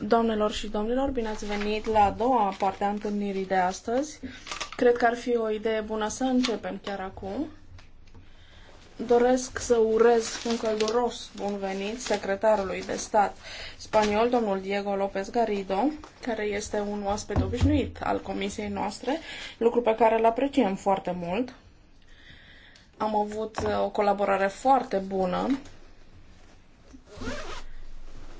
Doamnelor și domnilor, bine ați venit la a doua parte a întâlnirii de astăzi. Cred că ar fi o idee bună să începem chiar acum. Doresc să urez un călduros bun venit secretarului de stat spaniol, domnul Diego López Garrido, care este un oaspet obișnuit al comisiei noastre, lucru pe care îl apreciem foarte mult. Am avut uh, o colaborare foarte bună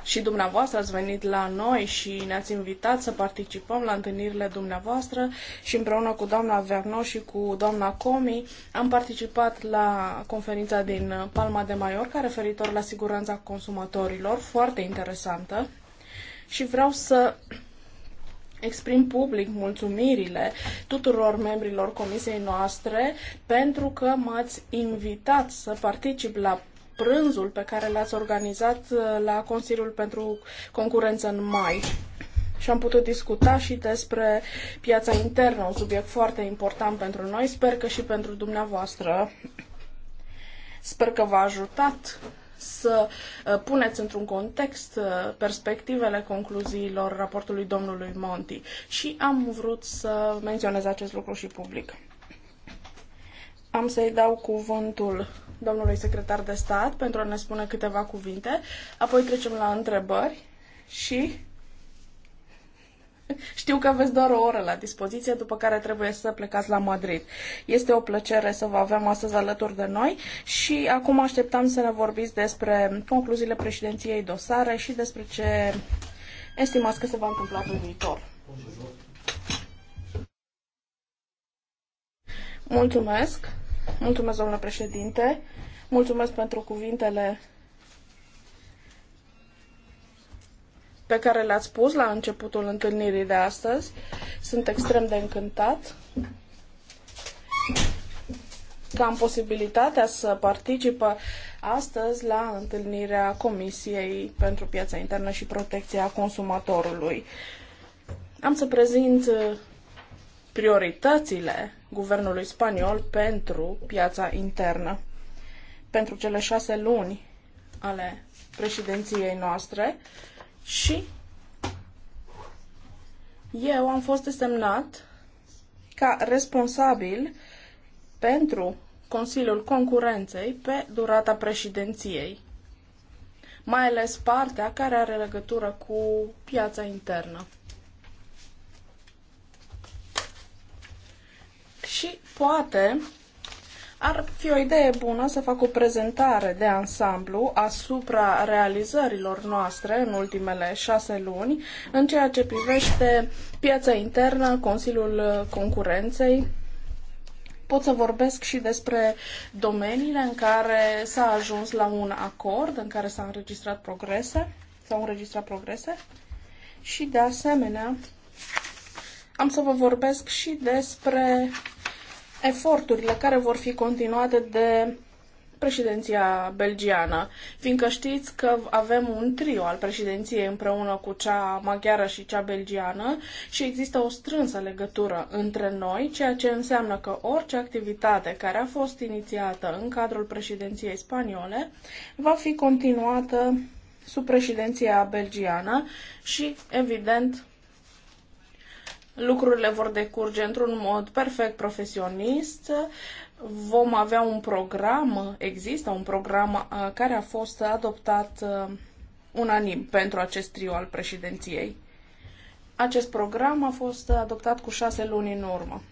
și dumneavoastră ați venit la noi și ne-ați invitat să participăm la întâlnirile dumneavoastră și împreună cu doamna Verno și cu doamna Comi am participat la conferința din Palma de Mallorca referitor la siguranța consumatorilor, foarte interesantă. Și vreau să exprim public mulțumirile tuturor membrilor comisiei noastre pentru că m-ați invitat să particip la prânzul pe care l-ați organizat uh, la Consiliul pentru Concurență în mai. Și am putut discuta și despre piața internă, un subiect foarte important pentru noi. Sper că și pentru dumneavoastră. Sper că v-a ajutat să uh, puneți într-un context uh, perspectivele concluziilor raportului domnului Monti. Și am vrut să menționez acest lucru și public. Am să-i dau cuvântul domnului secretar de stat pentru a ne spune câteva cuvinte, apoi trecem la întrebări și știu că aveți doar o oră la dispoziție, după care trebuie să plecați la Madrid. Este o plăcere să vă avem astăzi alături de noi și acum așteptam să ne vorbiți despre concluziile președinției dosare și despre ce estimați că se va întâmpla în viitor. Mulțumesc! Mulțumesc, domnule președinte. Mulțumesc pentru cuvintele pe care le-ați spus la începutul întâlnirii de astăzi. Sunt extrem de încântat că am posibilitatea să participă astăzi la întâlnirea Comisiei pentru Piața Internă și Protecția Consumatorului. Am să prezint prioritățile guvernului spaniol pentru piața internă. Pentru cele șase luni ale președinției noastre și eu am fost desemnat ca responsabil pentru Consiliul Concurenței pe durata președinției, mai ales partea care are legătură cu piața internă. și poate ar fi o idee bună să fac o prezentare de ansamblu asupra realizărilor noastre în ultimele șase luni în ceea ce privește piața internă, Consiliul Concurenței. Pot să vorbesc și despre domeniile în care s-a ajuns la un acord, în care s au înregistrat progrese, s-au înregistrat progrese și de asemenea am să vă vorbesc și despre eforturile care vor fi continuate de președinția belgiană, fiindcă știți că avem un trio al președinției împreună cu cea maghiară și cea belgiană și există o strânsă legătură între noi, ceea ce înseamnă că orice activitate care a fost inițiată în cadrul președinției spaniole va fi continuată sub președinția belgiană și, evident, lucrurile vor decurge într-un mod perfect profesionist, vom avea un program, există un program uh, care a fost adoptat uh, unanim pentru acest trio al președinției. Acest program a fost adoptat cu șase luni în urmă.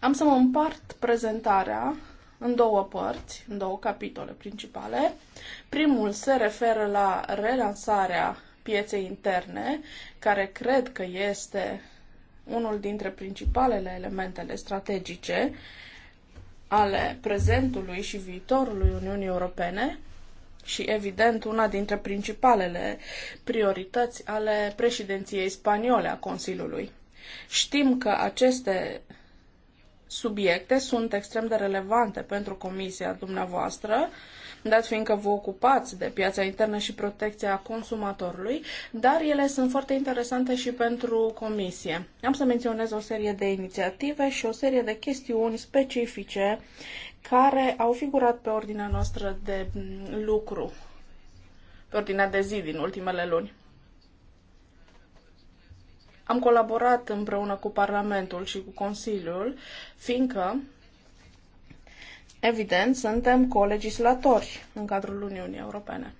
Am să mă împart prezentarea în două părți, în două capitole principale. Primul se referă la relansarea pieței interne, care cred că este unul dintre principalele elementele strategice ale prezentului și viitorului Uniunii Europene și, evident, una dintre principalele priorități ale președinției spaniole a Consiliului. Știm că aceste subiecte sunt extrem de relevante pentru comisia dumneavoastră dat fiindcă vă ocupați de piața internă și protecția consumatorului, dar ele sunt foarte interesante și pentru comisie. Am să menționez o serie de inițiative și o serie de chestiuni specifice care au figurat pe ordinea noastră de lucru, pe ordinea de zi din ultimele luni. Am colaborat împreună cu Parlamentul și cu Consiliul, fiindcă Evident, suntem colegislatori în cadrul Uniunii Europene.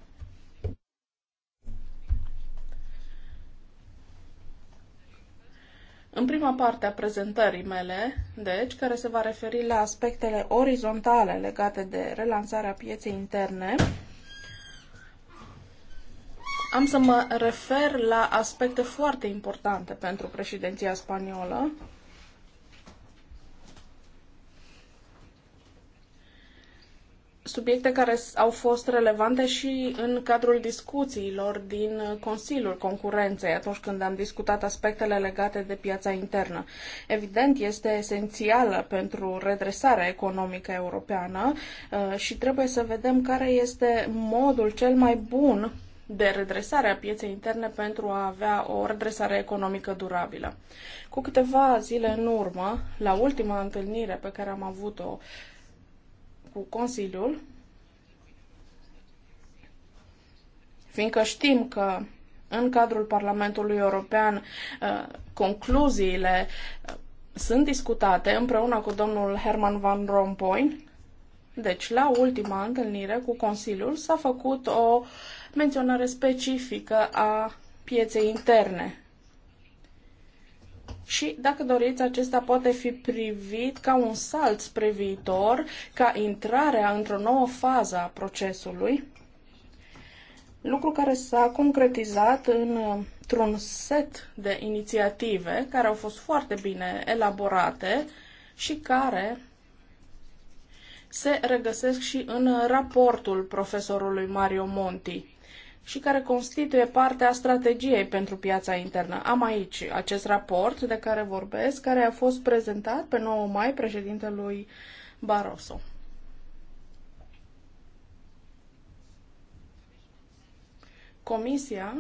În prima parte a prezentării mele, deci, care se va referi la aspectele orizontale legate de relansarea pieței interne, am să mă refer la aspecte foarte importante pentru președinția spaniolă, subiecte care au fost relevante și în cadrul discuțiilor din Consiliul Concurenței atunci când am discutat aspectele legate de piața internă. Evident, este esențială pentru redresarea economică europeană uh, și trebuie să vedem care este modul cel mai bun de redresare a pieței interne pentru a avea o redresare economică durabilă. Cu câteva zile în urmă, la ultima întâlnire pe care am avut-o cu Consiliul, fiindcă știm că în cadrul Parlamentului European uh, concluziile uh, sunt discutate împreună cu domnul Herman Van Rompuy. Deci, la ultima întâlnire cu Consiliul s-a făcut o menționare specifică a pieței interne și, dacă doriți, acesta poate fi privit ca un salt spre viitor, ca intrarea într-o nouă fază a procesului, lucru care s-a concretizat într-un set de inițiative care au fost foarte bine elaborate și care se regăsesc și în raportul profesorului Mario Monti și care constituie parte a strategiei pentru piața internă. Am aici acest raport de care vorbesc, care a fost prezentat pe 9 mai președintelui Barroso. Comisia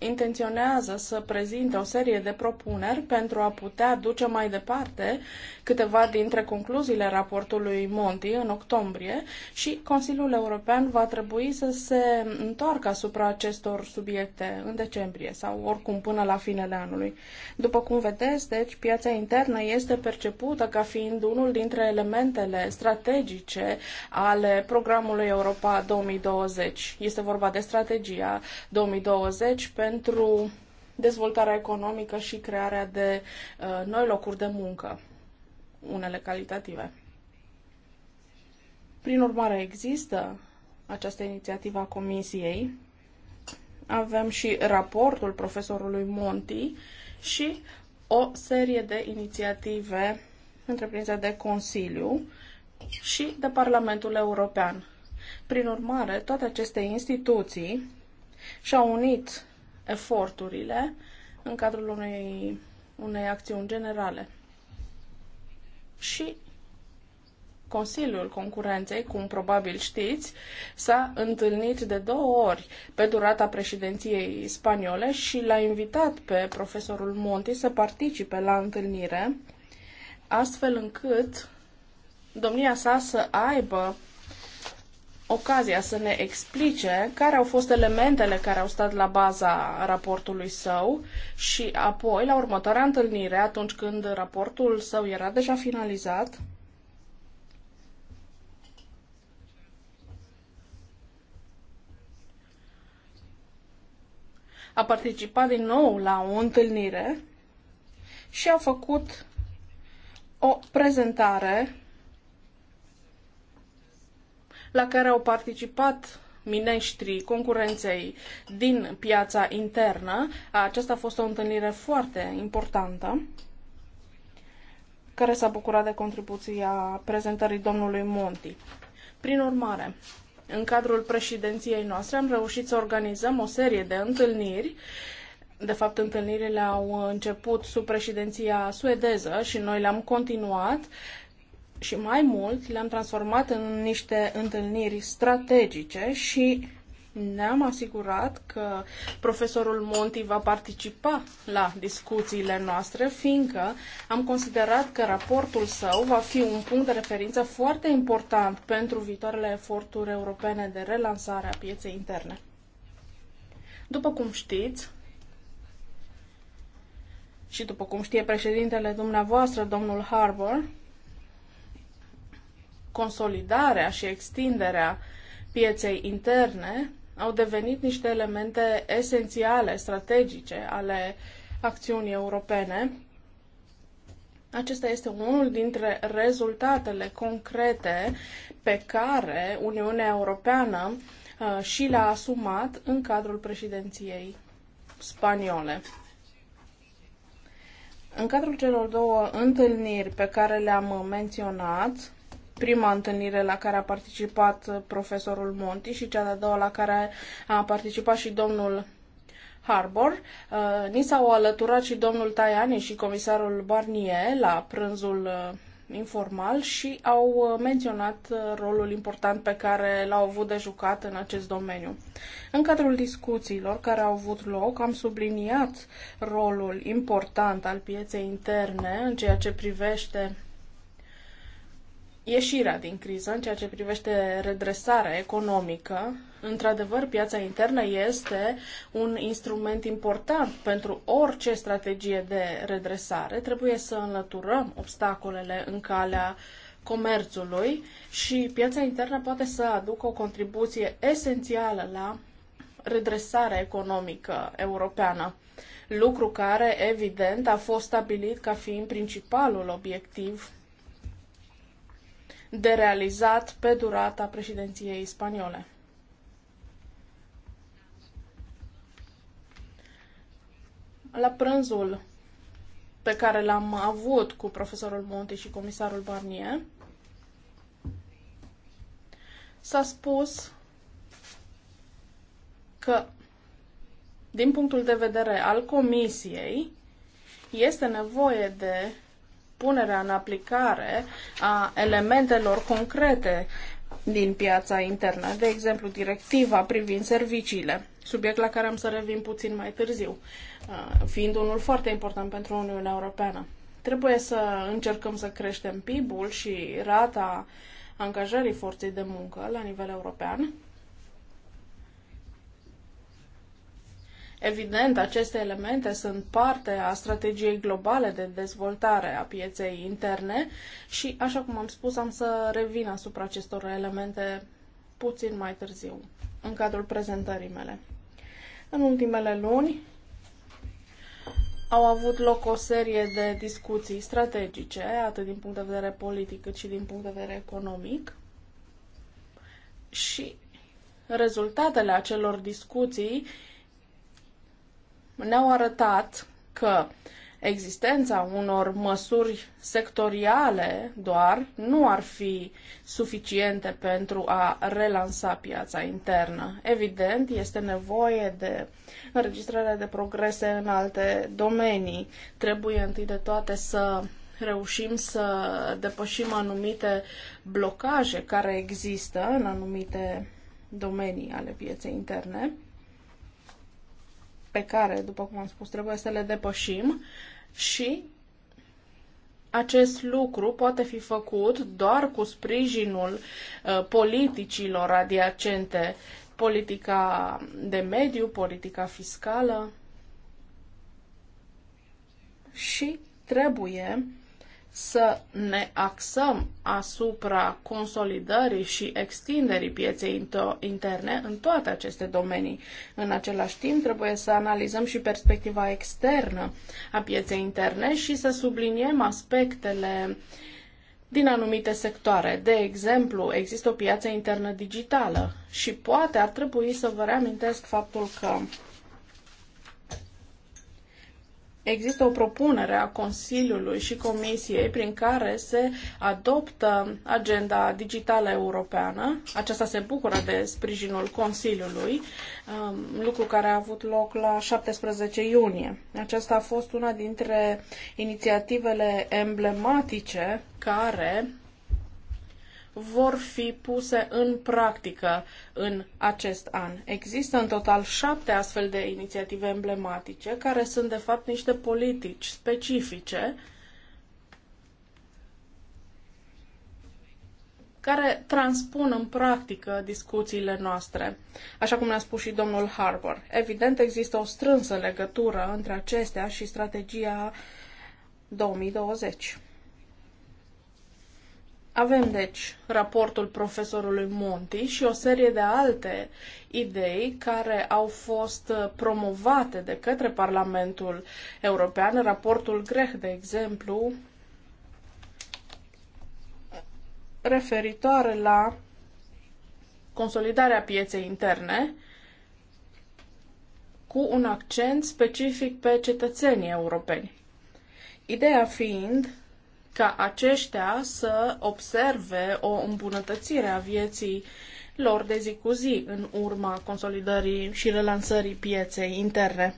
intenționează să prezinte o serie de propuneri pentru a putea duce mai departe câteva dintre concluziile raportului Monti în octombrie și Consiliul European va trebui să se întoarcă asupra acestor subiecte în decembrie sau oricum până la finele anului. După cum vedeți, deci piața internă este percepută ca fiind unul dintre elementele strategice ale programului Europa 2020. Este vorba de strategia 2020 pentru pentru dezvoltarea economică și crearea de uh, noi locuri de muncă, unele calitative. Prin urmare, există această inițiativă a Comisiei. Avem și raportul profesorului Monti și o serie de inițiative întreprinse de Consiliu și de Parlamentul European. Prin urmare, toate aceste instituții și-au unit eforturile în cadrul unei, unei acțiuni generale. Și Consiliul Concurenței, cum probabil știți, s-a întâlnit de două ori pe durata președinției spaniole și l-a invitat pe profesorul Monti să participe la întâlnire, astfel încât domnia sa să aibă ocazia să ne explice care au fost elementele care au stat la baza raportului său și apoi, la următoarea întâlnire, atunci când raportul său era deja finalizat, a participat din nou la o întâlnire și a făcut o prezentare la care au participat mineștrii concurenței din piața internă. Aceasta a fost o întâlnire foarte importantă care s-a bucurat de contribuția prezentării domnului Monti. Prin urmare, în cadrul președinției noastre am reușit să organizăm o serie de întâlniri. De fapt, întâlnirile au început sub președinția suedeză și noi le-am continuat și mai mult le-am transformat în niște întâlniri strategice și ne-am asigurat că profesorul Monti va participa la discuțiile noastre, fiindcă am considerat că raportul său va fi un punct de referință foarte important pentru viitoarele eforturi europene de relansare a pieței interne. După cum știți, și după cum știe președintele dumneavoastră, domnul Harbour, consolidarea și extinderea pieței interne au devenit niște elemente esențiale, strategice ale acțiunii europene. Acesta este unul dintre rezultatele concrete pe care Uniunea Europeană uh, și le-a asumat în cadrul președinției spaniole. În cadrul celor două întâlniri pe care le-am menționat, prima întâlnire la care a participat uh, profesorul Monti și cea de-a doua la care a participat și domnul Harbour. Uh, ni s-au alăturat și domnul Tajani și comisarul Barnier la prânzul uh, informal și au menționat rolul important pe care l-au avut de jucat în acest domeniu. În cadrul discuțiilor care au avut loc, am subliniat rolul important al pieței interne în ceea ce privește ieșirea din criză în ceea ce privește redresarea economică. Într-adevăr, piața internă este un instrument important pentru orice strategie de redresare. Trebuie să înlăturăm obstacolele în calea comerțului și piața internă poate să aducă o contribuție esențială la redresarea economică europeană, lucru care, evident, a fost stabilit ca fiind principalul obiectiv de realizat pe durata președinției spaniole. La prânzul pe care l-am avut cu profesorul Monti și comisarul Barnier, s-a spus că, din punctul de vedere al comisiei, este nevoie de punerea în aplicare a elementelor concrete din piața internă, de exemplu directiva privind serviciile, subiect la care am să revin puțin mai târziu, uh, fiind unul foarte important pentru Uniunea Europeană. Trebuie să încercăm să creștem PIB-ul și rata angajării forței de muncă la nivel european, Evident, aceste elemente sunt parte a strategiei globale de dezvoltare a pieței interne și, așa cum am spus, am să revin asupra acestor elemente puțin mai târziu, în cadrul prezentării mele. În ultimele luni au avut loc o serie de discuții strategice, atât din punct de vedere politic cât și din punct de vedere economic. Și rezultatele acelor discuții uh, ne-au arătat că existența unor măsuri sectoriale doar nu ar fi suficiente pentru a relansa piața internă. Evident, este nevoie de înregistrarea de progrese în alte domenii. Trebuie întâi de toate să reușim să depășim anumite blocaje care există în anumite domenii ale pieței interne pe care, după cum am spus, trebuie să le depășim și acest lucru poate fi făcut doar cu sprijinul uh, politicilor adiacente, politica de mediu, politica fiscală și trebuie să ne axăm asupra consolidării și extinderii pieței interne în toate aceste domenii. În același timp, trebuie să analizăm și perspectiva externă a pieței interne și să subliniem aspectele din anumite sectoare. De exemplu, există o piață internă digitală și poate ar trebui să vă reamintesc faptul că există o propunere a Consiliului și Comisiei prin care se adoptă agenda digitală europeană. Aceasta se bucură de sprijinul Consiliului, um, lucru care a avut loc la 17 iunie. Aceasta a fost una dintre inițiativele emblematice care vor fi puse în practică în acest an. Există în total șapte astfel de inițiative emblematice, care sunt de fapt niște politici specifice care transpun în practică discuțiile noastre. Așa cum ne-a spus și domnul Harbour, evident există o strânsă legătură între acestea și strategia 2020. Avem, deci, raportul profesorului Monti și o serie de alte idei care au fost uh, promovate de către Parlamentul European. Raportul Greh, de exemplu, referitoare la consolidarea pieței interne cu un accent specific pe cetățenii europeni. Ideea fiind ca aceștia să observe o îmbunătățire a vieții lor de zi cu zi în urma consolidării și relansării pieței interne.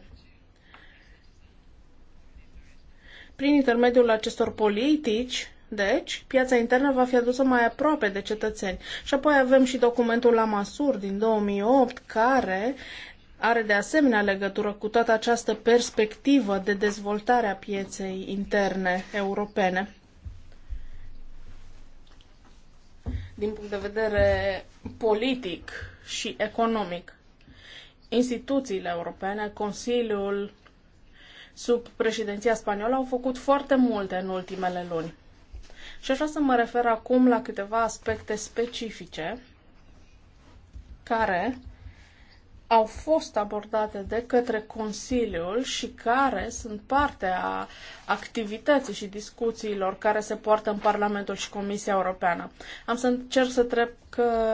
Prin intermediul acestor politici, deci, piața internă va fi adusă mai aproape de cetățeni. Și apoi avem și documentul la Masur din 2008, care are de asemenea legătură cu toată această perspectivă de dezvoltare a pieței interne europene. din punct de vedere politic și economic. Instituțiile europene, Consiliul, sub președinția spaniolă, au făcut foarte multe în ultimele luni. Și așa să mă refer acum la câteva aspecte specifice care au fost abordate de către Consiliul și care sunt parte a activității și discuțiilor care se poartă în Parlamentul și Comisia Europeană. Am să încerc să trec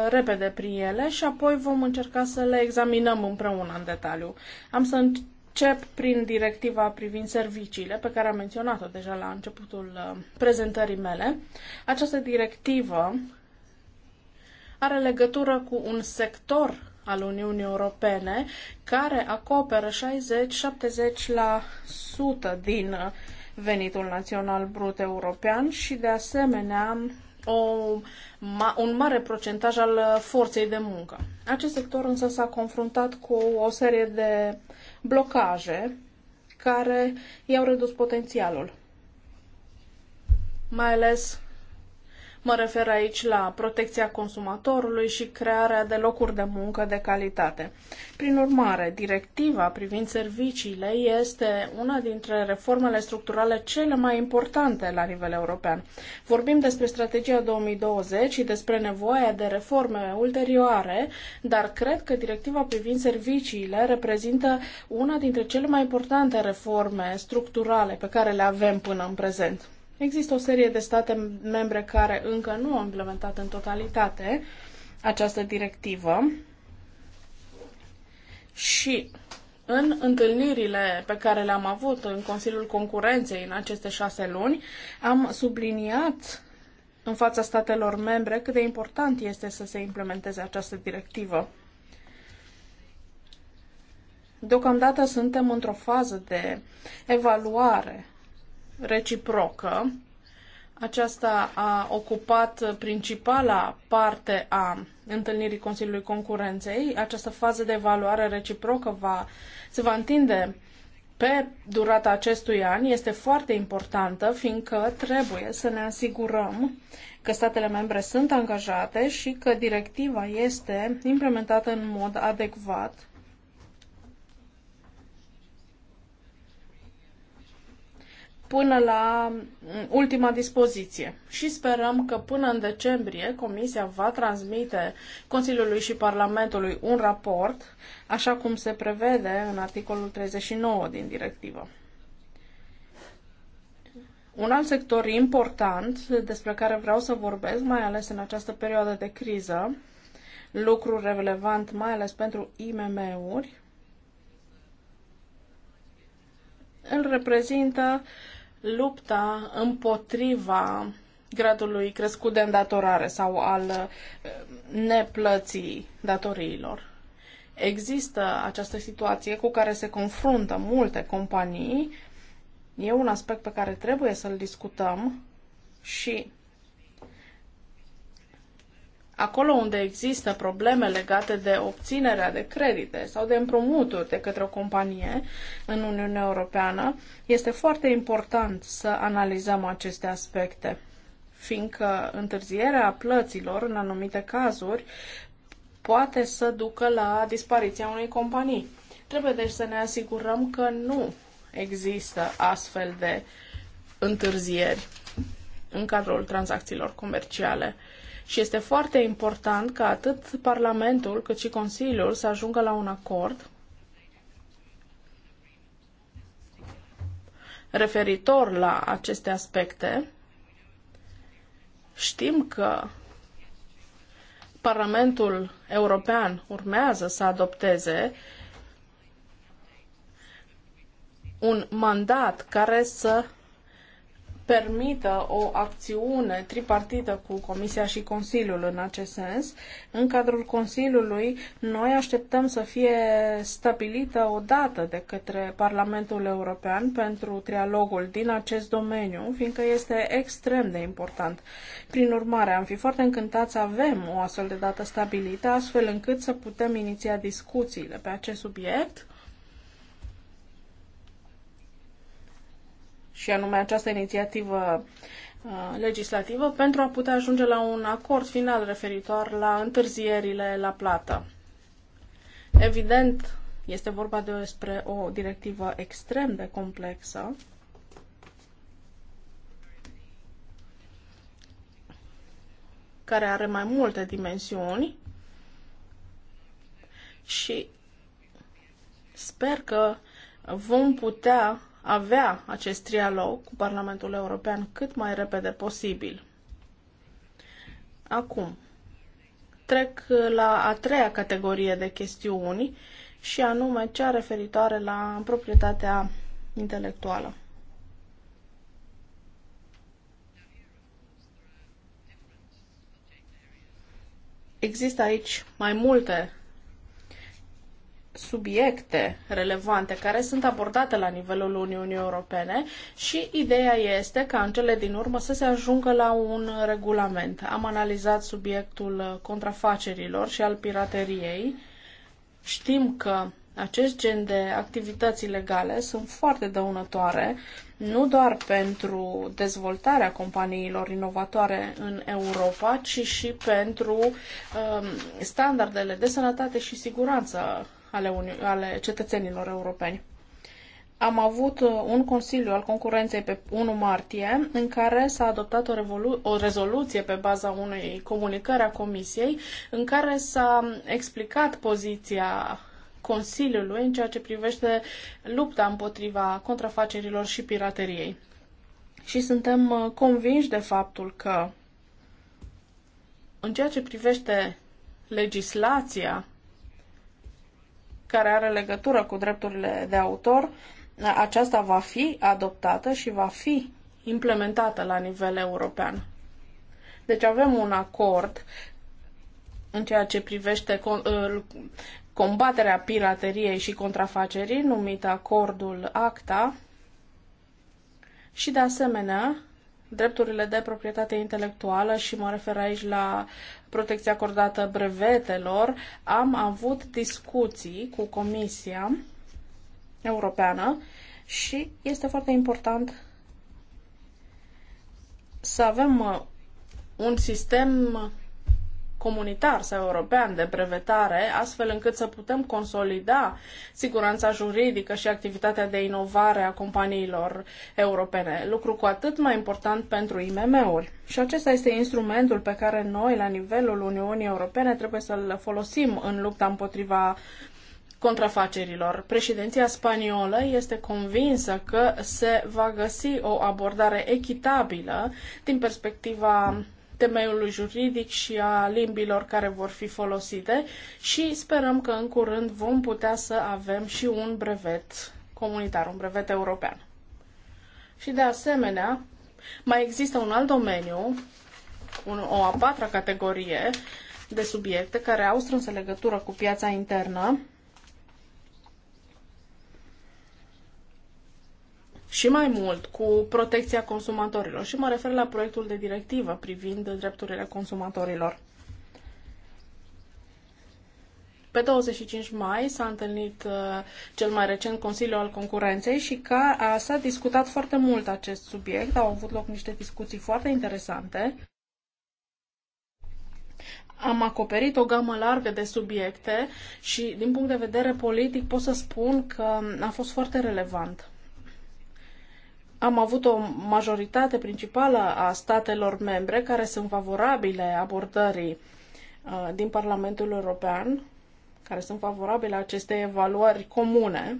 repede prin ele și apoi vom încerca să le examinăm împreună în detaliu. Am să încep prin directiva privind serviciile, pe care am menționat-o deja la începutul uh, prezentării mele. Această directivă are legătură cu un sector al Uniunii Europene, care acoperă 60-70% din venitul național brut european și, de asemenea, o, ma, un mare procentaj al forței de muncă. Acest sector însă s-a confruntat cu o serie de blocaje care i-au redus potențialul, mai ales Mă refer aici la protecția consumatorului și crearea de locuri de muncă de calitate. Prin urmare, directiva privind serviciile este una dintre reformele structurale cele mai importante la nivel european. Vorbim despre strategia 2020 și despre nevoia de reforme ulterioare, dar cred că directiva privind serviciile reprezintă una dintre cele mai importante reforme structurale pe care le avem până în prezent. Există o serie de state membre care încă nu au implementat în totalitate această directivă și în întâlnirile pe care le-am avut în Consiliul Concurenței în aceste șase luni, am subliniat în fața statelor membre cât de important este să se implementeze această directivă. Deocamdată suntem într-o fază de evaluare reciprocă. Aceasta a ocupat principala parte a întâlnirii Consiliului Concurenței. Această fază de evaluare reciprocă va, se va întinde pe durata acestui an este foarte importantă, fiindcă trebuie să ne asigurăm că statele membre sunt angajate și că directiva este implementată în mod adecvat până la mm, ultima dispoziție. Și sperăm că până în decembrie Comisia va transmite Consiliului și Parlamentului un raport, așa cum se prevede în articolul 39 din directivă. Un alt sector important despre care vreau să vorbesc, mai ales în această perioadă de criză, lucru relevant mai ales pentru IMM-uri, îl reprezintă lupta împotriva gradului crescut de îndatorare sau al uh, neplății datoriilor. Există această situație cu care se confruntă multe companii. E un aspect pe care trebuie să-l discutăm și acolo unde există probleme legate de obținerea de credite sau de împrumuturi de către o companie în Uniunea Europeană, este foarte important să analizăm aceste aspecte, fiindcă întârzierea plăților în anumite cazuri poate să ducă la dispariția unei companii. Trebuie deci să ne asigurăm că nu există astfel de întârzieri în cadrul tranzacțiilor comerciale. Și este foarte important ca atât Parlamentul cât și Consiliul să ajungă la un acord referitor la aceste aspecte. Știm că Parlamentul European urmează să adopteze un mandat care să permită o acțiune tripartită cu Comisia și Consiliul în acest sens. În cadrul Consiliului, noi așteptăm să fie stabilită o dată de către Parlamentul European pentru trialogul din acest domeniu, fiindcă este extrem de important. Prin urmare, am fi foarte încântat să avem o astfel de dată stabilită, astfel încât să putem iniția discuțiile pe acest subiect și anume această inițiativă uh, legislativă pentru a putea ajunge la un acord final referitor la întârzierile la plată. Evident, este vorba despre o directivă extrem de complexă. care are mai multe dimensiuni și sper că vom putea avea acest trialog cu Parlamentul European cât mai repede posibil. Acum, trec la a treia categorie de chestiuni și anume cea referitoare la proprietatea intelectuală. Există aici mai multe subiecte relevante care sunt abordate la nivelul Uniunii Europene și ideea este ca în cele din urmă să se ajungă la un regulament. Am analizat subiectul contrafacerilor și al pirateriei. Știm că acest gen de activități ilegale sunt foarte dăunătoare, nu doar pentru dezvoltarea companiilor inovatoare în Europa, ci și pentru um, standardele de sănătate și siguranță ale, Uni- ale cetățenilor europeni. Am avut uh, un consiliu al concurenței pe 1 martie în care s-a adoptat o, o rezoluție pe baza unei comunicări a Comisiei în care s-a explicat poziția Consiliului în ceea ce privește lupta împotriva contrafacerilor și pirateriei. Și suntem uh, convinși de faptul că în ceea ce privește legislația care are legătură cu drepturile de autor, aceasta va fi adoptată și va fi implementată la nivel european. Deci avem un acord în ceea ce privește combaterea pirateriei și contrafacerii, numit acordul ACTA, și de asemenea drepturile de proprietate intelectuală și mă refer aici la protecție acordată brevetelor, am avut discuții cu Comisia Europeană și este foarte important să avem uh, un sistem comunitar sau european de brevetare, astfel încât să putem consolida siguranța juridică și activitatea de inovare a companiilor europene, lucru cu atât mai important pentru IMM-uri. Și acesta este instrumentul pe care noi, la nivelul Uniunii Europene, trebuie să-l folosim în lupta împotriva contrafacerilor. Președinția spaniolă este convinsă că se va găsi o abordare echitabilă din perspectiva temeiului juridic și a limbilor care vor fi folosite și sperăm că în curând vom putea să avem și un brevet comunitar, un brevet european. Și de asemenea, mai există un alt domeniu, un, o a patra categorie de subiecte care au strânsă legătură cu piața internă și mai mult cu protecția consumatorilor și mă refer la proiectul de directivă privind drepturile consumatorilor. Pe 25 mai s-a întâlnit uh, cel mai recent Consiliul al Concurenței și ca a s-a discutat foarte mult acest subiect, au avut loc niște discuții foarte interesante. Am acoperit o gamă largă de subiecte și, din punct de vedere politic, pot să spun că a fost foarte relevant. Am avut o majoritate principală a statelor membre care sunt favorabile abordării uh, din Parlamentul European, care sunt favorabile acestei evaluări comune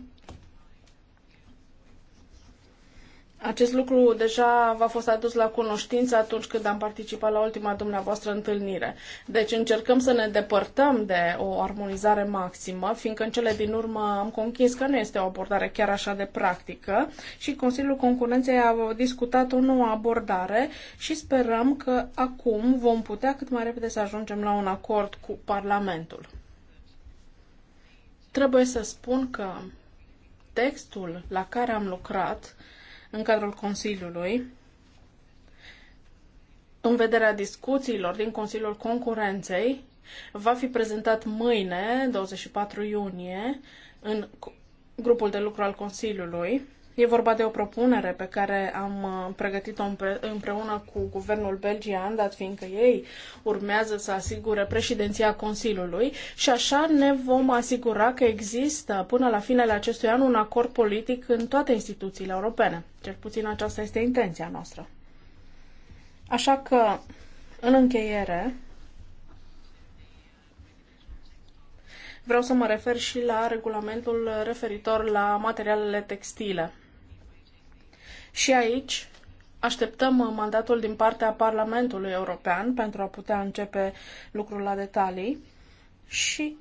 Acest lucru deja v-a fost adus la cunoștință atunci când am participat la ultima dumneavoastră întâlnire. Deci încercăm să ne depărtăm de o armonizare maximă, fiindcă în cele din urmă am conchis că nu este o abordare chiar așa de practică și Consiliul Concurenței a discutat o nouă abordare și sperăm că acum vom putea cât mai repede să ajungem la un acord cu Parlamentul. Trebuie să spun că textul la care am lucrat în cadrul Consiliului în vederea discuțiilor din Consiliul Concurenței va fi prezentat mâine, 24 iunie, în grupul de lucru al Consiliului E vorba de o propunere pe care am uh, pregătit-o împreună cu guvernul belgian, dat fiindcă ei urmează să asigure președinția Consiliului și așa ne vom asigura că există până la finele acestui an un acord politic în toate instituțiile europene. Cel puțin aceasta este intenția noastră. Așa că, în încheiere, vreau să mă refer și la regulamentul referitor la materialele textile. Și aici așteptăm uh, mandatul din partea Parlamentului European pentru a putea începe lucrul la detalii. Și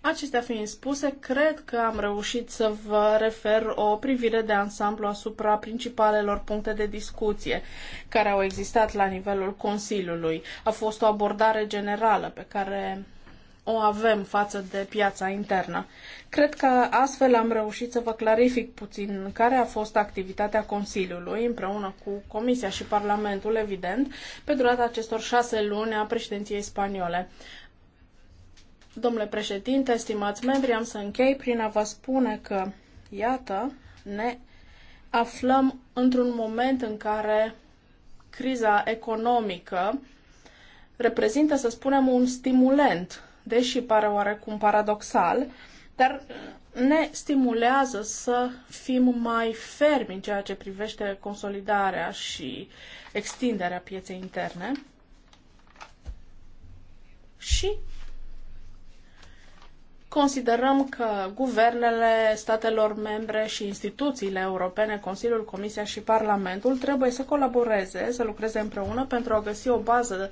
acestea fiind spuse, cred că am reușit să vă refer o privire de ansamblu asupra principalelor puncte de discuție care au existat la nivelul Consiliului. A fost o abordare generală pe care o avem față de piața internă. Cred că astfel am reușit să vă clarific puțin care a fost activitatea Consiliului împreună cu Comisia și Parlamentul, evident, pe durata acestor șase luni a președinției spaniole. Domnule președinte, stimați membri, am să închei prin a vă spune că, iată, ne aflăm într-un moment în care criza economică reprezintă, să spunem, un stimulent deși pare oarecum paradoxal, dar ne stimulează să fim mai fermi în ceea ce privește consolidarea și extinderea pieței interne. Și considerăm că guvernele statelor membre și instituțiile europene, Consiliul, Comisia și Parlamentul trebuie să colaboreze, să lucreze împreună pentru a găsi o bază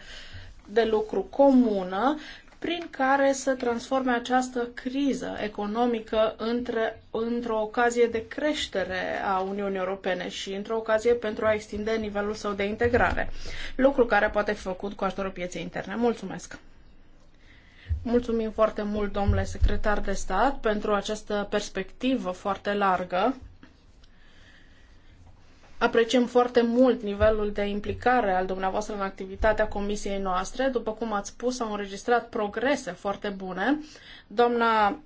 de lucru comună prin care să transforme această criză economică între, într-o ocazie de creștere a Uniunii Europene și într-o ocazie pentru a extinde nivelul său de integrare, lucru care poate fi făcut cu ajutorul pieței interne. Mulțumesc! Mulțumim foarte mult, domnule secretar de stat, pentru această perspectivă foarte largă Apreciem foarte mult nivelul de implicare al dumneavoastră în activitatea comisiei noastre. După cum ați spus, s-au înregistrat progrese foarte bune. Doamna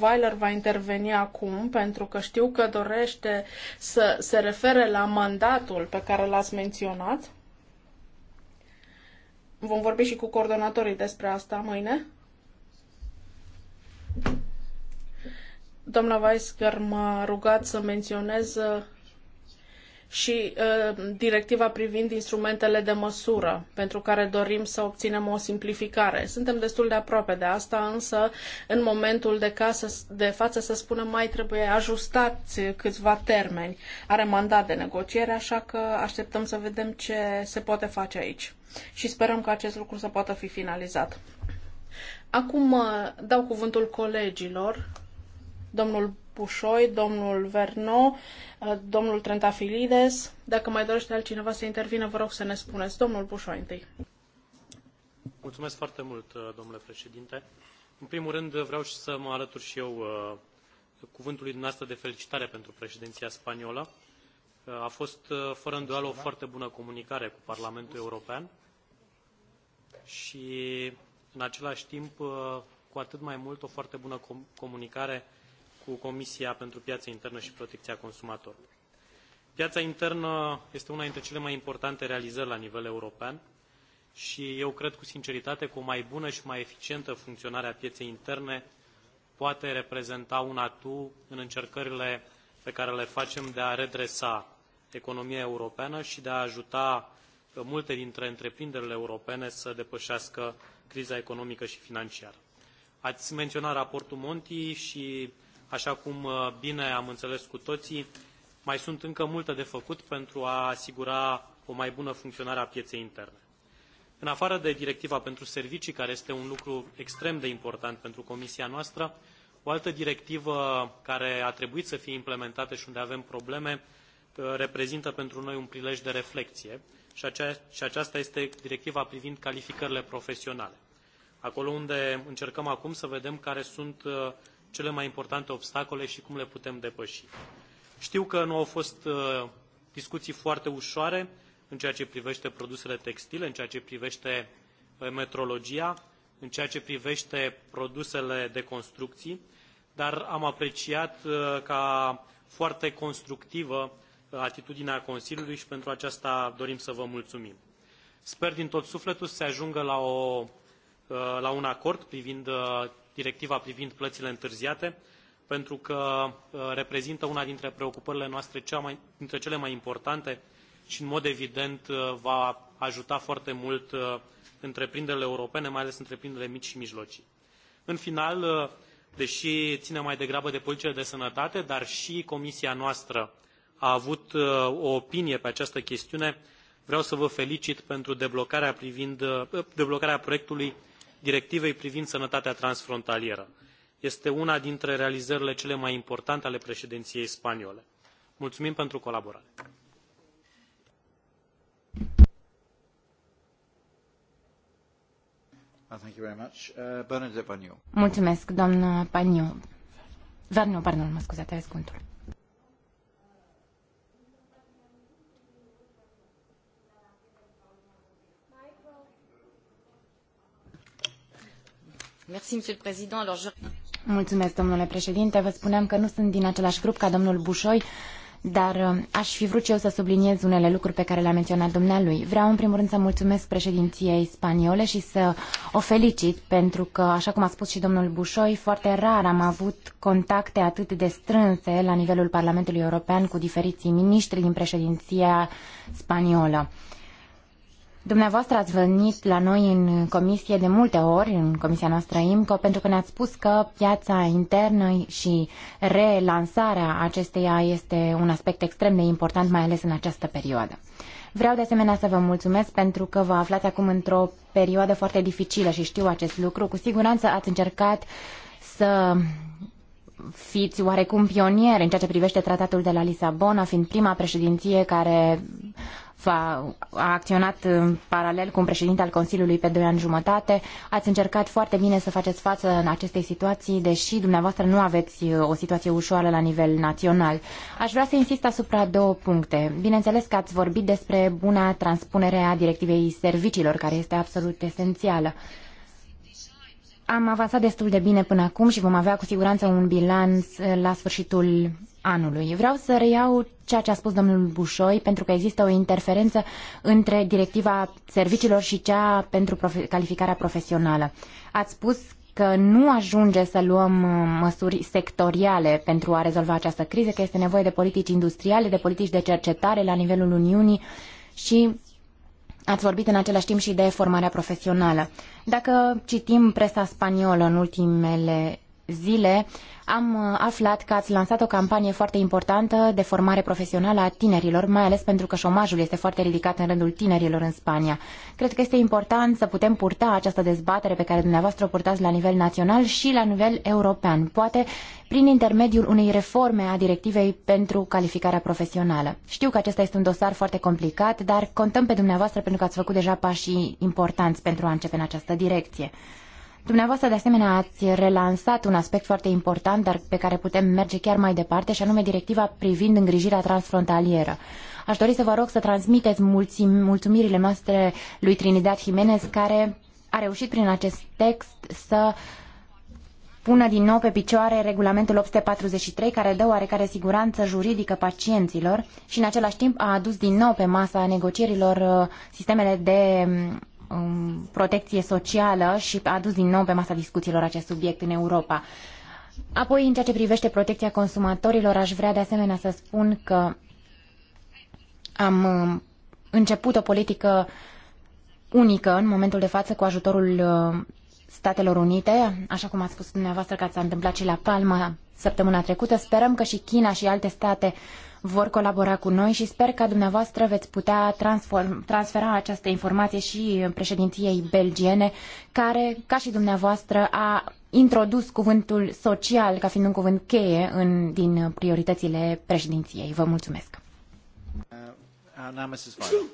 Weiler va interveni acum pentru că știu că dorește să se refere la mandatul pe care l-ați menționat. Vom vorbi și cu coordonatorii despre asta mâine. Doamna Weisger m-a rugat să menționez și uh, directiva privind instrumentele de măsură, pentru care dorim să obținem o simplificare. Suntem destul de aproape de asta, însă în momentul de, casă, de față, să spunem, mai trebuie ajustați câțiva termeni. Are mandat de negociere, așa că așteptăm să vedem ce se poate face aici. Și sperăm că acest lucru să poată fi finalizat. Acum uh, dau cuvântul colegilor. Domnul Pușoi, domnul Verno, uh, domnul Trentafilides. Dacă mai dorește altcineva să intervină, vă rog să ne spuneți. Domnul Pușoi întâi. Mulțumesc foarte mult, uh, domnule președinte. În primul rând, vreau și să mă alătur și eu uh, cuvântului dumneavoastră de felicitare pentru președinția spaniolă. A fost, fără îndoială, o foarte bună comunicare cu Parlamentul European și, în același timp, cu atât mai mult, o foarte bună comunicare cu Comisia pentru Piața Internă și Protecția Consumatorilor. Piața internă este una dintre cele mai importante realizări la nivel european și eu cred cu sinceritate că o mai bună și mai eficientă funcționare a pieței interne poate reprezenta un atu în încercările pe care le facem de a redresa economia europeană și de a ajuta multe dintre întreprinderile europene să depășească criza economică și financiară. Ați menționat raportul Monti și Așa cum uh, bine am înțeles cu toții, mai sunt încă multe de făcut pentru a asigura o mai bună funcționare a pieței interne. În afară de directiva pentru servicii, care este un lucru extrem de important pentru comisia noastră, o altă directivă care a trebuit să fie implementată și unde avem probleme uh, reprezintă pentru noi un prilej de reflexie și, acea, și aceasta este directiva privind calificările profesionale. Acolo unde încercăm acum să vedem care sunt uh, cele mai importante obstacole și cum le putem depăși. Știu că nu au fost uh, discuții foarte ușoare în ceea ce privește produsele textile, în ceea ce privește uh, metrologia, în ceea ce privește produsele de construcții, dar am apreciat uh, ca foarte constructivă uh, atitudinea Consiliului și pentru aceasta dorim să vă mulțumim. Sper din tot sufletul să se ajungă la, o, uh, la un acord privind directiva privind plățile întârziate, pentru că uh, reprezintă una dintre preocupările noastre cea mai, dintre cele mai importante și, în mod evident, uh, va ajuta foarte mult uh, întreprinderile europene, mai ales întreprinderile mici și mijlocii. În final, deși ține mai degrabă de politicile de sănătate, dar și comisia noastră a avut o opinie pe această chestiune, vreau să vă felicit pentru deblocarea, privind, deblocarea proiectului directivei privind sănătatea transfrontalieră. este una dintre realizările cele mai importante ale președinției spaniole. mulțumim pentru colaborare. Uh, Mulțumesc, doamnă Paniu. pardon, mă scuzați, aveți cuvântul. Mulțumesc, domnule președinte. Vă spuneam că nu sunt din același grup ca domnul Bușoi, dar uh, aș fi vrut eu să subliniez unele lucruri pe care le-a menționat dumnealui. Vreau în primul rând să mulțumesc președinției spaniole și să o felicit pentru că, așa cum a spus și domnul Bușoi, foarte rar am avut contacte atât de strânse la nivelul Parlamentului European cu diferiții miniștri din președinția spaniolă. Uh, Dumneavoastră ați venit la noi în comisie de multe ori, în comisia noastră IMCO, pentru că ne-ați spus că piața internă și relansarea acesteia este un aspect extrem de important, mai ales în această perioadă. Vreau de asemenea să vă mulțumesc pentru că vă aflați acum într-o perioadă foarte dificilă și știu acest lucru. Cu siguranță ați încercat să fiți oarecum pionier în ceea ce privește tratatul de la Lisabona, fiind prima președinție care a acționat în paralel cu un președinte al Consiliului pe 2 ani jumătate. Ați încercat foarte bine să faceți față în acestei situații, deși dumneavoastră nu aveți uh, o situație ușoară la nivel național. Aș vrea să insist asupra două puncte. Bineînțeles că ați vorbit despre buna transpunere a directivei serviciilor, care este absolut esențială. Am avansat destul de bine până acum și vom avea cu siguranță un bilanț uh, la sfârșitul anului. Vreau să reiau ceea ce a spus domnul Bușoi, pentru că există o interferență între directiva serviciilor și cea pentru profe- calificarea profesională. Ați spus că nu ajunge să luăm uh, măsuri sectoriale pentru a rezolva această criză, că este nevoie de politici industriale, de politici de cercetare la nivelul Uniunii și ați vorbit în același timp și de formarea profesională. Dacă citim presa spaniolă în ultimele zile am uh, aflat că ați lansat o campanie foarte importantă de formare profesională a tinerilor, mai ales pentru că șomajul este foarte ridicat în rândul tinerilor în Spania. Cred că este important să putem purta această dezbatere pe care dumneavoastră o purtați la nivel național și la nivel european, poate prin intermediul unei reforme a directivei pentru calificarea profesională. Știu că acesta este un dosar foarte complicat, dar contăm pe dumneavoastră pentru că ați făcut deja pașii importanți pentru a începe în această direcție. Dumneavoastră, de asemenea, ați relansat un aspect foarte important, dar pe care putem merge chiar mai departe, și anume directiva privind îngrijirea transfrontalieră. Aș dori să vă rog să transmiteți mulțim, mulțumirile noastre lui Trinidad Jimenez, care a reușit prin acest text să pună din nou pe picioare regulamentul 843 care dă oarecare siguranță juridică pacienților și în același timp a adus din nou pe masa negocierilor uh, sistemele de um, protecție socială și a adus din nou pe masa discuțiilor acest subiect în Europa. Apoi, în ceea ce privește protecția consumatorilor, aș vrea de asemenea să spun că am um, început o politică unică în momentul de față cu ajutorul uh, Statelor Unite, așa cum ați spus dumneavoastră că s-a întâmplat și la Palma săptămâna trecută. Sperăm că și China și alte state vor colabora cu noi și sper că dumneavoastră veți putea transfera această informație și președintiei belgiene, care, ca și dumneavoastră, a introdus cuvântul social ca fiind un cuvânt cheie în, din prioritățile președinției. Vă mulțumesc! Uh, uh,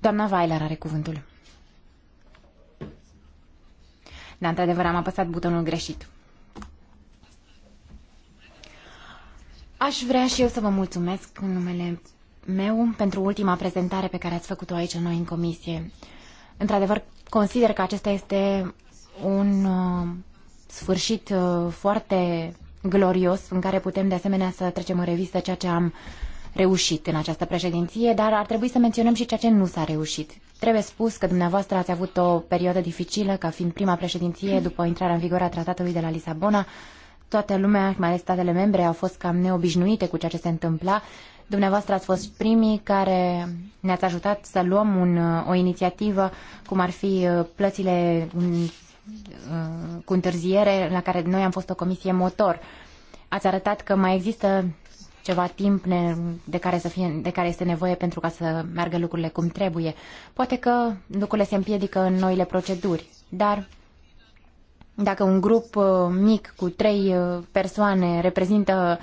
Doamna Weiler are cuvântul. Da, într-adevăr, am apăsat butonul greșit. Aș vrea și eu să vă mulțumesc în numele meu pentru ultima prezentare pe care ați făcut-o aici noi în comisie. Într-adevăr, consider că acesta este un uh, sfârșit uh, foarte glorios în care putem de asemenea să trecem în revistă ceea ce am reușit în această președinție, dar ar trebui să menționăm și ceea ce nu s-a reușit. Trebuie spus că dumneavoastră ați avut o perioadă dificilă ca fiind prima președinție după intrarea în vigoare a tratatului de la Lisabona, toată lumea, mai ales statele membre, au fost cam neobișnuite cu ceea ce se întâmpla. Dumneavoastră ați fost primii care ne-ați ajutat să luăm un, o inițiativă, cum ar fi uh, plățile uh, cu întârziere, la care noi am fost o comisie motor. Ați arătat că mai există ceva timp de, care să fie, de care este nevoie pentru ca să meargă lucrurile cum trebuie. Poate că lucrurile se împiedică în noile proceduri, dar dacă un grup uh, mic cu trei uh, persoane reprezintă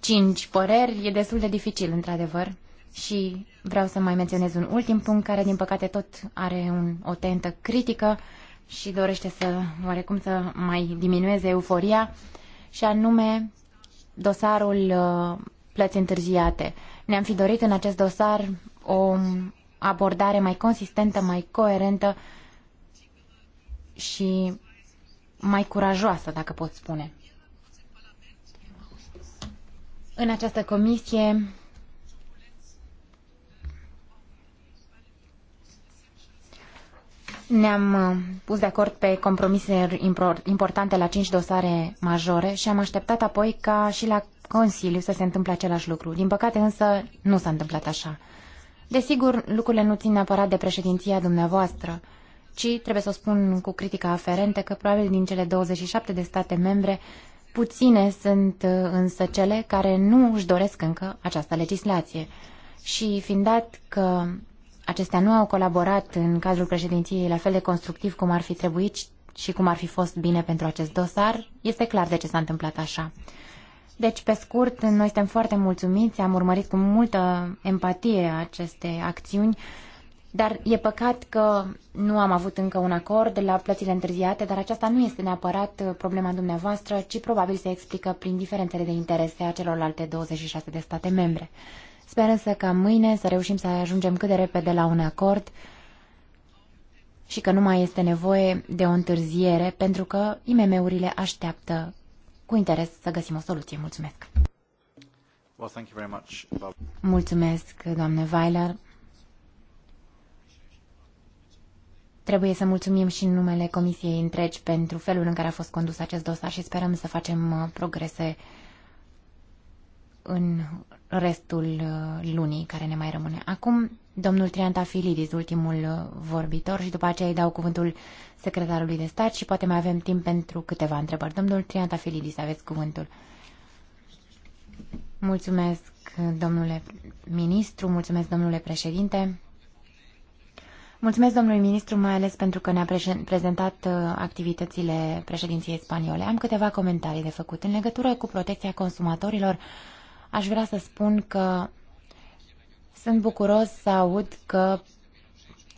cinci păreri, e destul de dificil, într-adevăr. Și vreau să mai menționez un ultim punct care, din păcate, tot are un, o tentă critică și dorește să, oarecum, să mai diminueze euforia, și anume dosarul uh, plăți întârziate. Ne-am fi dorit în acest dosar o abordare mai consistentă, mai coerentă și mai curajoasă, dacă pot spune. În această comisie ne-am uh, pus de acord pe compromise importante la cinci dosare majore și am așteptat apoi ca și la Consiliu să se întâmple același lucru. Din păcate însă nu s-a întâmplat așa. Desigur, lucrurile nu țin neapărat de președinția dumneavoastră, ci trebuie să o spun cu critica aferentă că probabil din cele 27 de state membre, puține sunt uh, însă cele care nu își doresc încă această legislație. Și fiind dat că acestea nu au colaborat în cadrul președinției la fel de constructiv cum ar fi trebuit și cum ar fi fost bine pentru acest dosar, este clar de ce s-a întâmplat așa. Deci, pe scurt, noi suntem foarte mulțumiți, am urmărit cu multă empatie aceste acțiuni dar e păcat că nu am avut încă un acord la plățile întârziate, dar aceasta nu este neapărat uh, problema dumneavoastră, ci probabil se explică prin diferențele de interese a celorlalte 26 de state membre. Sper însă ca mâine să reușim să ajungem cât de repede la un acord și că nu mai este nevoie de o întârziere, pentru că IMM-urile așteaptă cu interes să găsim o soluție. Mulțumesc! Well, thank you very much, Mulțumesc, doamne Weiler! Trebuie să mulțumim și în numele Comisiei întregi pentru felul în care a fost condus acest dosar și sperăm să facem uh, progrese în restul uh, lunii care ne mai rămâne. Acum, domnul Filidis, ultimul uh, vorbitor și după aceea îi dau cuvântul secretarului de stat și poate mai avem timp pentru câteva întrebări. Domnul Filidis, aveți cuvântul. Mulțumesc, domnule ministru, mulțumesc, domnule președinte. Mulțumesc domnului ministru, mai ales pentru că ne-a prezentat uh, activitățile președinției spaniole. Am câteva comentarii de făcut. În legătură cu protecția consumatorilor, aș vrea să spun că sunt bucuros să aud că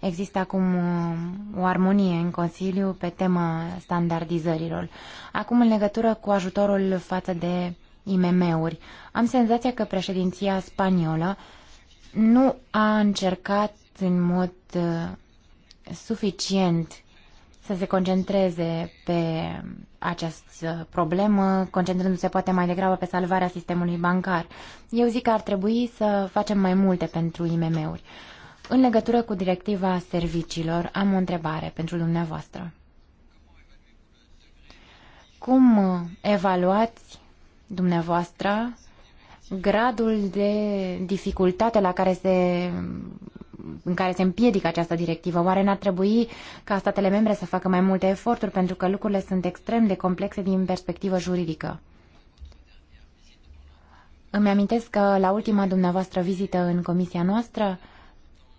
Există acum uh, o armonie în Consiliu pe tema standardizărilor. Acum, în legătură cu ajutorul față de IMM-uri, am senzația că președinția spaniolă nu a încercat în mod uh, suficient să se concentreze pe această problemă, concentrându-se poate mai degrabă pe salvarea sistemului bancar. Eu zic că ar trebui să facem mai multe pentru IMM-uri. În legătură cu directiva serviciilor, am o întrebare pentru dumneavoastră. Cum uh, evaluați dumneavoastră gradul de dificultate la care se în care se împiedică această directivă. Oare n-ar trebui ca statele membre să facă mai multe eforturi pentru că lucrurile sunt extrem de complexe din perspectivă juridică? Îmi amintesc că la ultima dumneavoastră vizită în comisia noastră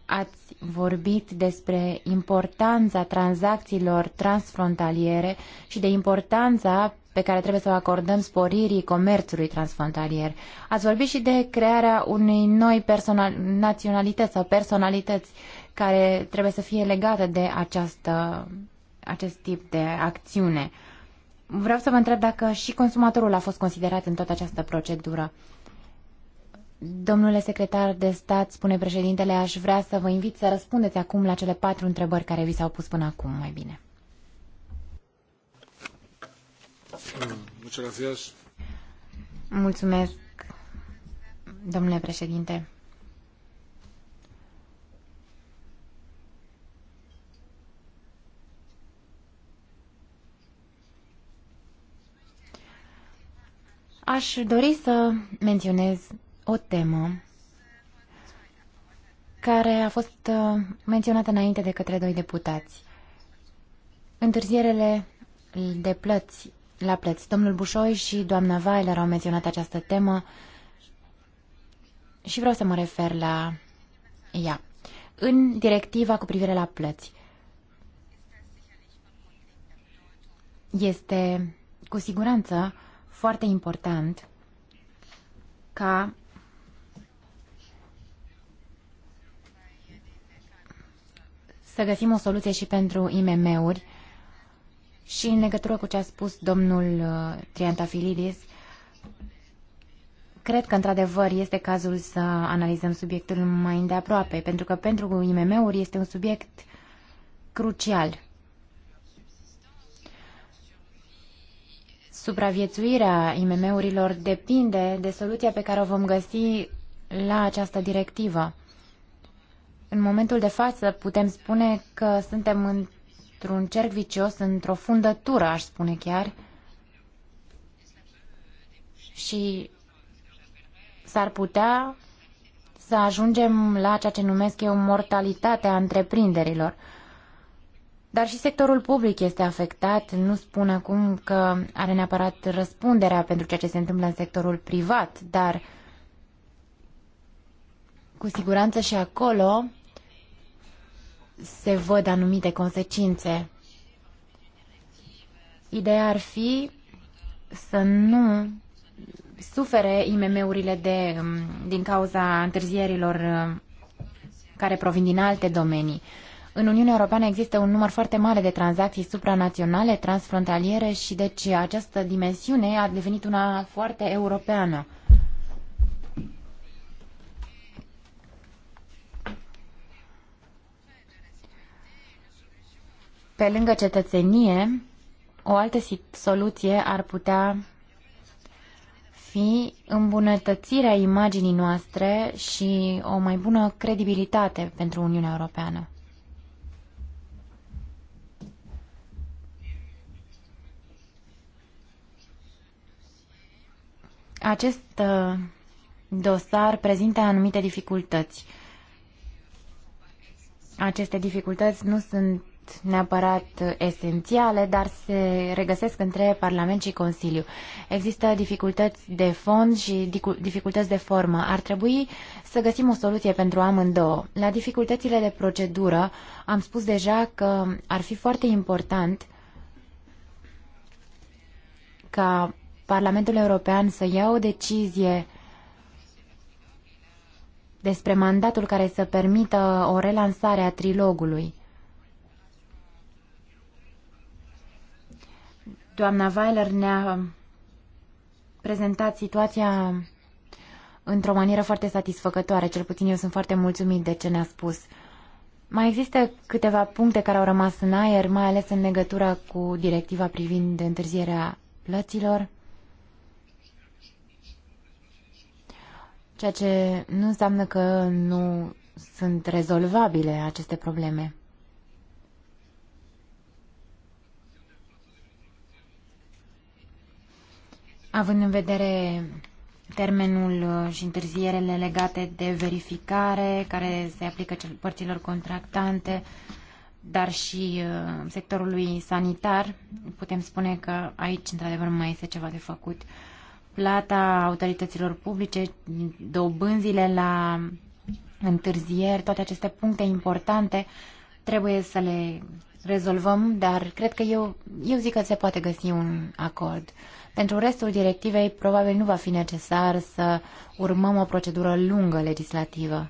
ați vorbit despre importanța tranzacțiilor transfrontaliere și de importanța pe care trebuie să o acordăm sporirii comerțului transfrontalier. Ați vorbit și de crearea unei noi personal, naționalități sau personalități care trebuie să fie legată de această, acest tip de acțiune. Vreau să vă întreb dacă și consumatorul a fost considerat în toată această procedură. Domnule secretar de stat, spune președintele, aș vrea să vă invit să răspundeți acum la cele patru întrebări care vi s-au pus până acum, mai bine. Mulțumesc, domnule președinte. Aș dori să menționez o temă care a fost uh, menționată înainte de către doi deputați. Întârzierele de plăți la plăți. Domnul Bușoi și doamna Weiler au menționat această temă și vreau să mă refer la ea. În directiva cu privire la plăți este cu siguranță foarte important ca să găsim o soluție și pentru IMM-uri și în legătură cu ce a spus domnul uh, Triantafilidis, cred că într-adevăr este cazul să analizăm subiectul mai îndeaproape, pentru că pentru IMM-uri este un subiect crucial. Supraviețuirea IMM-urilor depinde de soluția pe care o vom găsi la această directivă. În momentul de față putem spune că suntem într-un cerc vicios, într-o fundătură, aș spune chiar, și s-ar putea să ajungem la ceea ce numesc eu mortalitatea întreprinderilor. Dar și sectorul public este afectat. Nu spun acum că are neapărat răspunderea pentru ceea ce se întâmplă în sectorul privat, dar cu siguranță și acolo se văd anumite consecințe. Ideea ar fi să nu sufere IMM-urile de, mm, din cauza întârzierilor mm, care provin din alte domenii. În Uniunea Europeană există un număr foarte mare de tranzacții supranaționale, transfrontaliere și deci această dimensiune a devenit una foarte europeană. Pe lângă cetățenie, o altă soluție ar putea fi îmbunătățirea imaginii noastre și o mai bună credibilitate pentru Uniunea Europeană. Acest uh, dosar prezintă anumite dificultăți. Aceste dificultăți nu sunt neapărat esențiale, dar se regăsesc între Parlament și Consiliu. Există dificultăți de fond și dificultăți de formă. Ar trebui să găsim o soluție pentru amândouă. La dificultățile de procedură am spus deja că ar fi foarte important ca Parlamentul European să ia o decizie despre mandatul care să permită o relansare a trilogului. Doamna Weiler ne-a prezentat situația într-o manieră foarte satisfăcătoare, cel puțin eu sunt foarte mulțumit de ce ne-a spus. Mai există câteva puncte care au rămas în aer, mai ales în legătură cu directiva privind întârzierea plăților. Ceea ce nu înseamnă că nu sunt rezolvabile aceste probleme. Având în vedere termenul uh, și întârzierele legate de verificare care se aplică părților contractante, dar și uh, sectorului sanitar, putem spune că aici, într-adevăr, mai este ceva de făcut. Plata autorităților publice, dobânzile la întârzieri, toate aceste puncte importante trebuie să le rezolvăm, dar cred că eu, eu zic că se poate găsi un acord. Pentru restul directivei, probabil nu va fi necesar să urmăm o procedură lungă legislativă.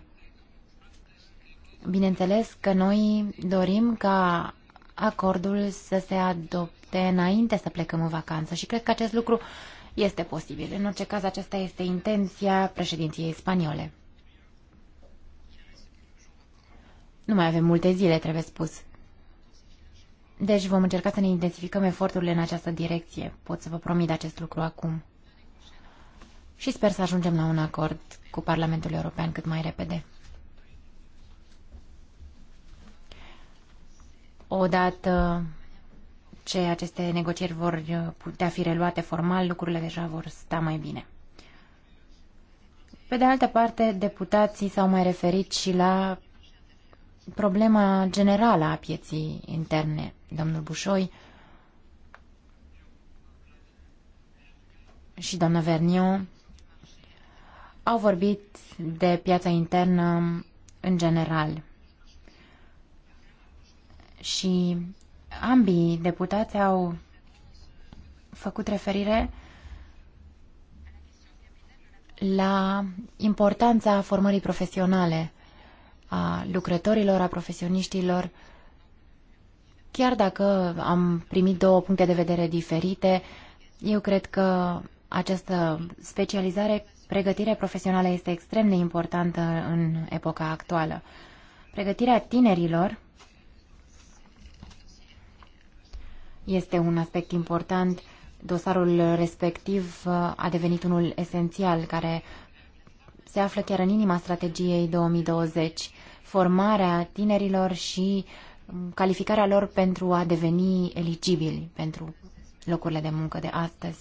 Bineînțeles că noi dorim ca acordul să se adopte înainte să plecăm în vacanță și cred că acest lucru este posibil. În orice caz, aceasta este intenția președinției spaniole. Nu mai avem multe zile, trebuie spus. Deci vom încerca să ne intensificăm eforturile în această direcție. Pot să vă promit acest lucru acum. Și sper să ajungem la un acord cu Parlamentul European cât mai repede. Odată ce aceste negocieri vor putea fi reluate formal, lucrurile deja vor sta mai bine. Pe de altă parte, deputații s-au mai referit și la problema generală a pieții interne, domnul Bușoi și doamna Verniu au vorbit de piața internă în general. Și ambii deputați au făcut referire la importanța formării profesionale a lucrătorilor, a profesioniștilor. Chiar dacă am primit două puncte de vedere diferite, eu cred că această specializare, pregătirea profesională este extrem de importantă în epoca actuală. Pregătirea tinerilor este un aspect important. Dosarul respectiv uh, a devenit unul esențial care se află chiar în inima strategiei 2020 formarea tinerilor și mm, calificarea lor pentru a deveni eligibili pentru locurile de muncă de astăzi.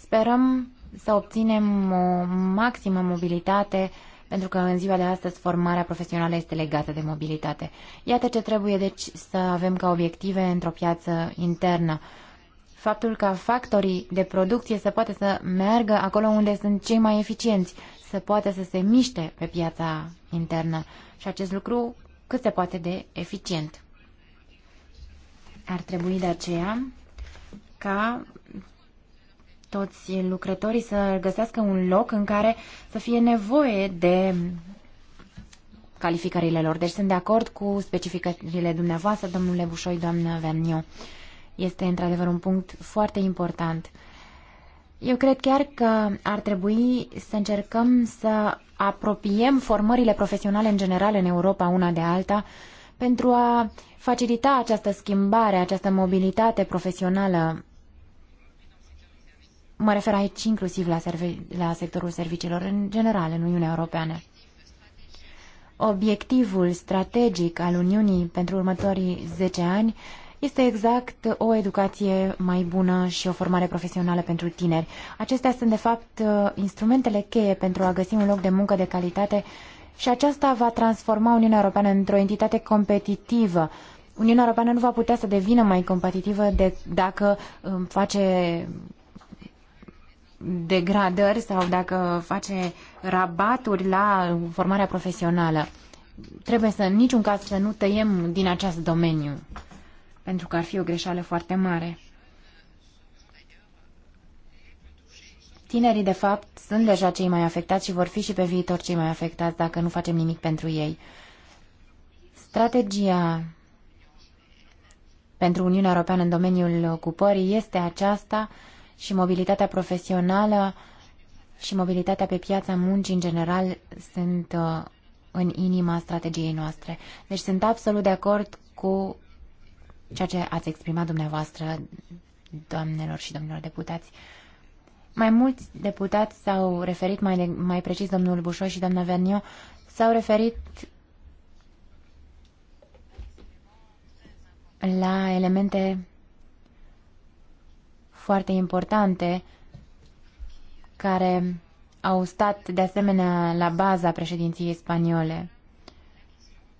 Sperăm să obținem o maximă mobilitate pentru că în ziua de astăzi formarea profesională este legată de mobilitate. Iată ce trebuie deci să avem ca obiective într-o piață internă. Faptul ca factorii de producție să poată să meargă acolo unde sunt cei mai eficienți să poată să se miște pe piața internă și acest lucru cât se poate de eficient. Ar trebui de aceea ca toți lucrătorii să găsească un loc în care să fie nevoie de calificările lor. Deci sunt de acord cu specificările dumneavoastră, domnule Bușoi, doamnă Verniu. Este într-adevăr un punct foarte important eu cred chiar că ar trebui să încercăm să apropiem formările profesionale în general în Europa una de alta pentru a facilita această schimbare, această mobilitate profesională. Mă refer aici inclusiv la, servi- la sectorul serviciilor în general în Uniunea Europeană. Obiectivul strategic al Uniunii pentru următorii 10 ani este exact o educație mai bună și o formare profesională pentru tineri. Acestea sunt, de fapt, uh, instrumentele cheie pentru a găsi un loc de muncă de calitate și aceasta va transforma Uniunea Europeană într-o entitate competitivă. Uniunea Europeană nu va putea să devină mai competitivă de, dacă um, face degradări sau dacă face rabaturi la formarea profesională. Trebuie să în niciun caz să nu tăiem din acest domeniu pentru că ar fi o greșeală foarte mare. Tinerii, de fapt, sunt deja cei mai afectați și vor fi și pe viitor cei mai afectați dacă nu facem nimic pentru ei. Strategia pentru Uniunea Europeană în domeniul ocupării este aceasta și mobilitatea profesională și mobilitatea pe piața muncii în general sunt uh, în inima strategiei noastre. Deci sunt absolut de acord cu ceea ce ați exprimat dumneavoastră, doamnelor și domnilor deputați. Mai mulți deputați s-au referit, mai, de, mai precis domnul Bușo și doamna Verniu, s-au referit la elemente foarte importante care au stat de asemenea la baza președinției spaniole.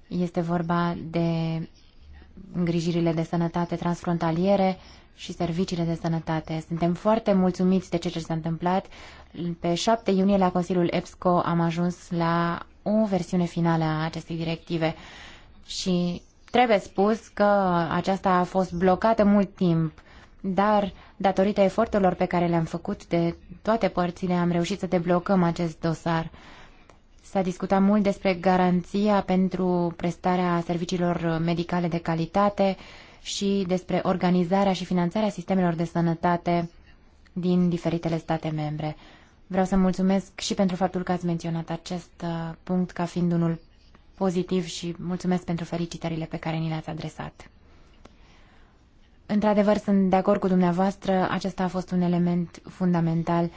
Este vorba de îngrijirile de sănătate transfrontaliere și serviciile de sănătate. Suntem foarte mulțumiți de ceea ce s-a întâmplat. Pe 7 iunie la Consiliul EPSCO am ajuns la o versiune finală a acestei directive și trebuie spus că aceasta a fost blocată mult timp, dar datorită eforturilor pe care le-am făcut de toate părțile am reușit să deblocăm acest dosar. S-a discutat mult despre garanția pentru prestarea serviciilor medicale de calitate și despre organizarea și finanțarea sistemelor de sănătate din diferitele state membre. Vreau să mulțumesc și pentru faptul că ați menționat acest uh, punct ca fiind unul pozitiv și mulțumesc pentru felicitările pe care ni le-ați adresat. Într-adevăr, sunt de acord cu dumneavoastră, acesta a fost un element fundamental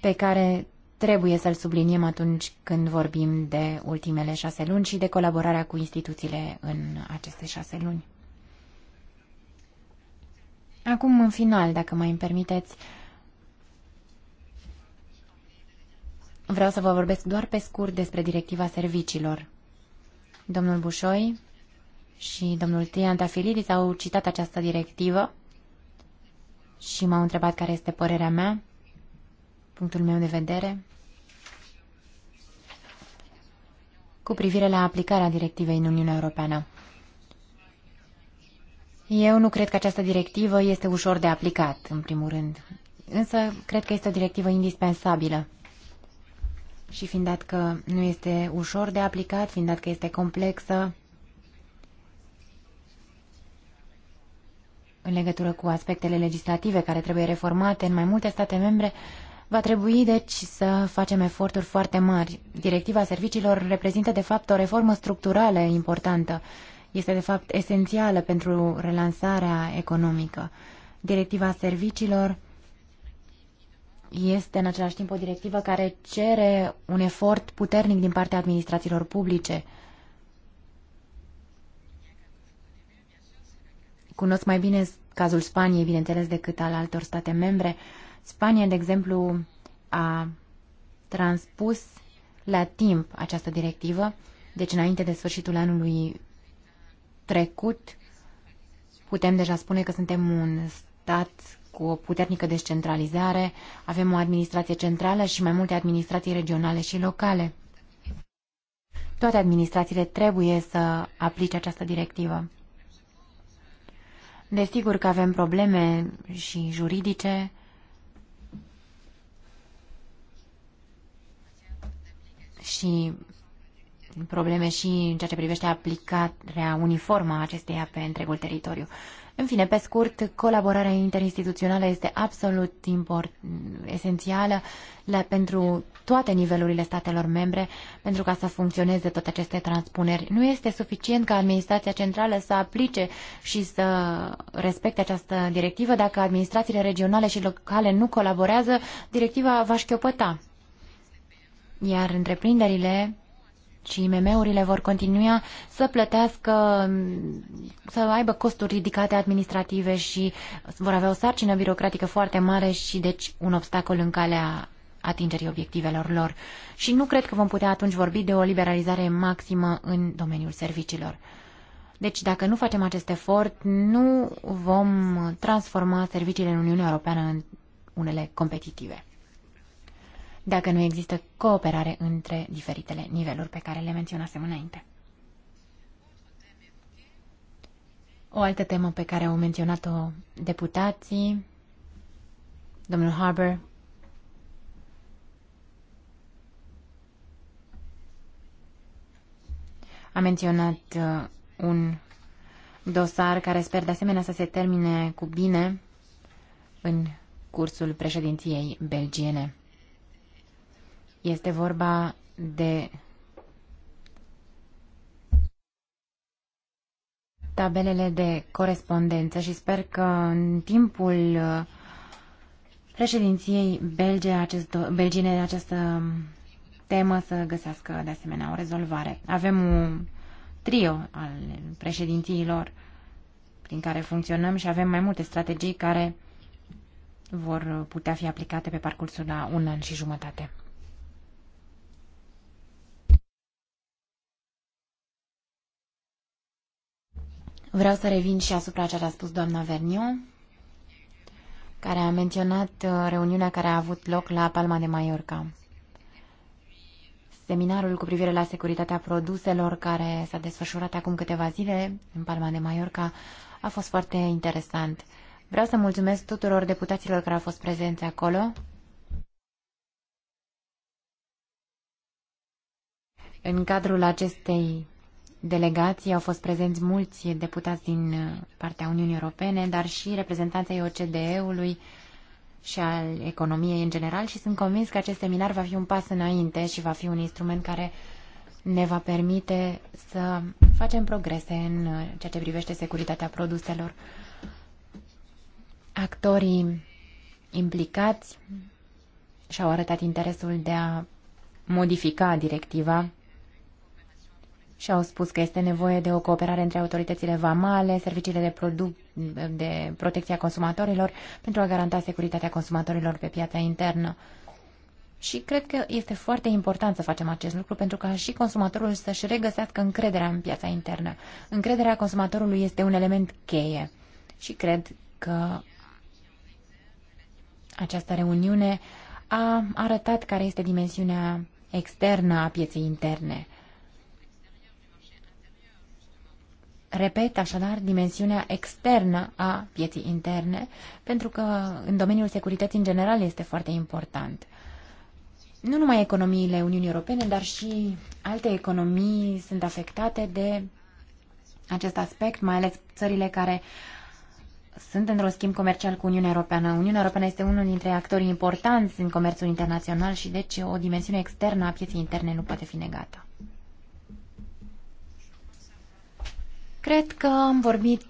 pe care trebuie să-l subliniem atunci când vorbim de ultimele șase luni și de colaborarea cu instituțiile în aceste șase luni. Acum, în final, dacă mai îmi permiteți, vreau să vă vorbesc doar pe scurt despre directiva serviciilor. Domnul Bușoi și domnul Tafilidis au citat această directivă și m-au întrebat care este părerea mea punctul meu de vedere, cu privire la aplicarea directivei în Uniunea Europeană. Eu nu cred că această directivă este ușor de aplicat, în primul rând, însă cred că este o directivă indispensabilă. Și fiind dat că nu este ușor de aplicat, fiind dat că este complexă, în legătură cu aspectele legislative care trebuie reformate în mai multe state membre, Va trebui, deci, să facem eforturi foarte mari. Directiva serviciilor reprezintă, de fapt, o reformă structurală importantă. Este, de fapt, esențială pentru relansarea economică. Directiva serviciilor este, în același timp, o directivă care cere un efort puternic din partea administrațiilor publice. Cunosc mai bine cazul Spaniei, bineînțeles, decât al altor state membre, Spania, de exemplu, a transpus la timp această directivă, deci înainte de sfârșitul anului trecut, putem deja spune că suntem un stat cu o puternică descentralizare, avem o administrație centrală și mai multe administrații regionale și locale. Toate administrațiile trebuie să aplice această directivă. Desigur că avem probleme și juridice și probleme și în ceea ce privește aplicarea uniformă a acesteia pe întregul teritoriu. În fine, pe scurt, colaborarea interinstituțională este absolut import, esențială la, pentru toate nivelurile statelor membre, pentru ca să funcționeze toate aceste transpuneri. Nu este suficient ca administrația centrală să aplice și să respecte această directivă. Dacă administrațiile regionale și locale nu colaborează, directiva va șchiopăta iar întreprinderile și IMM-urile vor continua să plătească, să aibă costuri ridicate administrative și vor avea o sarcină birocratică foarte mare și deci un obstacol în calea atingerii obiectivelor lor. Și nu cred că vom putea atunci vorbi de o liberalizare maximă în domeniul serviciilor. Deci dacă nu facem acest efort, nu vom transforma serviciile în Uniunea Europeană în unele competitive dacă nu există cooperare între diferitele niveluri pe care le menționasem înainte. O altă temă pe care au menționat-o deputații, domnul Harbour, a menționat uh, un dosar care sper de asemenea să se termine cu bine în cursul președinției belgiene. Este vorba de tabelele de corespondență și sper că în timpul uh, președinției belge acest, belgine această temă să găsească de asemenea o rezolvare. Avem un trio al președințiilor prin care funcționăm și avem mai multe strategii care vor putea fi aplicate pe parcursul la un an și jumătate. Vreau să revin și asupra ce a spus doamna Verniu, care a menționat uh, reuniunea care a avut loc la Palma de Mallorca. Seminarul cu privire la securitatea produselor care s-a desfășurat acum câteva zile în Palma de Mallorca a fost foarte interesant. Vreau să mulțumesc tuturor deputaților care au fost prezenți acolo. În cadrul acestei delegații au fost prezenți mulți deputați din uh, partea Uniunii Europene, dar și reprezentanții OCDE-ului și al economiei în general și sunt convins că acest seminar va fi un pas înainte și va fi un instrument care ne va permite să facem progrese în uh, ceea ce privește securitatea produselor. Actorii implicați și-au arătat interesul de a modifica directiva și au spus că este nevoie de o cooperare între autoritățile vamale, serviciile de, produ- de protecție a consumatorilor pentru a garanta securitatea consumatorilor pe piața internă. Și cred că este foarte important să facem acest lucru pentru ca și consumatorul să-și regăsească încrederea în piața internă. Încrederea consumatorului este un element cheie și cred că această reuniune a arătat care este dimensiunea externă a pieței interne Repet, așadar, dimensiunea externă a pieții interne, pentru că în domeniul securității în general este foarte important. Nu numai economiile Uniunii Europene, dar și alte economii sunt afectate de acest aspect, mai ales țările care sunt într-un schimb comercial cu Uniunea Europeană. Uniunea Europeană este unul dintre actorii importanți în comerțul internațional și deci o dimensiune externă a pieței interne nu poate fi negată. Cred că am vorbit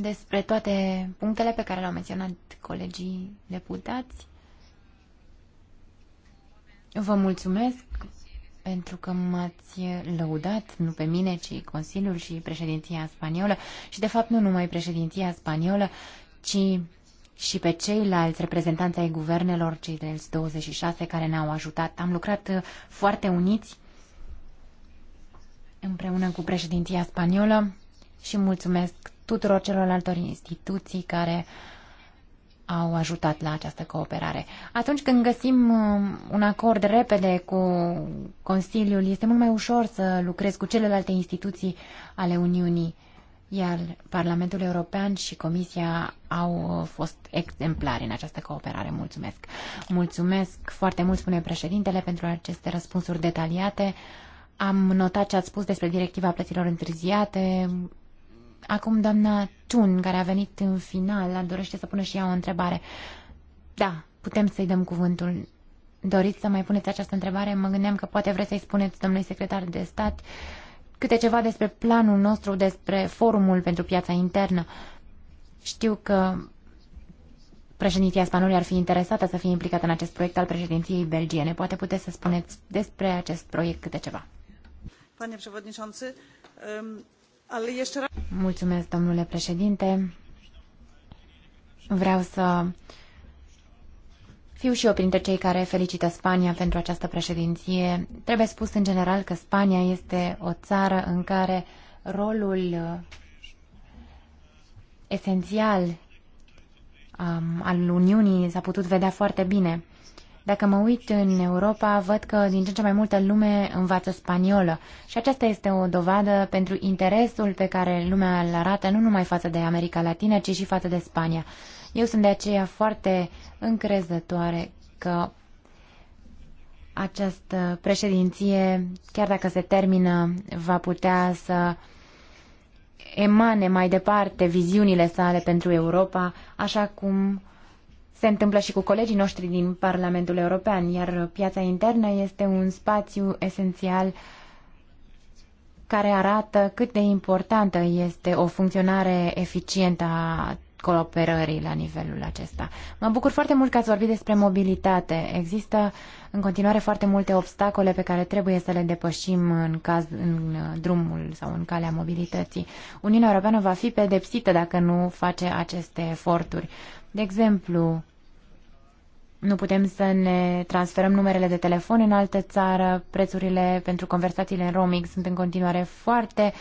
despre toate punctele pe care le-au menționat colegii deputați. Vă mulțumesc pentru că m-ați lăudat, nu pe mine, ci Consiliul și președinția spaniolă și, de fapt, nu numai președinția spaniolă, ci și pe ceilalți reprezentanți ai guvernelor, cei de 26 care ne-au ajutat. Am lucrat foarte uniți împreună cu președinția spaniolă și mulțumesc tuturor celorlalte instituții care au ajutat la această cooperare. Atunci când găsim uh, un acord repede cu Consiliul, este mult mai ușor să lucrez cu celelalte instituții ale Uniunii, iar Parlamentul European și Comisia au uh, fost exemplari în această cooperare. Mulțumesc! Mulțumesc foarte mult, spune președintele, pentru aceste răspunsuri detaliate. Am notat ce ați spus despre directiva plăților întârziate, Acum doamna Tun, care a venit în final, dorește să pună și ea o întrebare. Da, putem să-i dăm cuvântul. Doriți să mai puneți această întrebare? Mă gândeam că poate vreți să-i spuneți domnului secretar de stat câte ceva despre planul nostru, despre forumul pentru piața internă. Știu că președinția spaniolă ar fi interesată să fie implicată în acest proiect al președinției belgiene. Poate puteți să spuneți despre acest proiect câte ceva. Panie președinte, Mulțumesc, domnule președinte. Vreau să fiu și eu printre cei care felicită Spania pentru această președinție. Trebuie spus în general că Spania este o țară în care rolul uh, esențial um, al Uniunii s-a putut vedea foarte bine. Dacă mă uit în Europa, văd că din ce în ce mai multă lume învață spaniolă și aceasta este o dovadă pentru interesul pe care lumea îl arată nu numai față de America Latină, ci și față de Spania. Eu sunt de aceea foarte încrezătoare că această președinție, chiar dacă se termină, va putea să emane mai departe viziunile sale pentru Europa, așa cum se întâmplă și cu colegii noștri din Parlamentul European, iar piața internă este un spațiu esențial care arată cât de importantă este o funcționare eficientă a cooperării la nivelul acesta. Mă bucur foarte mult că ați vorbit despre mobilitate. Există în continuare foarte multe obstacole pe care trebuie să le depășim în, caz, în drumul sau în calea mobilității. Uniunea Europeană va fi pedepsită dacă nu face aceste eforturi. De exemplu, nu putem să ne transferăm numerele de telefon în altă țară, prețurile pentru conversațiile în roaming sunt în continuare foarte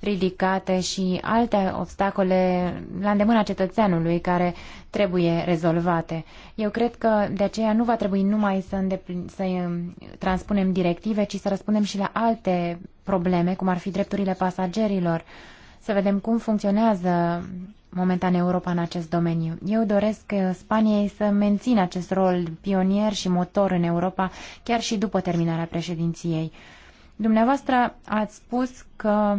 ridicate și alte obstacole la îndemâna cetățeanului care trebuie rezolvate. Eu cred că de aceea nu va trebui numai să, să uh, transpunem directive, ci să răspundem și la alte probleme, cum ar fi drepturile pasagerilor, să vedem cum funcționează momentan Europa în acest domeniu. Eu doresc uh, Spaniei să mențină acest rol pionier și motor în Europa, chiar și după terminarea președinției. Dumneavoastră ați spus că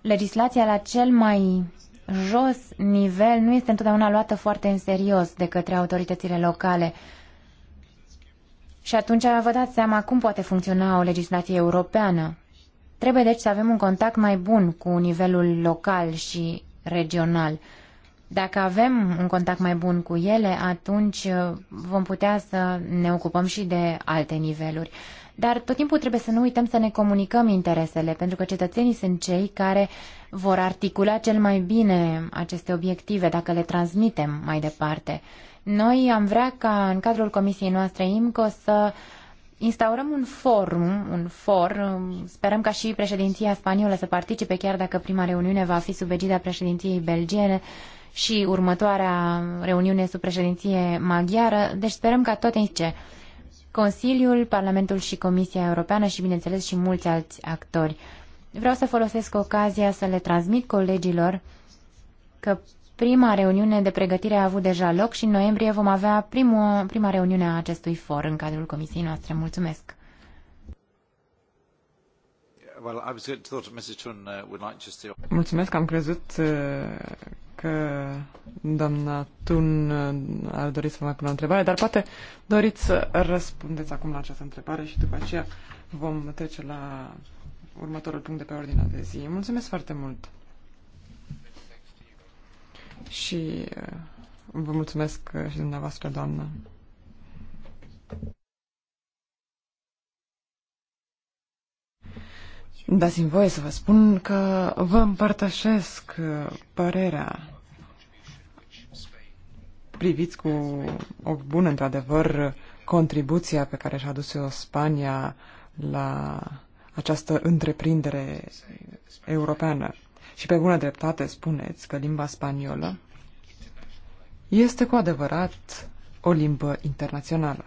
legislația la cel mai jos nivel nu este întotdeauna luată foarte în serios de către autoritățile locale. Și atunci vă dați seama cum poate funcționa o legislație europeană. Trebuie deci să avem un contact mai bun cu nivelul local și regional. Dacă avem un contact mai bun cu ele, atunci uh, vom putea să ne ocupăm și de alte niveluri. Dar tot timpul trebuie să nu uităm să ne comunicăm interesele, pentru că cetățenii sunt cei care vor articula cel mai bine aceste obiective dacă le transmitem mai departe. Noi am vrea ca în cadrul comisiei noastre IMCO să uh, instaurăm un forum, un for, um, sperăm ca și președinția spaniolă să participe, chiar dacă prima reuniune va fi sub egida președinției belgiene și următoarea reuniune sub președinție maghiară, deci sperăm ca toate ce Consiliul, Parlamentul și Comisia Europeană și, bineînțeles, și mulți alți actori. Vreau să folosesc ocazia să le transmit colegilor că Prima reuniune de pregătire a avut deja loc și în noiembrie vom avea primul, prima reuniune a acestui for în cadrul comisiei noastre. Mulțumesc! Uh, Mulțumesc, am crezut uh, că doamna Tun uh, ar dori să vă mai pună o întrebare, dar poate doriți să răspundeți acum la această întrebare și după aceea vom trece la următorul punct de pe ordinea de zi. Mulțumesc foarte mult! și uh, vă mulțumesc uh, și dumneavoastră, doamnă. Dați-mi voie să vă spun că vă împărtășesc uh, părerea. Priviți cu o bună, într-adevăr, contribuția pe care și-a adus-o Spania la această întreprindere europeană și pe bună dreptate spuneți că limba spaniolă este cu adevărat o limbă internațională.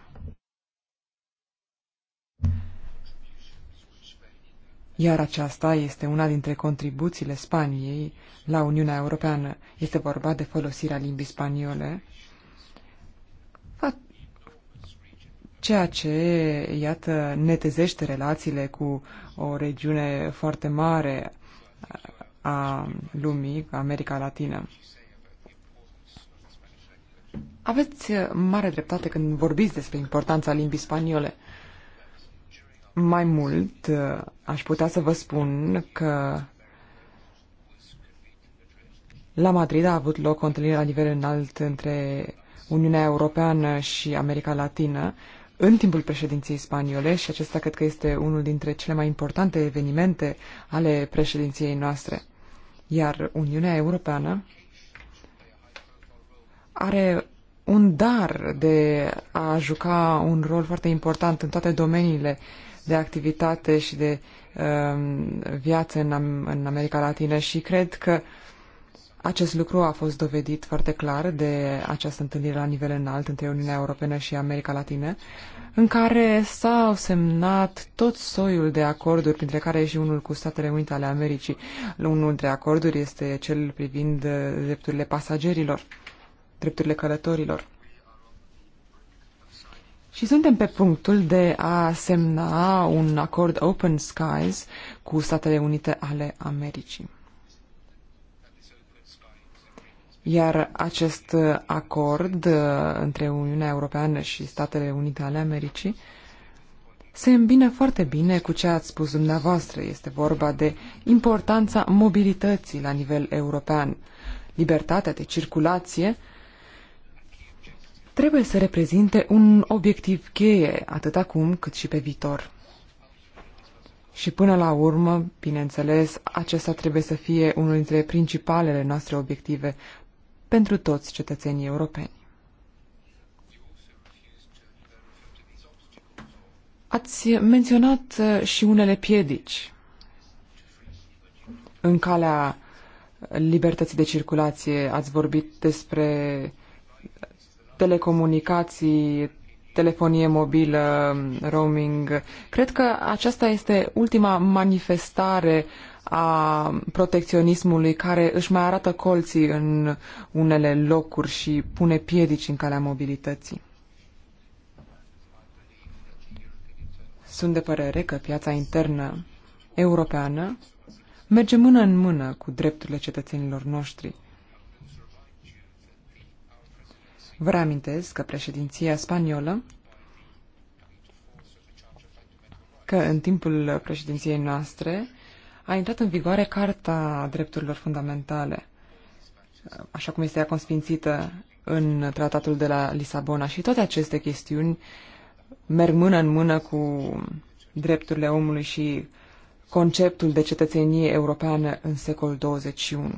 Iar aceasta este una dintre contribuțiile Spaniei la Uniunea Europeană. Este vorba de folosirea limbii spaniole, ceea ce, iată, netezește relațiile cu o regiune foarte mare a lumii, America Latină. Aveți mare dreptate când vorbiți despre importanța limbii spaniole. Mai mult, aș putea să vă spun că la Madrid a avut loc o întâlnire la nivel înalt între Uniunea Europeană și America Latină în timpul președinției spaniole și acesta cred că este unul dintre cele mai importante evenimente ale președinției noastre. Iar Uniunea Europeană are un dar de a juca un rol foarte important în toate domeniile de activitate și de um, viață în, în America Latină și cred că acest lucru a fost dovedit foarte clar de această întâlnire la nivel înalt între Uniunea Europeană și America Latină în care s-au semnat tot soiul de acorduri, printre care și unul cu Statele Unite ale Americii. Unul dintre acorduri este cel privind uh, drepturile pasagerilor, drepturile călătorilor. Și suntem pe punctul de a semna un acord Open Skies cu Statele Unite ale Americii. Iar acest acord uh, între Uniunea Europeană și Statele Unite ale Americii se îmbină foarte bine cu ce ați spus dumneavoastră. Este vorba de importanța mobilității la nivel european. Libertatea de circulație trebuie să reprezinte un obiectiv cheie, atât acum cât și pe viitor. Și până la urmă, bineînțeles, acesta trebuie să fie unul dintre principalele noastre obiective, pentru toți cetățenii europeni. Ați menționat uh, și unele piedici în calea libertății de circulație. Ați vorbit despre telecomunicații, telefonie mobilă, roaming. Cred că aceasta este ultima manifestare a protecționismului care își mai arată colții în unele locuri și pune piedici în calea mobilității. Sunt de părere că piața internă europeană merge mână în mână cu drepturile cetățenilor noștri. Vă reamintesc că președinția spaniolă că în timpul președinției noastre a intrat în vigoare Carta Drepturilor Fundamentale, așa cum este ea consfințită în tratatul de la Lisabona și toate aceste chestiuni merg mână în mână cu drepturile omului și conceptul de cetățenie europeană în secolul 21.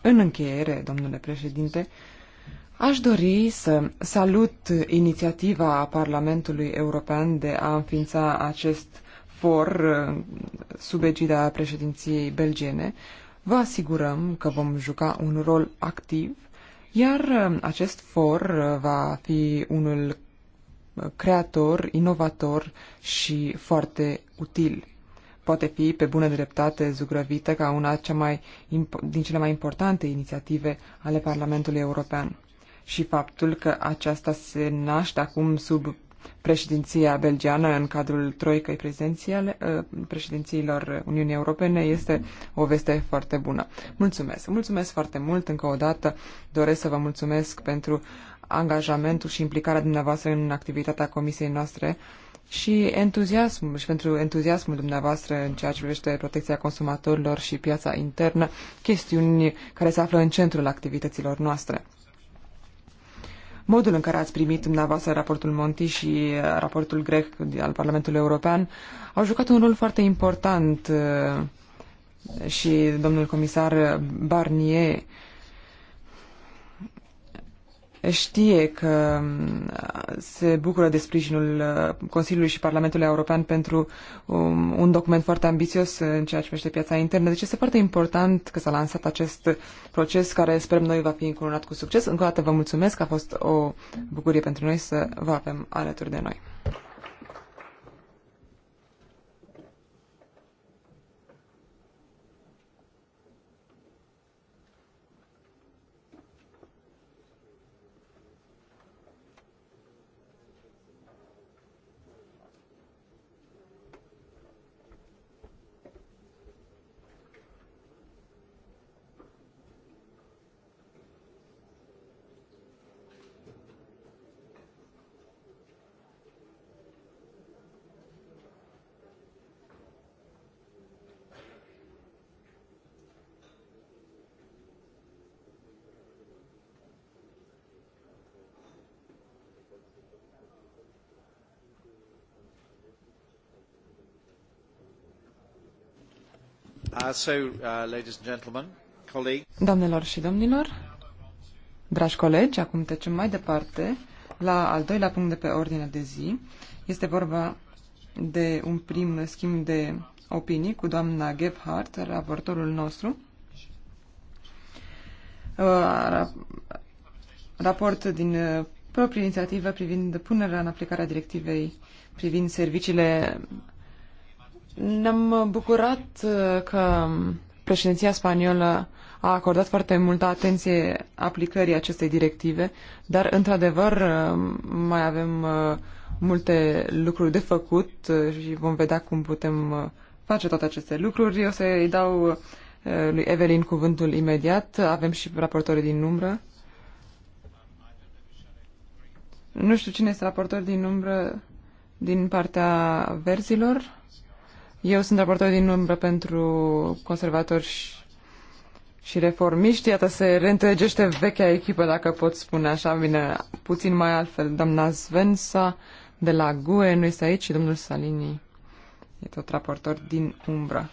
În încheiere, domnule președinte, Aș dori să salut inițiativa Parlamentului European de a înființa acest for uh, sub egida președinției belgiene, vă asigurăm că vom juca un rol activ, iar uh, acest for uh, va fi unul creator, inovator și foarte util. Poate fi pe bună dreptate zugrăvită ca una cea mai, din cele mai importante inițiative ale Parlamentului European. Și faptul că aceasta se naște acum sub președinția belgiană în cadrul troicăi uh, președințiilor Uniunii Europene este o veste foarte bună. Mulțumesc! Mulțumesc foarte mult încă o dată. Doresc să vă mulțumesc pentru angajamentul și implicarea dumneavoastră în activitatea comisiei noastre și entuziasmul și pentru entuziasmul dumneavoastră în ceea ce privește protecția consumatorilor și piața internă, chestiuni care se află în centrul activităților noastre modul în care ați primit dumneavoastră raportul Monti și uh, raportul grec al Parlamentului European au jucat un rol foarte important uh, și domnul comisar Barnier știe că mm, se bucură de sprijinul uh, Consiliului și Parlamentului European pentru um, un document foarte ambițios uh, în ceea ce privește piața internă. Deci este foarte important că s-a lansat acest proces care sperăm noi va fi încoronat cu succes. Încă o dată vă mulțumesc, a fost o bucurie pentru noi să vă avem alături de noi. Uh, uh, Doamnelor și domnilor, dragi colegi, acum trecem mai departe la al doilea punct de pe ordinea de zi. Este vorba de un prim schimb de opinii cu doamna Gebhardt, raportorul nostru. Uh, raport din proprie inițiativă privind punerea în aplicare a directivei privind serviciile ne-am bucurat uh, că președinția spaniolă a acordat foarte multă atenție aplicării acestei directive, dar, într-adevăr, uh, mai avem uh, multe lucruri de făcut și vom vedea cum putem face toate aceste lucruri. O să-i dau lui Evelyn cuvântul imediat. Avem și raportori din umbră. Nu știu cine este raportor din umbră din partea verzilor. Eu sunt raportor din umbră pentru conservatori și, și reformiști. Iată, se reîntregește vechea echipă, dacă pot spune așa. Bine, puțin mai altfel. Doamna Svensa de la GUE nu este aici și domnul Salini e tot raportor din umbră.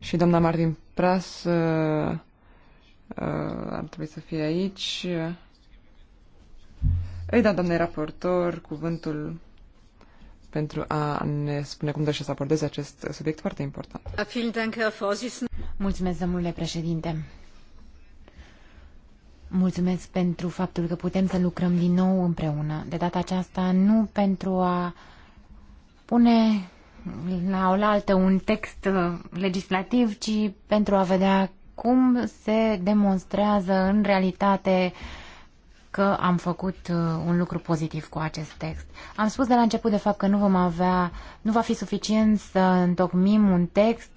Și doamna Martin Pras uh, uh, ar trebui să fie aici. Uh, îi dau doamne raportor cuvântul pentru a ne spune cum deși să abordeze acest subiect foarte important. Mulțumesc, domnule președinte. Mulțumesc pentru faptul că putem să lucrăm din nou împreună. De data aceasta nu pentru a pune la oaltă un text uh, legislativ, ci pentru a vedea cum se demonstrează în realitate uh, că am făcut uh, un lucru pozitiv cu acest text. Am spus de la început, de fapt, că nu vom avea, nu va fi suficient să întocmim un text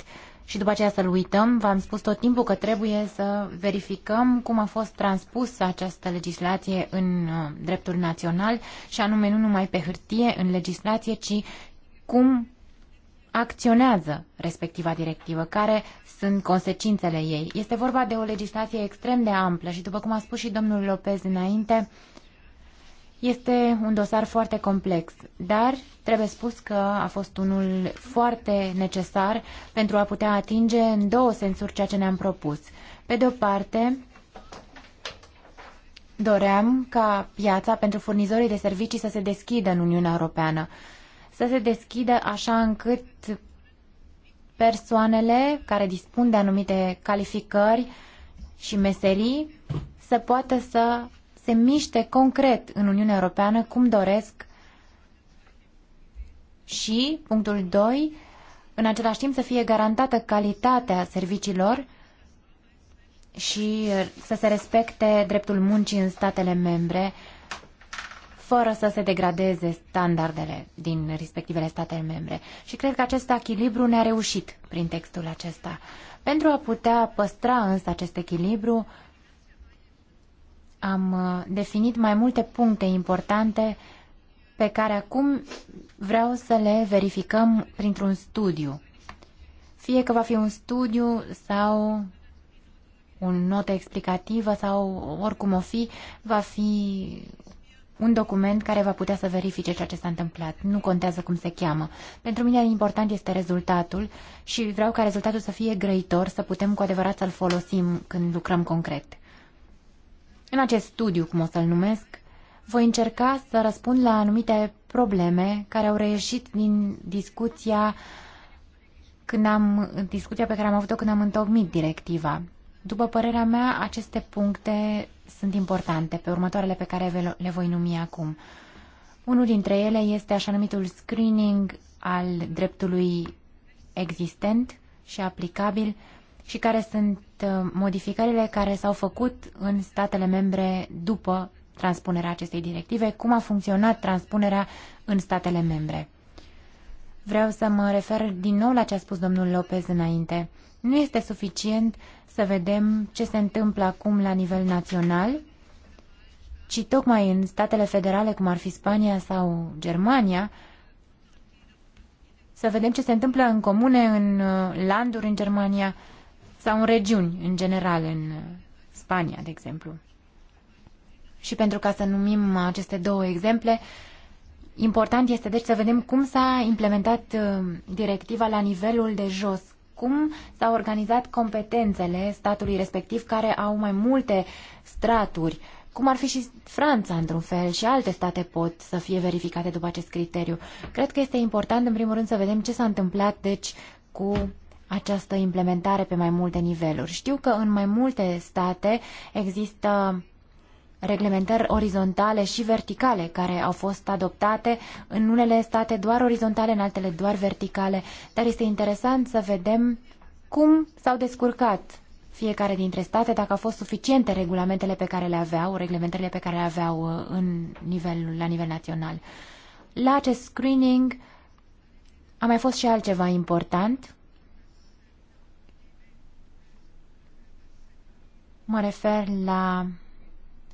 și după aceea să-l uităm. V-am spus tot timpul că trebuie să verificăm cum a fost transpusă această legislație în uh, dreptul național și anume nu numai pe hârtie, în legislație, ci cum acționează respectiva directivă, care sunt consecințele ei. Este vorba de o legislație extrem de amplă și, după cum a spus și domnul Lopez înainte, este un dosar foarte complex, dar trebuie spus că a fost unul foarte necesar pentru a putea atinge în două sensuri ceea ce ne-am propus. Pe de o parte, doream ca piața pentru furnizorii de servicii să se deschidă în Uniunea Europeană să se deschidă așa încât persoanele care dispun de anumite calificări și meserii să poată să se miște concret în Uniunea Europeană cum doresc și, punctul 2, în același timp să fie garantată calitatea serviciilor și să se respecte dreptul muncii în statele membre fără să se degradeze standardele din respectivele state membre. Și cred că acest echilibru ne-a reușit prin textul acesta. Pentru a putea păstra însă acest echilibru, am uh, definit mai multe puncte importante pe care acum vreau să le verificăm printr-un studiu. Fie că va fi un studiu sau o notă explicativă sau oricum o fi, va fi un document care va putea să verifice ceea ce s-a întâmplat. Nu contează cum se cheamă. Pentru mine important este rezultatul și vreau ca rezultatul să fie grăitor, să putem cu adevărat să-l folosim când lucrăm concret. În acest studiu, cum o să-l numesc, voi încerca să răspund la anumite probleme care au reieșit din discuția când am, discuția pe care am avut-o când am întocmit directiva. După părerea mea, aceste puncte sunt importante, pe următoarele pe care le voi numi acum. Unul dintre ele este așa numitul screening al dreptului existent și aplicabil și care sunt uh, modificările care s-au făcut în statele membre după transpunerea acestei directive, cum a funcționat transpunerea în statele membre. Vreau să mă refer din nou la ce a spus domnul Lopez înainte. Nu este suficient să vedem ce se întâmplă acum la nivel național, ci tocmai în statele federale, cum ar fi Spania sau Germania, să vedem ce se întâmplă în comune, în uh, landuri în Germania sau în regiuni, în general, în uh, Spania, de exemplu. Și pentru ca să numim aceste două exemple, Important este deci să vedem cum s-a implementat uh, directiva la nivelul de jos, cum s-au organizat competențele statului respectiv care au mai multe straturi, cum ar fi și Franța într-un fel și alte state pot să fie verificate după acest criteriu. Cred că este important în primul rând să vedem ce s-a întâmplat deci cu această implementare pe mai multe niveluri. Știu că în mai multe state există reglementări orizontale și verticale care au fost adoptate în unele state doar orizontale, în altele doar verticale, dar este interesant să vedem cum s-au descurcat fiecare dintre state, dacă au fost suficiente regulamentele pe care le aveau, reglementările pe care le aveau uh, în nivel, la nivel național. La acest screening a mai fost și altceva important. Mă refer la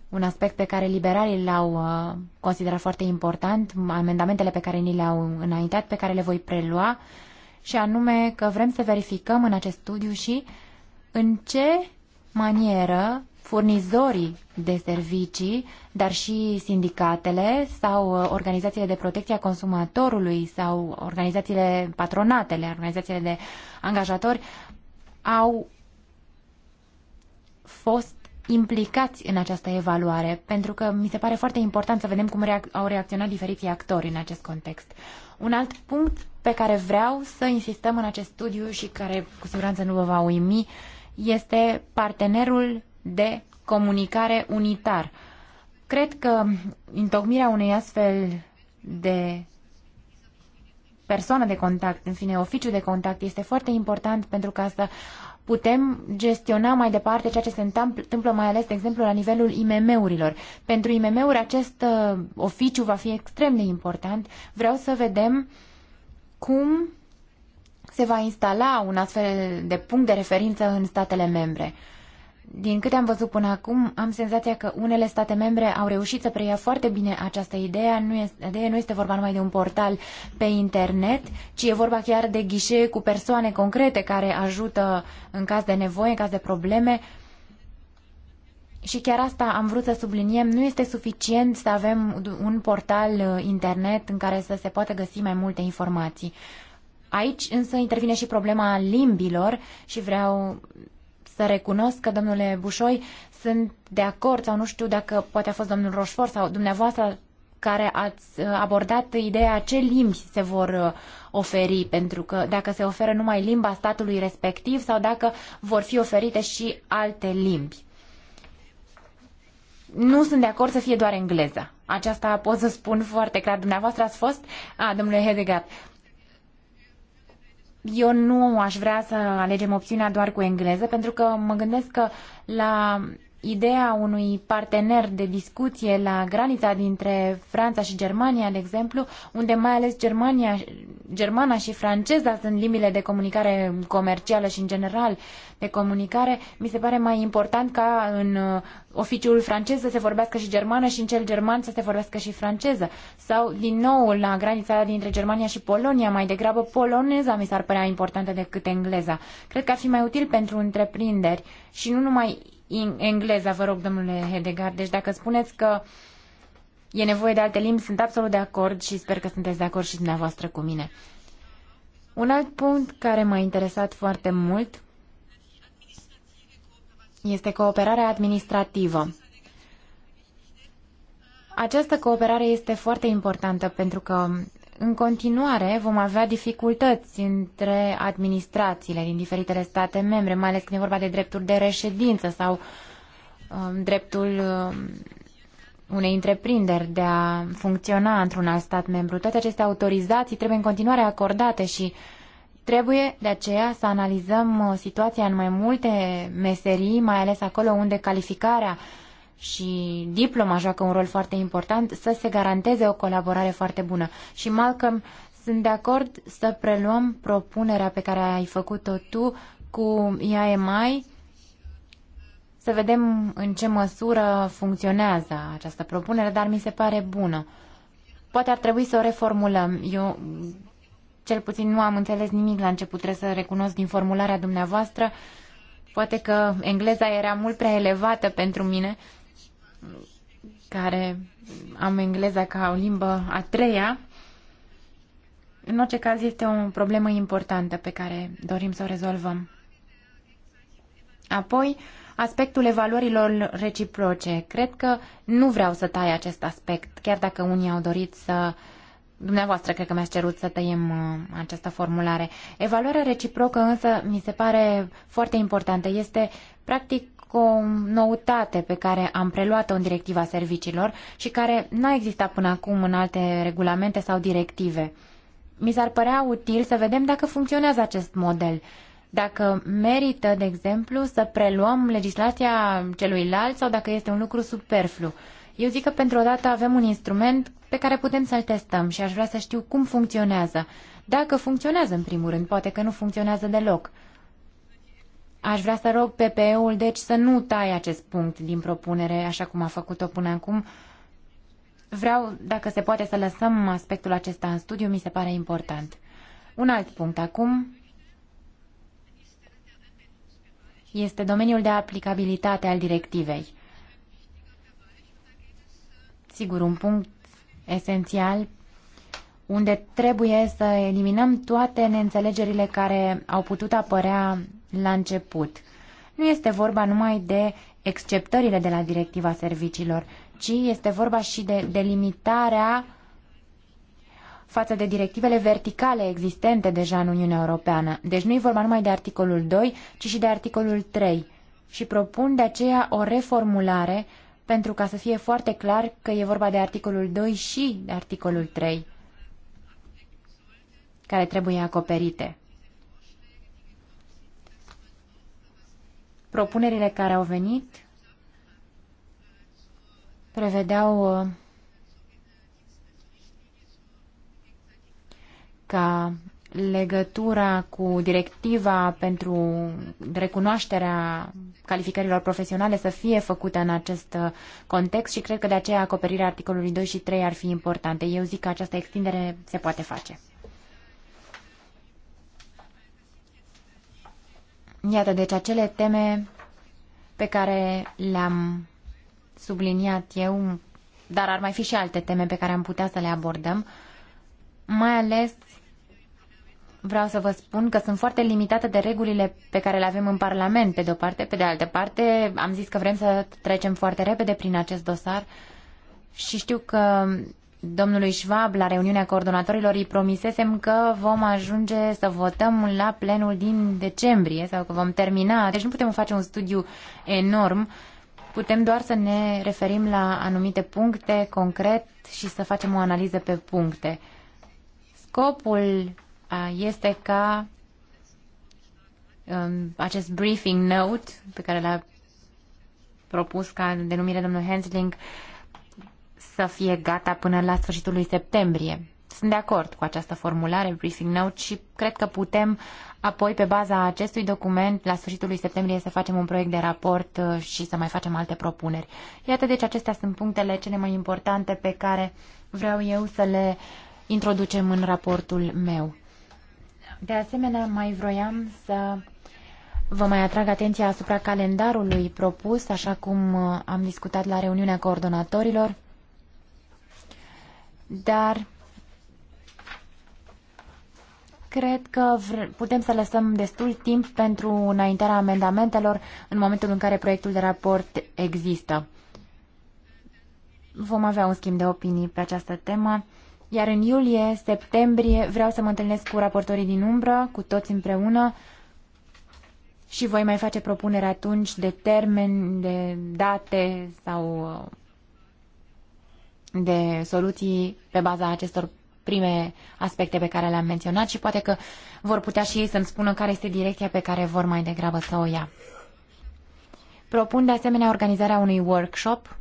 un aspect pe care liberalii l-au uh, considerat foarte important, amendamentele pe care ni le-au înaintat, pe care le voi prelua, și anume că vrem să verificăm în acest studiu și în ce manieră furnizorii de servicii, dar și sindicatele sau uh, organizațiile de protecție a consumatorului sau organizațiile patronatele, organizațiile de angajatori au fost implicați în această evaluare, pentru că mi se pare foarte important să vedem cum reac- au reacționat diferiții actori în acest context. Un alt punct pe care vreau să insistăm în acest studiu și care cu siguranță nu vă va uimi este partenerul de comunicare unitar. Cred că întocmirea unei astfel de persoană de contact, în fine, oficiu de contact este foarte important pentru ca să putem gestiona mai departe ceea ce se întâmplă mai ales, de exemplu, la nivelul IMM-urilor. Pentru IMM-uri acest uh, oficiu va fi extrem de important. Vreau să vedem cum se va instala un astfel de punct de referință în statele membre. Din câte am văzut până acum, am senzația că unele state membre au reușit să preia foarte bine această idee. Nu este, idee nu este vorba numai de un portal pe internet, ci e vorba chiar de ghișee cu persoane concrete care ajută în caz de nevoie, în caz de probleme. Și chiar asta am vrut să subliniem, nu este suficient să avem un portal uh, internet în care să se poată găsi mai multe informații. Aici însă intervine și problema limbilor și vreau să recunosc că, domnule Bușoi, sunt de acord sau nu știu dacă poate a fost domnul Roșfor sau dumneavoastră care ați uh, abordat ideea ce limbi se vor uh, oferi, pentru că dacă se oferă numai limba statului respectiv sau dacă vor fi oferite și alte limbi. Nu sunt de acord să fie doar engleza. Aceasta pot să spun foarte clar. Dumneavoastră ați fost? A, domnule Hedegaard, eu nu aș vrea să alegem opțiunea doar cu engleză, pentru că mă gândesc că la ideea unui partener de discuție la granița dintre Franța și Germania, de exemplu, unde mai ales Germania, germana și franceza sunt limbile de comunicare comercială și în general de comunicare, mi se pare mai important ca în uh, oficiul francez să se vorbească și germană și în cel german să se vorbească și franceză. Sau, din nou, la granița dintre Germania și Polonia, mai degrabă poloneza mi s-ar părea importantă decât engleza. Cred că ar fi mai util pentru întreprinderi și nu numai engleza, vă rog, domnule Hedegar. Deci dacă spuneți că e nevoie de alte limbi, sunt absolut de acord și sper că sunteți de acord și dumneavoastră cu mine. Un alt punct care m-a interesat foarte mult este cooperarea administrativă. Această cooperare este foarte importantă pentru că în continuare vom avea dificultăți între administrațiile din diferitele state membre, mai ales când e vorba de drepturi de reședință sau um, dreptul um, unei întreprinderi de a funcționa într-un alt stat membru. Toate aceste autorizații trebuie în continuare acordate și trebuie de aceea să analizăm uh, situația în mai multe meserii, mai ales acolo unde calificarea uh, și diploma joacă un rol foarte important, să se garanteze o colaborare foarte bună. Și Malcolm, sunt de acord să preluăm propunerea pe care ai făcut-o tu cu IAMI, să vedem în ce măsură funcționează această propunere, dar mi se pare bună. Poate ar trebui să o reformulăm. Eu cel puțin nu am înțeles nimic la început, trebuie să recunosc din formularea dumneavoastră. Poate că engleza era mult prea elevată pentru mine care am engleza ca o limbă a treia, în orice caz este o problemă importantă pe care dorim să o rezolvăm. Apoi, aspectul evaluărilor reciproce. Cred că nu vreau să tai acest aspect, chiar dacă unii au dorit să Dumneavoastră, cred că mi-ați cerut să tăiem uh, această formulare. Evaluarea reciprocă, însă, mi se pare foarte importantă. Este, practic, cu o noutate pe care am preluat-o în directiva serviciilor și care n-a existat până acum în alte regulamente sau directive. Mi s-ar părea util să vedem dacă funcționează acest model, dacă merită, de exemplu, să preluăm legislația celuilalt sau dacă este un lucru superflu. Eu zic că pentru o dată avem un instrument pe care putem să-l testăm și aș vrea să știu cum funcționează. Dacă funcționează, în primul rând, poate că nu funcționează deloc. Aș vrea să rog PPE-ul, deci, să nu tai acest punct din propunere, așa cum a făcut-o până acum. Vreau, dacă se poate, să lăsăm aspectul acesta în studiu, mi se pare important. Un alt punct acum este domeniul de aplicabilitate al directivei. Sigur, un punct esențial unde trebuie să eliminăm toate neînțelegerile care au putut apărea la început. Nu este vorba numai de exceptările de la directiva serviciilor, ci este vorba și de delimitarea față de directivele verticale existente deja în Uniunea Europeană. Deci nu e vorba numai de articolul 2, ci și de articolul 3. Și propun de aceea o reformulare pentru ca să fie foarte clar că e vorba de articolul 2 și de articolul 3 care trebuie acoperite. Propunerile care au venit prevedeau uh, ca legătura cu directiva pentru recunoașterea calificărilor profesionale să fie făcută în acest uh, context și cred că de aceea acoperirea articolului 2 și 3 ar fi importante. Eu zic că această extindere se poate face. Iată, deci acele teme pe care le-am subliniat eu, dar ar mai fi și alte teme pe care am putea să le abordăm, mai ales vreau să vă spun că sunt foarte limitată de regulile pe care le avem în Parlament, pe de o parte. Pe de altă parte, am zis că vrem să trecem foarte repede prin acest dosar și știu că domnului Schwab la reuniunea coordonatorilor îi promisesem că vom ajunge să votăm la plenul din decembrie sau că vom termina. Deci nu putem face un studiu enorm, putem doar să ne referim la anumite puncte concret și să facem o analiză pe puncte. Scopul este ca um, acest briefing note pe care l-a propus ca denumire domnul Hensling să fie gata până la sfârșitul lui septembrie. Sunt de acord cu această formulare, briefing note, și cred că putem apoi, pe baza acestui document, la sfârșitul lui septembrie, să facem un proiect de raport uh, și să mai facem alte propuneri. Iată, deci, acestea sunt punctele cele mai importante pe care vreau eu să le introducem în raportul meu. De asemenea, mai vroiam să vă mai atrag atenția asupra calendarului propus, așa cum uh, am discutat la reuniunea coordonatorilor dar cred că putem să lăsăm destul timp pentru înaintarea amendamentelor în momentul în care proiectul de raport există. Vom avea un schimb de opinii pe această temă, iar în iulie, septembrie, vreau să mă întâlnesc cu raportorii din umbră, cu toți împreună, și voi mai face propuneri atunci de termen, de date sau uh, de soluții pe baza acestor prime aspecte pe care le-am menționat și poate că vor putea și ei să-mi spună care este direcția pe care vor mai degrabă să o ia. Propun de asemenea organizarea unui workshop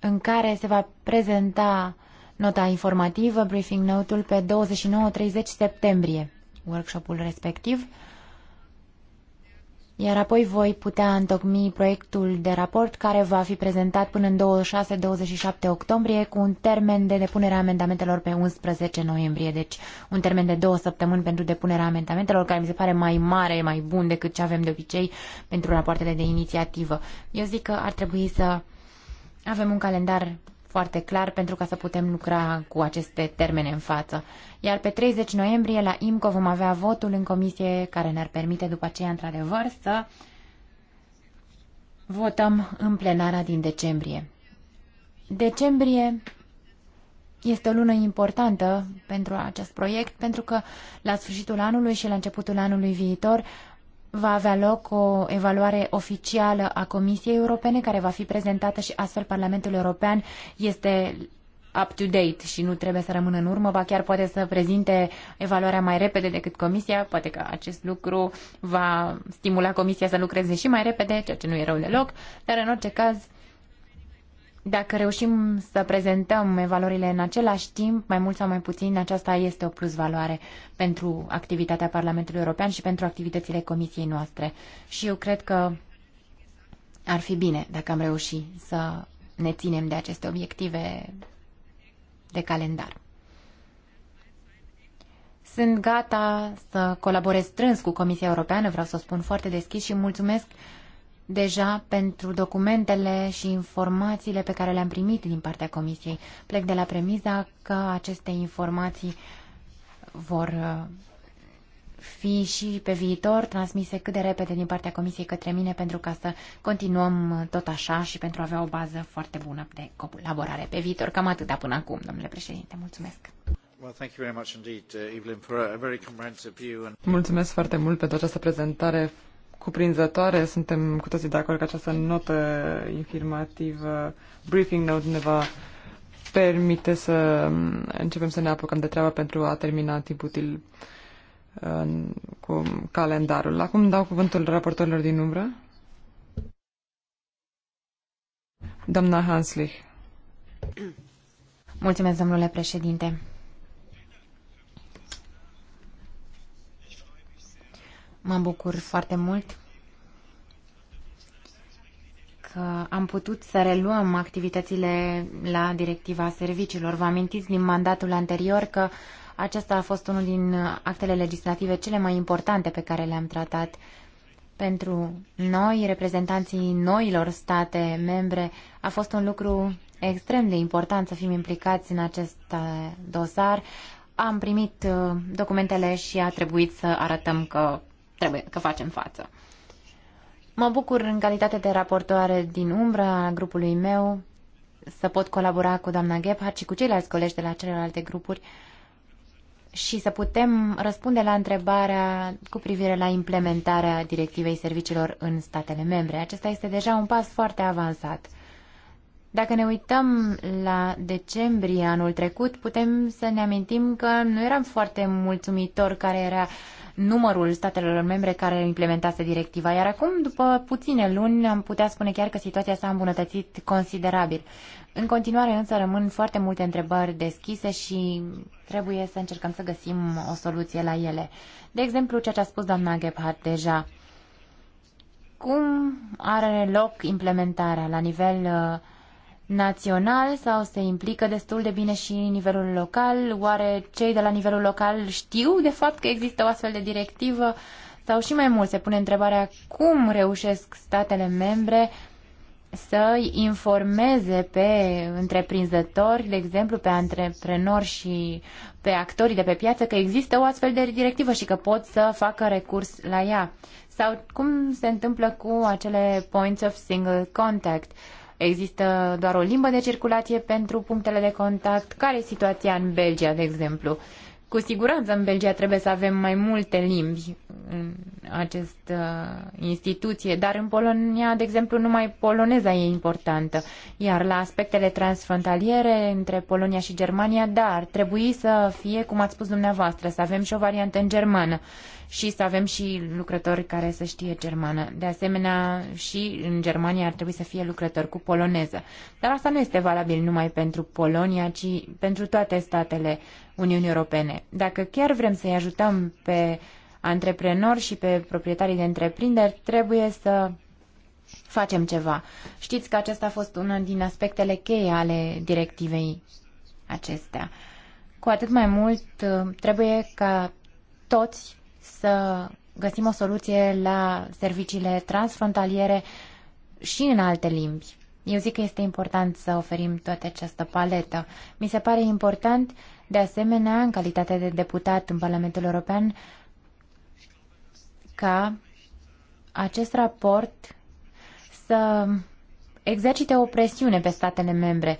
în care se va prezenta nota informativă, briefing note-ul, pe 29-30 septembrie, workshopul respectiv iar apoi voi putea întocmi proiectul de raport care va fi prezentat până în 26-27 octombrie cu un termen de depunere a amendamentelor pe 11 noiembrie, deci un termen de două săptămâni pentru depunerea amendamentelor, care mi se pare mai mare, mai bun decât ce avem de obicei pentru rapoartele de inițiativă. Eu zic că ar trebui să avem un calendar foarte clar pentru ca să putem lucra cu aceste termene în față. Iar pe 30 noiembrie la IMCO vom avea votul în comisie care ne-ar permite după aceea, într-adevăr, să votăm în plenara din decembrie. Decembrie este o lună importantă pentru acest proiect, pentru că la sfârșitul anului și la începutul anului viitor va avea loc o evaluare oficială a Comisiei Europene care va fi prezentată și astfel Parlamentul European este up-to-date și nu trebuie să rămână în urmă, ba chiar poate să prezinte evaluarea mai repede decât Comisia, poate că acest lucru va stimula Comisia să lucreze și mai repede, ceea ce nu e rău deloc, dar în orice caz dacă reușim să prezentăm evaluările în același timp, mai mult sau mai puțin, aceasta este o plusvaloare pentru activitatea Parlamentului European și pentru activitățile comisiei noastre. Și eu cred că ar fi bine dacă am reușit să ne ținem de aceste obiective de calendar. Sunt gata să colaborez strâns cu Comisia Europeană, vreau să o spun foarte deschis și mulțumesc uh, deja pentru documentele și informațiile pe care le-am primit din partea Comisiei. Plec de la premiza că aceste informații vor uh, fi și pe viitor transmise cât de repede din partea Comisiei către mine pentru ca să continuăm uh, tot așa și pentru a avea o bază foarte bună de colaborare pe viitor. Cam atâta până acum, domnule președinte. Mulțumesc! Uh, Mulțumesc foarte mult pentru această prezentare cuprinzătoare. Suntem cu toții de acord că această notă informativă, briefing note, ne va permite să începem să ne apucăm de treabă pentru a termina timp util cu calendarul. Acum dau cuvântul raportorilor din umbră. Doamna Hanslich. Mulțumesc, domnule președinte. Mă bucur foarte mult că am putut să reluăm activitățile la directiva serviciilor. Vă amintiți din mandatul anterior că acesta a fost unul din actele legislative cele mai importante pe care le-am tratat pentru noi, reprezentanții noilor state membre. A fost un lucru extrem de important să fim implicați în acest uh, dosar. Am primit uh, documentele și a trebuit să arătăm că trebuie că facem față. Mă bucur în calitate de raportoare din umbră a grupului meu să pot colabora cu doamna Gebhardt și cu ceilalți colegi de la celelalte grupuri și să putem răspunde la întrebarea cu privire la implementarea directivei serviciilor în statele membre. Acesta este deja un pas foarte avansat. Dacă ne uităm la decembrie anul trecut, putem să ne amintim că nu eram foarte mulțumitor care era uh, numărul statelor membre care implementase directiva, iar acum, după puține luni, am putea spune chiar că situația s-a îmbunătățit considerabil. În continuare, însă, rămân foarte multe întrebări deschise și trebuie să încercăm să găsim o soluție la ele. De exemplu, ceea ce a spus doamna Gebhardt deja. Cum are loc implementarea la nivel uh, național sau se implică destul de bine și în nivelul local? Oare cei de la nivelul local știu de fapt că există o astfel de directivă? Sau și mai mult se pune întrebarea cum reușesc statele membre să informeze pe întreprinzători, de exemplu, pe antreprenori și pe actorii de pe piață că există o astfel de directivă și că pot să facă recurs la ea. Sau cum se întâmplă cu acele points of single contact? Uh, Există doar o limbă de circulație pentru punctele de contact? Care e situația în Belgia, de exemplu? Cu siguranță în Belgia trebuie să avem mai multe limbi în această instituție, dar în Polonia, de exemplu, numai poloneza e importantă. Iar la aspectele transfrontaliere între Polonia și Germania, dar da, trebuie să fie, cum ați spus dumneavoastră, să avem și o variantă în germană și să avem și lucrători care să știe germană. De asemenea, și în Germania ar trebui să fie lucrători cu poloneză. Dar asta nu este valabil numai pentru Polonia, ci pentru toate statele Uniunii Europene. Dacă chiar vrem să-i ajutăm pe antreprenori și pe proprietarii de întreprinderi, trebuie să facem ceva. Știți că acesta a fost una din aspectele cheie ale directivei acestea. Cu atât mai mult trebuie ca toți să găsim o soluție la serviciile transfrontaliere și în alte limbi. Eu zic că este important să oferim toată această paletă. Mi se pare important, de asemenea, în calitate de deputat în Parlamentul European, ca acest raport să exercite o presiune pe statele membre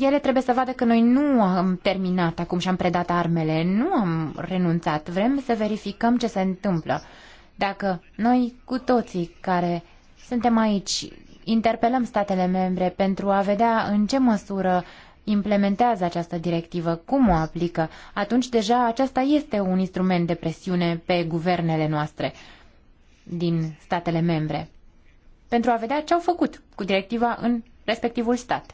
ele trebuie să vadă că noi nu am terminat acum și am predat armele, nu am renunțat, vrem să verificăm ce se întâmplă. Dacă noi cu toții care suntem aici interpelăm statele membre pentru a vedea în ce măsură implementează această directivă, cum o aplică, atunci deja aceasta este un instrument de presiune pe guvernele noastre din statele membre pentru a vedea ce au făcut cu directiva în respectivul stat.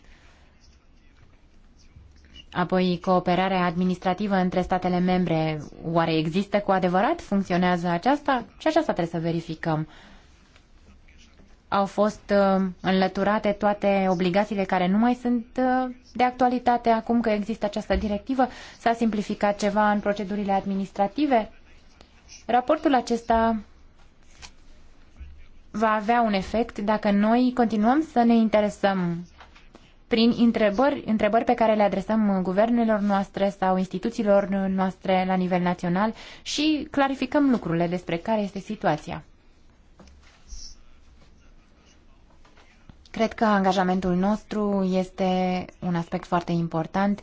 Apoi, cooperarea administrativă între statele membre, oare există cu adevărat? Funcționează aceasta? Și aceasta trebuie să verificăm. Au fost uh, înlăturate toate obligațiile care nu mai sunt uh, de actualitate acum că există această directivă? S-a simplificat ceva în procedurile administrative? Raportul acesta va avea un efect dacă noi continuăm să ne interesăm prin întrebări, întrebări pe care le adresăm guvernelor noastre sau instituțiilor noastre la nivel național și clarificăm lucrurile despre care este situația. Cred că angajamentul nostru este un aspect foarte important,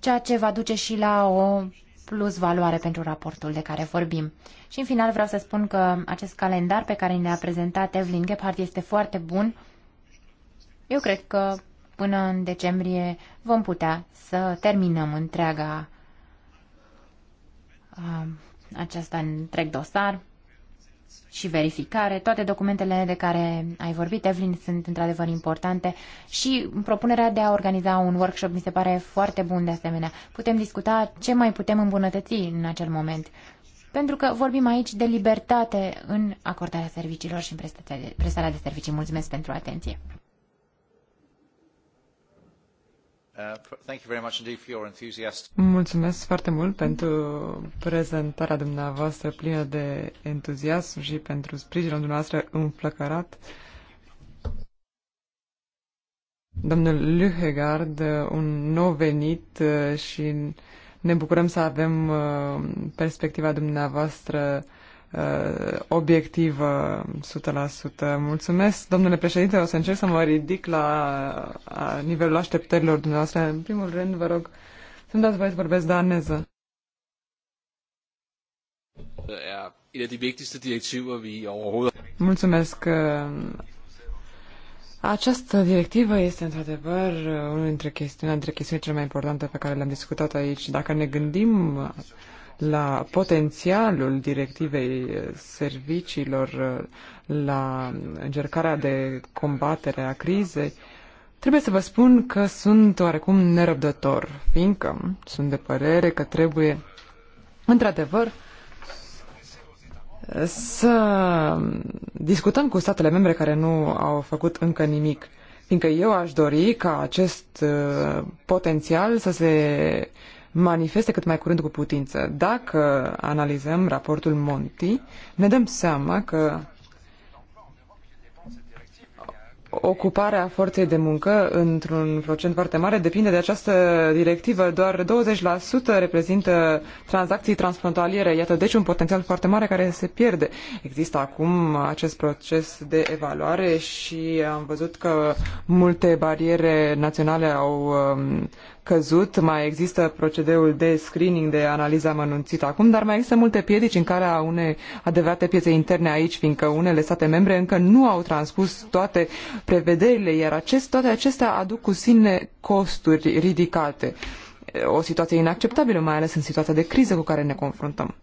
ceea ce va duce și la o plus valoare pentru raportul de care vorbim. Și în final vreau să spun că acest calendar pe care ne-a prezentat Evelyn Gephardt este foarte bun eu cred că până în decembrie vom putea să terminăm întreaga acesta uh, aceasta întreg dosar și verificare. Toate documentele de care ai vorbit, Evelyn, sunt într-adevăr importante și propunerea de a organiza un workshop mi se pare foarte bun de asemenea. Putem discuta ce mai putem îmbunătăți în acel moment. Pentru că vorbim aici de libertate în acordarea serviciilor și în prestarea de servicii. Mulțumesc pentru atenție! Mulțumesc foarte mult pentru prezentarea dumneavoastră plină de entuziasm și pentru sprijinul dumneavoastră înflăcărat. Domnul Lühegard, un nou venit uh, și ne bucurăm să avem uh, perspectiva dumneavoastră uh, obiectivă 100%. Mulțumesc, domnule președinte, o să încerc să mă ridic la uh, nivelul așteptărilor dumneavoastră. În primul rând, vă rog să-mi dați voie să vorbesc daneză. Mulțumesc. Această directivă este într-adevăr una dintre chestiunile, dintre chestiunile cele mai importante pe care le-am discutat aici. Dacă ne gândim la potențialul directivei serviciilor, uh, la încercarea de combatere a crizei, trebuie să vă spun că sunt oarecum nerăbdător, fiindcă sunt de părere că trebuie, într-adevăr, să discutăm cu statele membre care nu au făcut încă nimic, fiindcă eu aș dori ca acest uh, potențial să se manifeste cât mai curând cu putință. Dacă analizăm raportul Monti, ne dăm seama că ocuparea forței de muncă într-un procent foarte mare depinde de această directivă. Doar 20% reprezintă tranzacții transfrontaliere. Iată, deci un potențial foarte mare care se pierde. Există acum acest proces de evaluare și am văzut că multe bariere naționale au um, căzut, mai există procedeul de screening, de analiză amănunțită acum, dar mai există multe piedici în calea unei adevărate piețe interne aici, fiindcă unele state membre încă nu au transpus toate prevederile, iar acest, toate acestea aduc cu sine costuri ridicate. O situație inacceptabilă, mai ales în situația de criză cu care ne confruntăm.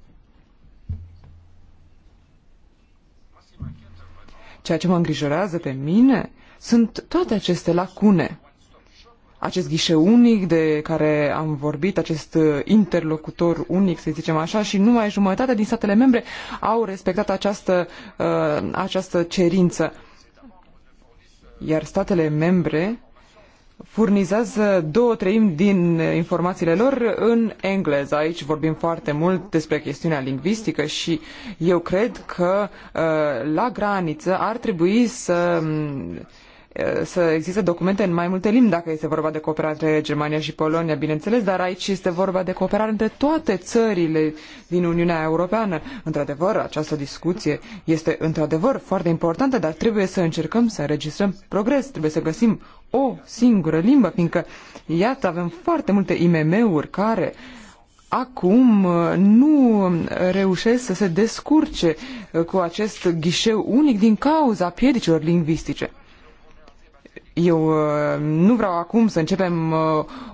Ceea ce mă îngrijorează pe mine sunt toate aceste lacune acest ghișeu unic de care am vorbit, acest uh, interlocutor unic, să zicem așa, și numai jumătate din statele membre au respectat această, uh, această cerință. Iar statele membre furnizează două treimi din uh, informațiile lor în engleză. Aici vorbim foarte mult despre chestiunea lingvistică și eu cred că uh, la graniță ar trebui să mm, Eh, să existe documente în mai multe limbi, dacă este vorba de cooperare între Germania și Polonia, bineînțeles, dar aici este vorba de cooperare între toate țările din Uniunea Europeană. Într-adevăr, această discuție este într-adevăr foarte importantă, dar trebuie să încercăm să înregistrăm progres, trebuie să găsim o singură limbă, fiindcă, iată, avem foarte multe IMM-uri care acum eh, nu reușesc să se descurce eh, cu acest ghișeu unic din cauza piedicilor lingvistice. Eu uh, nu vreau acum să începem uh,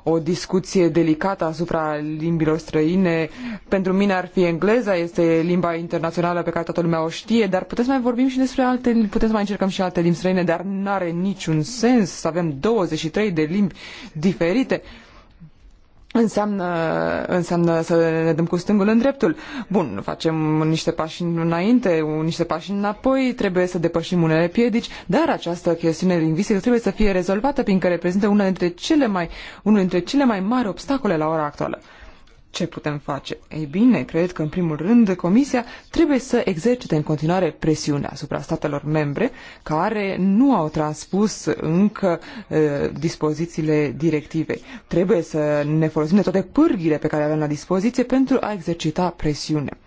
o discuție delicată asupra limbilor străine. Pentru mine ar fi engleza, este limba internațională pe care toată lumea o știe, dar putem mai vorbim și despre alte, putem să mai încercăm și alte limbi străine, dar nu are niciun sens să avem 23 de limbi diferite înseamnă, înseamnă să ne dăm cu stângul în dreptul. Bun, facem niște pași înainte, niște pași înapoi, trebuie să depășim unele piedici, dar această chestiune lingvistică trebuie să fie rezolvată, fiindcă reprezintă una dintre cele mai, unul dintre cele mai mari obstacole la ora actuală. Ce putem face? Ei bine, cred că, în primul rând, Comisia trebuie să exercite în continuare presiunea asupra statelor membre care nu au transpus încă uh, dispozițiile directivei. Trebuie să ne folosim de toate pârghile pe care le avem la dispoziție pentru a exercita presiune.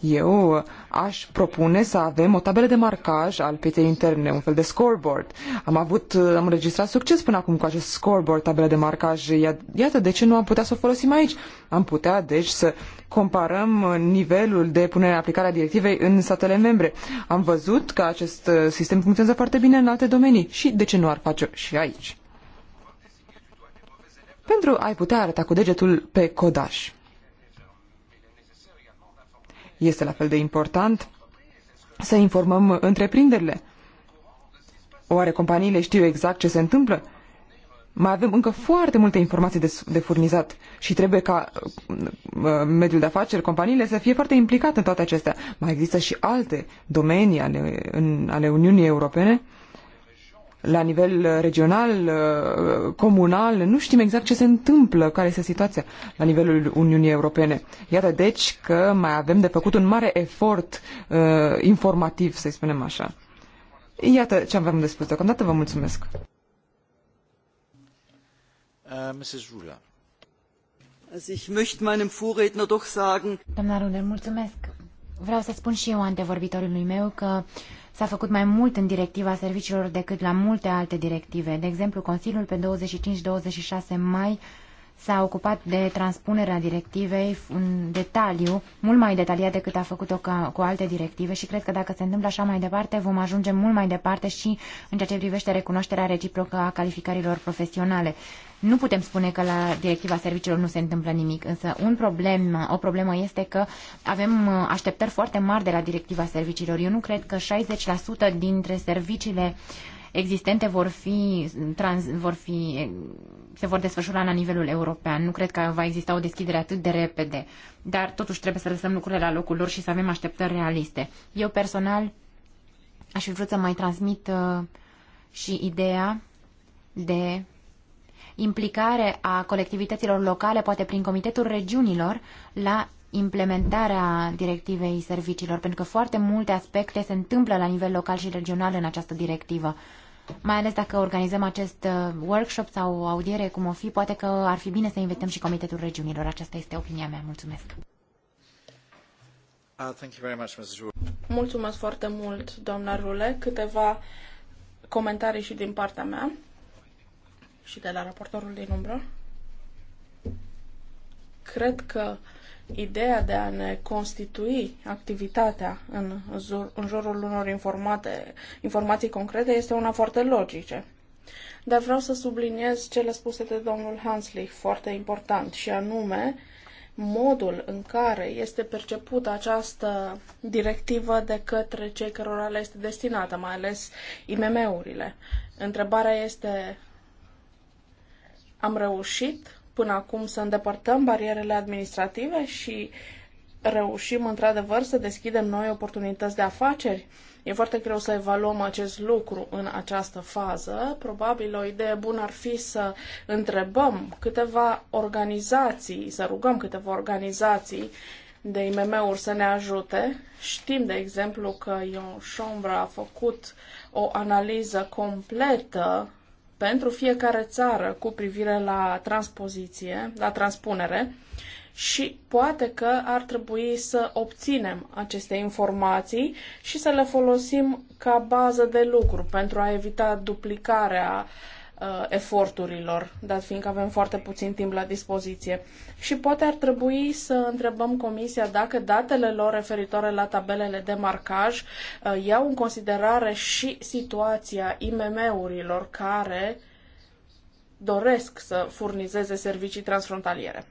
Eu aș propune să avem o tabelă de marcaj al pieței interne, un fel de scoreboard. Am avut, uh, am înregistrat succes până acum cu acest scoreboard, tabelă de marcaj. Iată de ce nu am putea să o folosim aici. Am putea, deci, să comparăm uh, nivelul de punere în aplicare a directivei în statele membre. Am văzut că acest uh, sistem funcționează foarte bine în alte domenii și de ce nu ar face și aici? Pentru a-i putea arăta cu degetul pe codaș. Este la fel de important să informăm întreprinderile. Oare companiile știu exact ce se întâmplă? Mai avem încă foarte multe informații de, de furnizat și trebuie ca uh, uh mediul de afaceri, companiile să fie foarte implicate în toate acestea. Mai există și alte domenii ale, în, ale Uniunii Europene uh, la nivel uh, regional, uh, comunal, nu știm exact ce se întâmplă, care este situația la nivelul Uniunii Europene. Iată deci că mai avem de făcut un mare efort uh, informativ, să-i spunem așa. Iată ce aveam de spus deocamdată, vă mulțumesc. Uh, Mrs. Rula. Doamna Ruler, mulțumesc. Vreau să spun și eu antevorbitorului meu că uh, S-a făcut mai mult în directiva serviciilor decât la multe alte directive. De exemplu, Consiliul pe 25-26 mai s-a ocupat de transpunerea directivei în detaliu, mult mai detaliat decât a făcut-o cu alte directive și cred că dacă se întâmplă așa mai departe, vom ajunge mult mai departe și în ceea ce privește recunoașterea reciprocă a calificărilor profesionale. Nu putem spune că la directiva serviciilor nu se întâmplă nimic, însă un problem, o problemă este că avem uh, așteptări foarte mari de la directiva serviciilor. Eu nu cred că 60% dintre serviciile existente vor fi, trans, vor fi, se vor desfășura la nivelul european. Nu cred că va exista o deschidere atât de repede, dar totuși trebuie să lăsăm lucrurile la locul lor și să avem așteptări realiste. Eu personal aș fi vrut să mai transmit uh, și ideea de implicare a colectivităților locale, poate prin Comitetul Regiunilor, la implementarea directivei serviciilor, pentru că foarte multe aspecte se întâmplă la nivel local și regional în această directivă mai ales dacă organizăm acest uh, workshop sau audiere, cum o fi, poate că ar fi bine să invităm și Comitetul Regiunilor. Aceasta este opinia mea. Mulțumesc. Uh, Mulțumesc foarte mult, doamna Rule. Câteva comentarii și din partea mea și de la raportorul din umbră. Cred că Ideea de a ne constitui activitatea în, zur, în jurul unor informate, informații concrete este una foarte logice. Dar vreau să subliniez cele spuse de domnul Hansley, foarte important, și anume modul în care este percepută această directivă de către cei cărora le este destinată, mai ales IMM-urile. Întrebarea este, am reușit până acum să îndepărtăm barierele administrative și reușim într-adevăr să deschidem noi oportunități de afaceri? E foarte greu să evaluăm acest lucru în această fază. Probabil o idee bună ar fi să întrebăm câteva organizații, să rugăm câteva organizații de IMM-uri să ne ajute. Știm, de exemplu, că Ion Șombra a făcut o analiză completă pentru fiecare țară cu privire la transpoziție, la transpunere și poate că ar trebui să obținem aceste informații și să le folosim ca bază de lucru pentru a evita duplicarea uh, uh, eforturilor, dat fiindcă avem foarte puțin timp la dispoziție. Și poate ar trebui să întrebăm Comisia dacă datele lor referitoare la tabelele de marcaj uh, iau în considerare și situația IMM-urilor care doresc să furnizeze servicii transfrontaliere.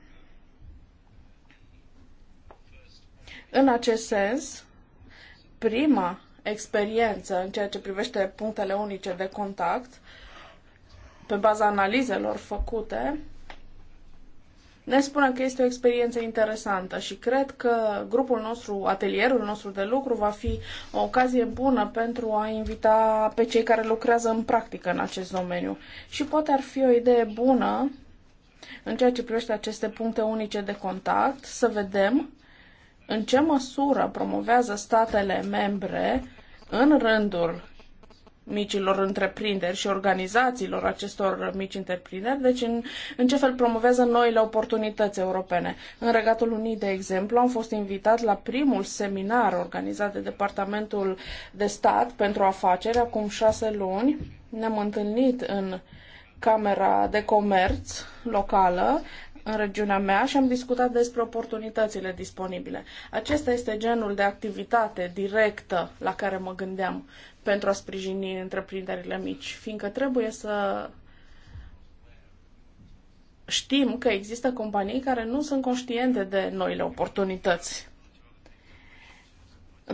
În acest sens, prima experiență în ceea ce privește punctele unice de contact pe baza analizelor făcute, ne spune că este o experiență interesantă și cred că grupul nostru, atelierul nostru de lucru va fi o ocazie bună pentru a invita pe cei care lucrează în practică în acest domeniu. Și poate ar fi o idee bună în ceea ce privește aceste puncte unice de contact, să vedem în ce măsură promovează statele membre în rândul micilor întreprinderi și organizațiilor acestor mici întreprinderi, deci în, în ce fel promovează noile oportunități europene. În Regatul Unit, de exemplu, am fost invitat la primul seminar organizat de Departamentul de Stat pentru afaceri acum șase luni. Ne-am întâlnit în Camera de Comerț locală, în regiunea mea și am discutat despre oportunitățile disponibile. Acesta este genul de activitate directă la care mă gândeam pentru a sprijini întreprinderile mici, fiindcă trebuie să știm că există companii care nu sunt conștiente de noile oportunități.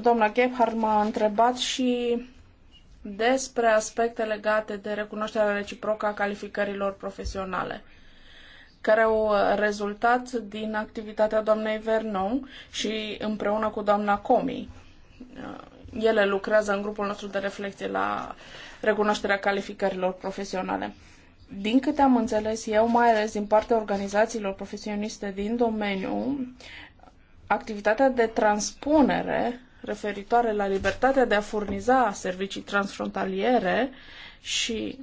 Doamna Gebhardt m-a întrebat și despre aspecte legate de recunoașterea reciprocă a calificărilor profesionale care au uh, rezultat din activitatea doamnei Vernon și împreună cu doamna Comi. Uh, ele lucrează în grupul nostru de reflecție la recunoașterea calificărilor profesionale. Din câte am înțeles eu, mai ales din partea organizațiilor profesioniste din domeniu, activitatea de transpunere referitoare la libertatea de a furniza servicii transfrontaliere și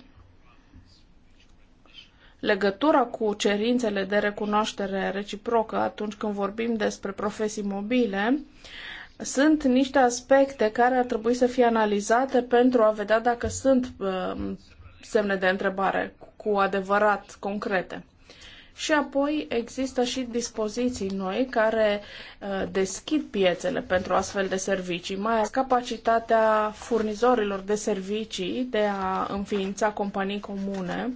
legătura cu cerințele de recunoaștere reciprocă atunci când vorbim despre profesii mobile, sunt niște aspecte care ar trebui să fie analizate pentru a vedea dacă sunt um, semne de întrebare cu adevărat concrete. Și apoi există și dispoziții noi care uh, deschid piețele pentru astfel de servicii, mai ales capacitatea furnizorilor de servicii de a înființa companii comune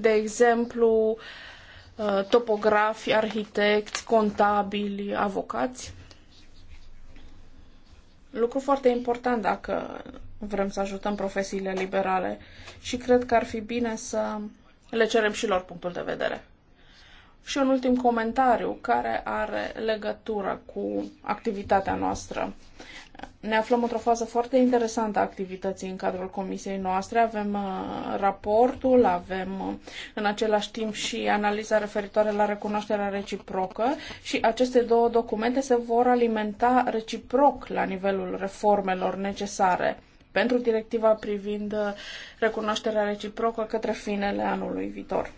de exemplu, uh, topografi, arhitecți, contabili, avocați. Lucru foarte important dacă vrem să ajutăm profesiile liberale și cred că ar fi bine să le cerem și lor punctul de vedere. Și un ultim comentariu care are legătură cu activitatea noastră ne aflăm într-o fază foarte interesantă a activității în cadrul comisiei noastre. Avem uh, raportul, avem uh, în același timp și analiza referitoare la recunoașterea reciprocă și aceste două documente se vor alimenta reciproc la nivelul reformelor necesare pentru directiva privind uh, recunoașterea reciprocă către finele anului viitor.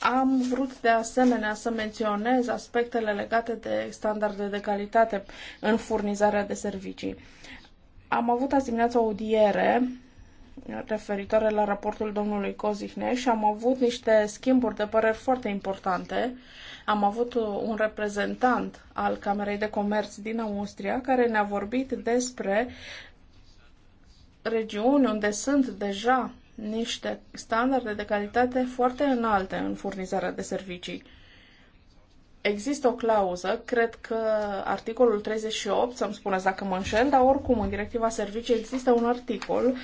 Am vrut de asemenea să menționez aspectele legate de standarde de calitate în furnizarea de servicii. Am avut azi dimineața o audiere referitoare la raportul domnului Cozihne și am avut niște schimburi de păreri foarte importante. Am avut un reprezentant al Camerei de Comerț din Austria care ne-a vorbit despre regiuni unde sunt deja niște standarde de calitate foarte înalte în furnizarea de servicii. Există o clauză, cred că articolul 38, să-mi spuneți dacă mă înșel, dar oricum în directiva servicii există un articol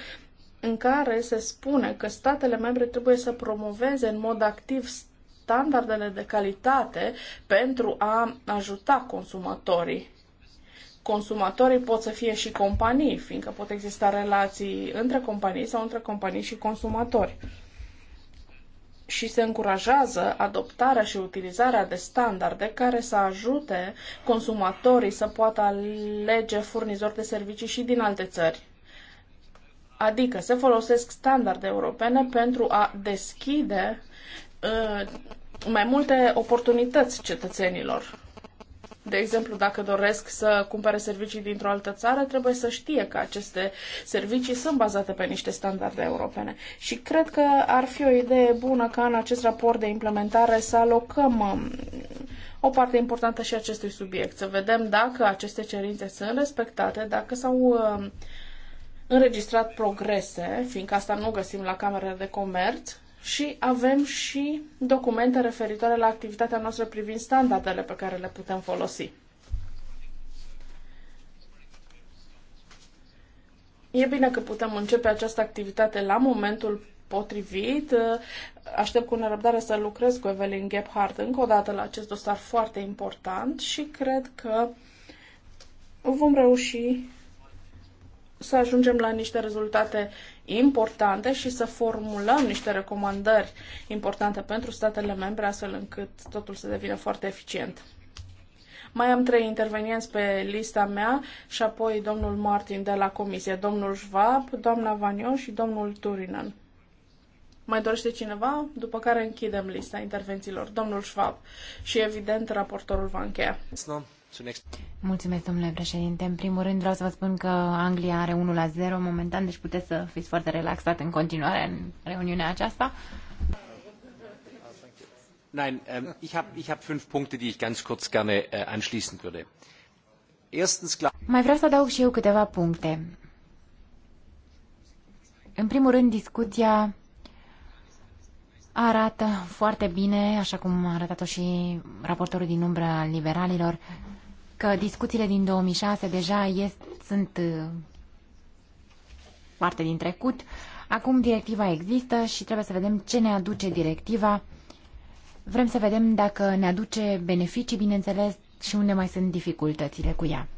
în care se spune că statele membre trebuie să promoveze în mod activ standardele de calitate pentru a ajuta consumatorii consumatorii pot să fie și companii, fiindcă pot exista relații între companii sau între companii și consumatori. Și se încurajează adoptarea și utilizarea de standarde care să ajute consumatorii să poată alege furnizori de servicii și din alte țări. Adică se folosesc standarde europene pentru a deschide uh, mai multe oportunități cetățenilor de exemplu, dacă doresc să cumpere servicii dintr-o altă țară, trebuie să știe că aceste servicii sunt bazate pe niște standarde europene. Și cred că ar fi o idee bună ca în acest raport de implementare să alocăm um, o parte importantă și acestui subiect, să vedem dacă aceste cerințe sunt respectate, dacă s-au um, înregistrat progrese, fiindcă asta nu găsim la camerele de comerț, și avem și documente referitoare la activitatea noastră privind standardele pe care le putem folosi. E bine că putem începe această activitate la momentul potrivit. Aștept cu nerăbdare să lucrez cu Evelyn Gebhardt încă o dată la acest dosar foarte important și cred că vom reuși să ajungem la niște rezultate importante și să formulăm niște recomandări importante pentru statele membre, astfel încât totul să devină foarte eficient. Mai am trei intervenienți pe lista mea și apoi domnul Martin de la comisie, domnul Schwab, doamna Vanio și domnul Turinen. Mai dorește cineva? După care închidem lista intervențiilor. Domnul Schwab și, evident, raportorul va încheia. No. Mulțumesc, domnule președinte. În primul rând vreau să vă spun că Anglia are 1 la 0 momentan, deci puteți să fiți foarte relaxat în continuare în reuniunea aceasta. Nein, ähm, ich habe ich hab fünf Punkte, die ich ganz kurz gerne äh, anschließen würde. Erstens, klar. Mai vreau să adaug și eu câteva puncte. În primul rând, discuția arată foarte bine, așa cum a arătat-o și raportorul din umbră al liberalilor, că discuțiile din 2006 deja este, sunt uh, parte din trecut. Acum directiva există și trebuie să vedem ce ne aduce directiva. Vrem să vedem dacă ne aduce beneficii, bineînțeles, și unde mai sunt dificultățile cu ea.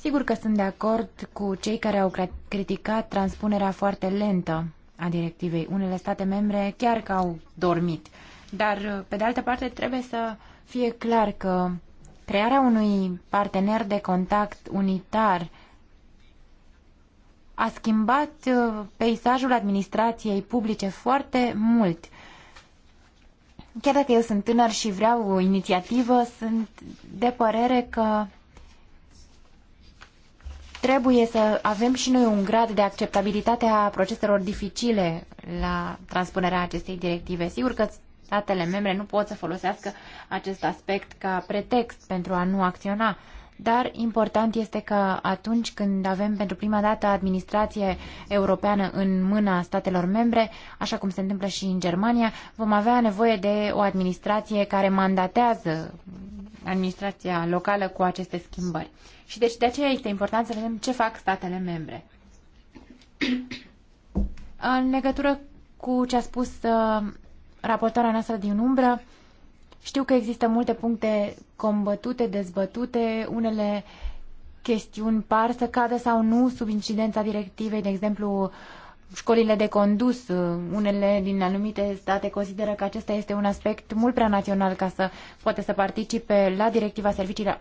Sigur că sunt de acord cu cei care au criticat transpunerea foarte lentă a directivei. Unele state membre chiar că au dormit. Dar, uh, pe de altă parte, trebuie să fie clar că Crearea unui partener de contact unitar a schimbat uh, peisajul administrației publice foarte mult. Chiar dacă eu sunt tânăr și vreau o inițiativă, sunt de părere că trebuie să avem și noi un grad de acceptabilitate a proceselor dificile la transpunerea acestei directive. Sigur că statele membre nu pot să folosească acest aspect ca pretext pentru a nu acționa. Dar important este că atunci când avem pentru prima dată administrație europeană în mâna statelor membre, așa cum se întâmplă și în Germania, vom avea nevoie de o administrație care mandatează administrația locală cu aceste schimbări. Și deci de aceea este important să vedem ce fac statele membre. În legătură cu ce a spus uh, raportarea noastră din umbră. Știu că există multe puncte combătute, dezbătute, unele chestiuni par să cadă sau nu sub incidența directivei, de exemplu, școlile de condus. Unele din anumite state consideră că acesta este un aspect mult prea național ca să poate să participe la directiva serviciilor,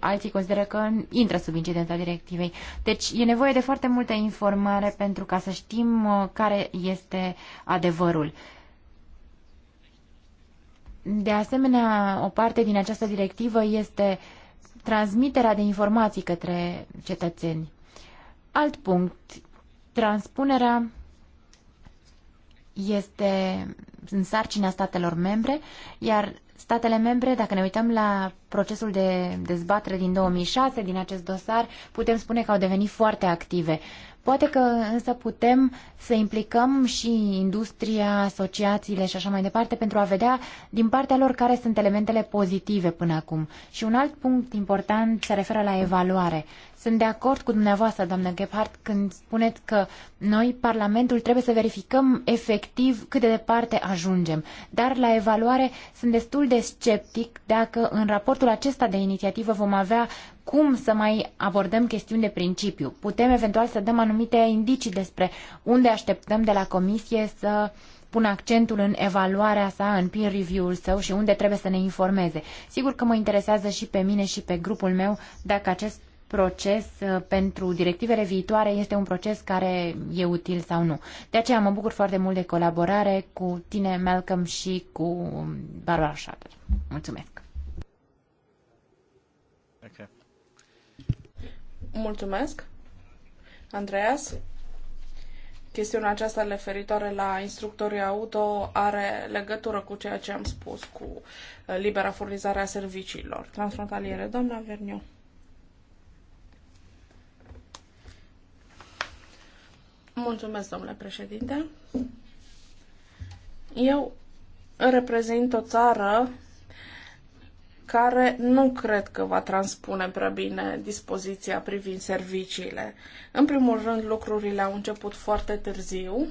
alții consideră că intră sub incidența directivei. Deci e nevoie de foarte multă informare pentru ca să știm uh, care este adevărul. De asemenea, o parte din această directivă este transmiterea de informații către cetățeni. Alt punct, transpunerea este în sarcina statelor membre, iar statele membre, dacă ne uităm la procesul de dezbatere din 2006 din acest dosar, putem spune că au devenit foarte active. Uh, Poate că însă putem să implicăm și industria, asociațiile și așa mai departe pentru a vedea din partea lor care sunt elementele pozitive până acum. Și un alt punct important se referă la evaluare. Sunt de acord cu dumneavoastră, doamnă Gebhardt, când spuneți că noi, Parlamentul, trebuie să verificăm efectiv cât de departe ajungem. Dar la evaluare sunt destul de sceptic dacă în raportul acesta de inițiativă vom avea cum să mai abordăm chestiuni de principiu. Putem eventual să dăm anumite indicii despre unde așteptăm de la comisie să pun accentul în evaluarea sa, în peer review-ul său și unde trebuie să ne informeze. Sigur că mă interesează și pe mine și pe grupul meu dacă acest proces uh, pentru directivele viitoare este un proces care e util sau nu. De aceea mă bucur foarte mult de colaborare cu tine, Malcolm, și cu um, Barbara Schatter. Mulțumesc! Mulțumesc. Andreas? Chestiunea aceasta referitoare la instructorii auto are legătură cu ceea ce am spus, cu uh, libera furnizare a serviciilor transfrontaliere. Doamna Verniu. Mulțumesc, domnule președinte. Eu reprezint o țară care nu cred că va transpune prea bine dispoziția privind serviciile. În primul rând, lucrurile au început foarte târziu.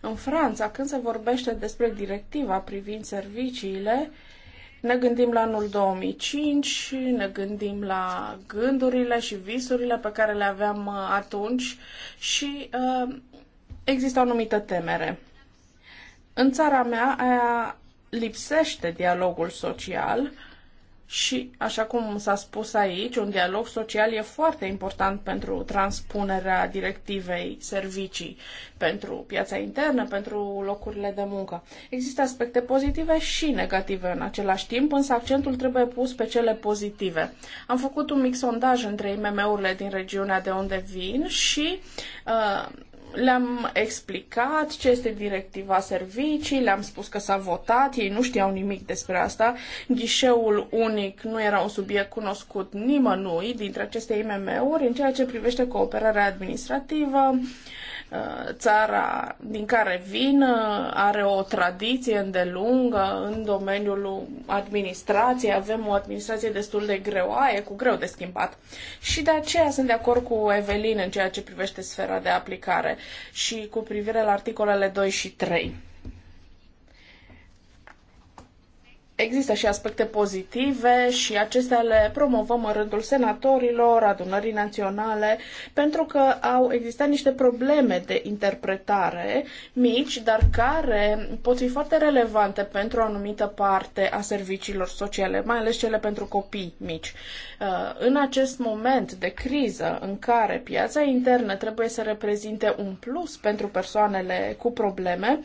În Franța, când se vorbește despre directiva privind serviciile, ne gândim la anul 2005, ne gândim la gândurile și visurile pe care le aveam uh, atunci și uh, există o anumită temere. În țara mea aia lipsește dialogul social și, așa cum s-a spus aici, un dialog social e foarte important pentru transpunerea directivei servicii, pentru piața internă, pentru locurile de muncă. Există aspecte pozitive și negative în același timp, însă accentul trebuie pus pe cele pozitive. Am făcut un mic sondaj între IMM-urile din regiunea de unde vin și uh, le-am explicat ce este directiva servicii, le-am spus că s-a votat, ei nu știau nimic despre asta. Ghișeul unic nu era un subiect cunoscut nimănui dintre aceste IMM-uri în ceea ce privește cooperarea administrativă. Uh, țara din care vin uh, are o tradiție îndelungă în domeniul administrației. Avem o administrație destul de greoaie, cu greu de schimbat. Și de aceea sunt de acord cu Evelin în ceea ce privește sfera de aplicare și cu privire la articolele 2 și 3. Există și aspecte pozitive și acestea le promovăm în rândul senatorilor, adunării naționale, pentru că au existat niște probleme de interpretare mici, dar care pot fi foarte relevante pentru o anumită parte a serviciilor sociale, mai ales cele pentru copii mici. Uh, în acest moment de criză în care piața internă trebuie să reprezinte un plus pentru persoanele cu probleme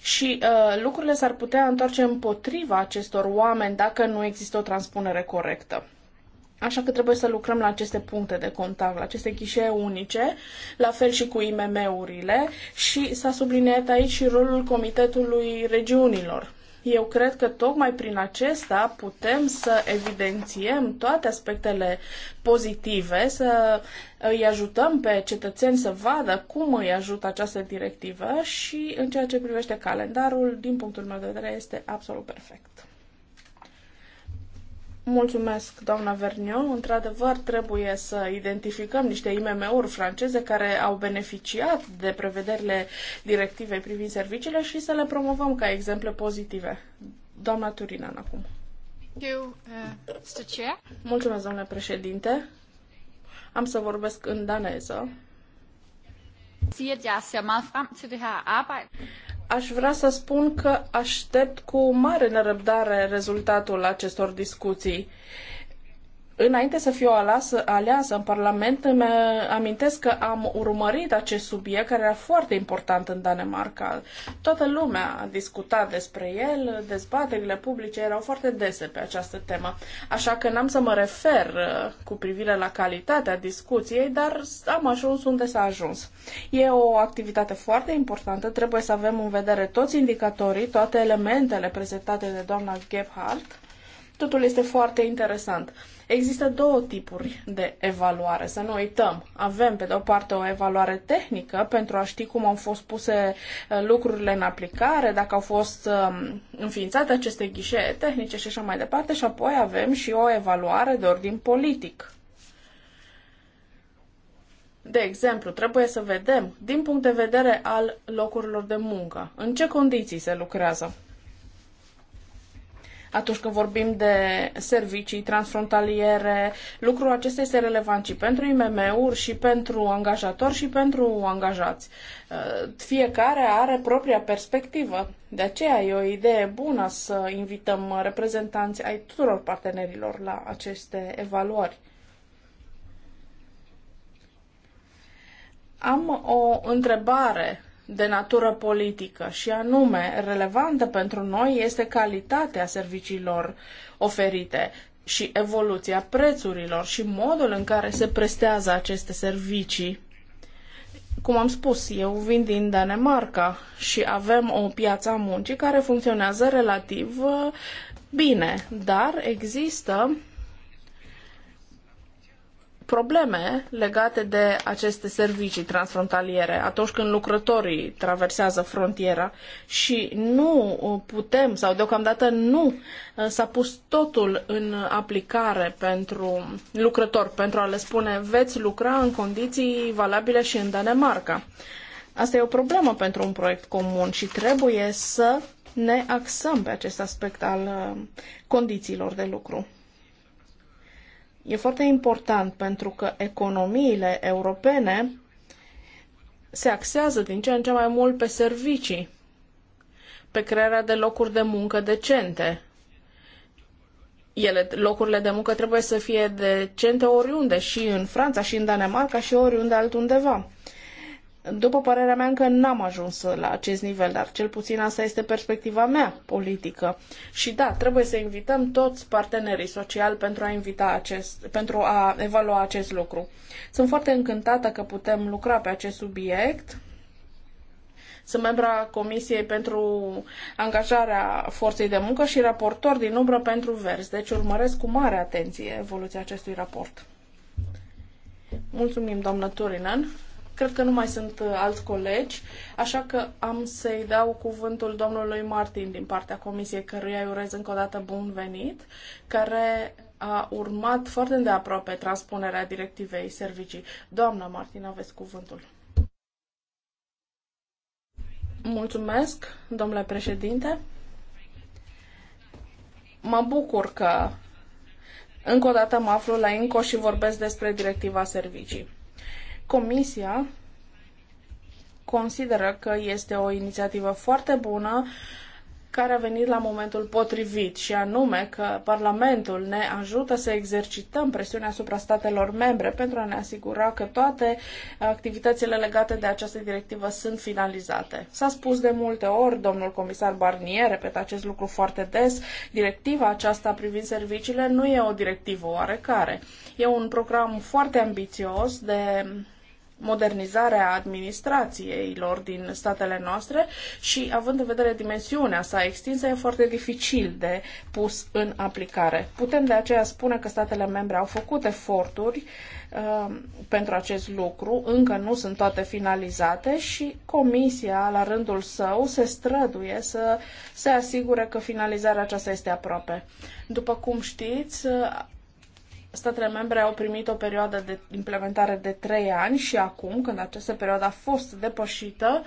și uh, lucrurile s-ar putea întoarce împotriva acestui acestor oameni dacă nu există o transpunere corectă. Așa că trebuie să lucrăm la aceste puncte de contact, la aceste ghișee unice, la fel și cu IMM-urile și s-a subliniat aici și rolul Comitetului Regiunilor. Eu cred că tocmai prin acesta putem să evidențiem toate aspectele pozitive, să îi ajutăm pe cetățeni să vadă cum îi ajută această directivă și în ceea ce privește calendarul, din punctul meu de vedere, este absolut perfect. Mulțumesc, doamna Vernion. Într-adevăr, trebuie să identificăm niște IMM-uri franceze care au beneficiat de prevederile directivei privind serviciile și să le promovăm ca exemple pozitive. Doamna Turinan, acum. Eu, uh, Mulțumesc, doamna președinte. Am să vorbesc în daneză. Siger, at jeg ser meget frem til det aș vrea să spun că aștept cu mare nerăbdare rezultatul acestor discuții. Înainte să fiu aleasă, aleasă în Parlament, îmi uh, amintesc că am urmărit acest subiect care era foarte important în Danemarca. Toată lumea a discutat despre el, dezbaterile publice erau foarte dese pe această temă. Așa că n-am să mă refer uh, cu privire la calitatea discuției, dar am ajuns unde s-a ajuns. E o activitate foarte importantă, trebuie să avem în vedere toți indicatorii, toate elementele prezentate de doamna Gebhardt Totul este foarte interesant. Există două tipuri de evaluare, să nu uităm. Avem, pe de o parte, o evaluare tehnică pentru a ști cum au fost puse uh, lucrurile în aplicare, dacă au fost um, înființate aceste ghișee tehnice și așa mai departe, și apoi avem și o evaluare de ordin politic. De exemplu, trebuie să vedem, din punct de vedere al locurilor de muncă, în ce condiții se lucrează atunci când vorbim de servicii transfrontaliere. Lucrul acesta este relevant și pentru IMM-uri, și pentru angajatori, și pentru angajați. Uh, fiecare are propria perspectivă. De aceea e o idee bună să invităm reprezentanți ai tuturor partenerilor la aceste evaluări. Am o întrebare de natură politică și anume relevantă pentru noi este calitatea serviciilor oferite și evoluția prețurilor și modul în care se prestează aceste servicii. Cum am spus, eu vin din Danemarca și avem o piață a muncii care funcționează relativ uh, bine, dar există probleme legate de aceste servicii transfrontaliere atunci când lucrătorii traversează frontiera și nu putem sau deocamdată nu uh, s-a pus totul în aplicare pentru lucrători pentru a le spune veți lucra în condiții valabile și în Danemarca. Asta e o problemă pentru un proiect comun și trebuie să ne axăm pe acest aspect al uh, condițiilor de lucru. E foarte important pentru că economiile europene se axează din ce în ce mai mult pe servicii, pe crearea de locuri de muncă decente. Ele, locurile de muncă trebuie să fie decente oriunde, și în Franța, și în Danemarca, și oriunde altundeva. După părerea mea, încă n-am ajuns la acest nivel, dar cel puțin asta este perspectiva mea politică. Și da, trebuie să invităm toți partenerii sociali pentru a, invita acest, pentru a evalua acest lucru. Sunt foarte încântată că putem lucra pe acest subiect. Sunt membra Comisiei pentru angajarea forței de muncă și raportor din umbră pentru vers, deci urmăresc cu mare atenție evoluția acestui raport. Mulțumim, doamnă Turinen. Cred că nu mai sunt uh, alți colegi, așa că am să-i dau cuvântul domnului Martin din partea comisiei, căruia îi urez încă o dată bun venit, care a urmat foarte îndeaproape transpunerea directivei servicii. Doamna Martin, aveți cuvântul. Mulțumesc, domnule președinte. Mă bucur că încă o dată mă aflu la INCO și vorbesc despre directiva servicii. Comisia consideră că este o inițiativă foarte bună care a venit la momentul potrivit și anume că Parlamentul ne ajută să exercităm presiunea asupra statelor membre pentru a ne asigura că toate activitățile legate de această directivă sunt finalizate. S-a spus de multe ori, domnul comisar Barnier repetă acest lucru foarte des, directiva aceasta privind serviciile nu e o directivă oarecare. E un program foarte ambițios de modernizarea administrației din statele noastre și având în vedere dimensiunea sa extinsă, e foarte dificil de pus în aplicare. Putem de aceea spune că statele membre au făcut eforturi uh, pentru acest lucru, încă nu sunt toate finalizate și Comisia, la rândul său, se străduie să se asigure că finalizarea aceasta este aproape. După cum știți, statele membre au primit o perioadă de implementare de 3 ani și acum, când această perioadă a fost depășită,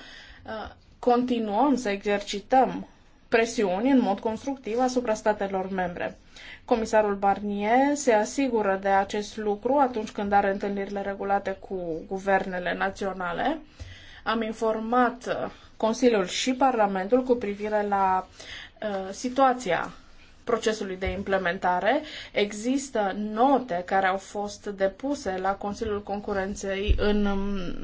uh, continuăm să exercităm presiuni în mod constructiv asupra statelor membre. Comisarul Barnier se asigură de acest lucru atunci când are întâlnirile regulate cu guvernele naționale. Am informat uh, Consiliul și Parlamentul cu privire la uh, situația procesului de implementare. Există note care au fost depuse la Consiliul Concurenței în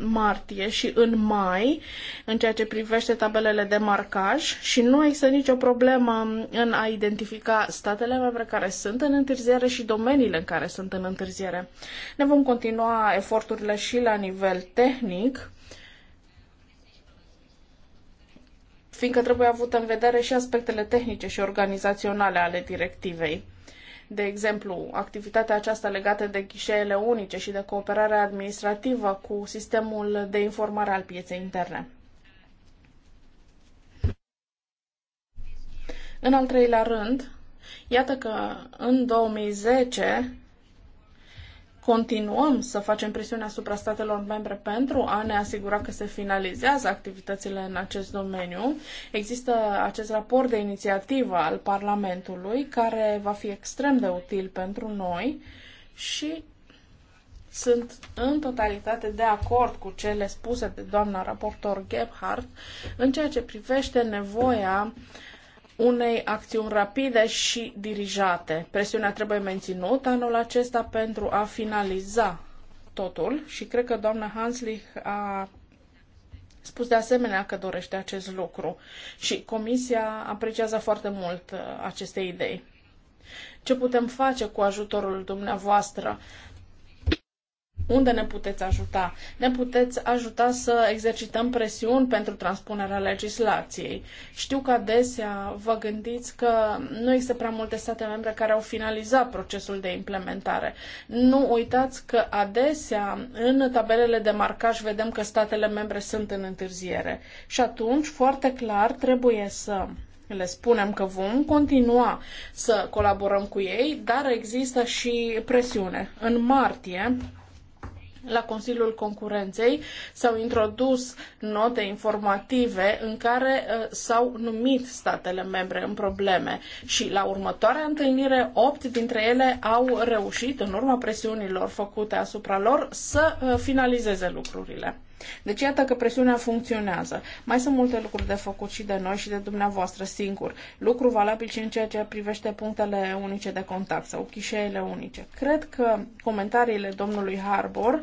martie și în mai în ceea ce privește tabelele de marcaj și nu există nicio problemă în a identifica statele membre care sunt în întârziere și domeniile în care sunt în întârziere. Ne vom continua eforturile și la nivel tehnic fiindcă trebuie avut în vedere și aspectele tehnice și organizaționale ale directivei. De exemplu, activitatea aceasta legată de ghișeele unice și de cooperarea administrativă cu sistemul de informare al pieței interne. În al treilea rând, iată că în 2010 continuăm să facem presiune asupra statelor membre pentru a ne asigura că se finalizează activitățile în acest domeniu. Există acest raport de inițiativă al Parlamentului care va fi extrem de util pentru noi și sunt în totalitate de acord cu cele spuse de doamna raportor Gebhardt în ceea ce privește nevoia uh, unei acțiuni rapide și dirijate. Presiunea trebuie menținută anul acesta pentru a finaliza totul și cred că doamna Hanslich a spus de asemenea că dorește acest lucru și Comisia apreciază foarte mult uh, aceste idei. Ce putem face cu ajutorul dumneavoastră? Unde ne puteți ajuta? Ne puteți ajuta să exercităm presiuni pentru transpunerea legislației. Știu că adesea vă gândiți că nu există prea multe state membre care au finalizat procesul de implementare. Nu uitați că adesea în tabelele de marcaj vedem că statele membre sunt în întârziere. Și atunci, foarte clar, trebuie să le spunem că vom continua să colaborăm cu ei, dar există și presiune. În martie la Consiliul Concurenței s-au introdus note informative în care uh, s-au numit statele membre în probleme și la următoarea întâlnire, opt dintre ele au reușit, în urma presiunilor făcute asupra lor, să uh, finalizeze lucrurile. Deci iată că presiunea funcționează. Mai sunt multe lucruri de făcut și de noi și de dumneavoastră singur. Lucru valabil și în ceea ce privește punctele unice de contact sau chișeele unice. Cred că comentariile domnului Harbour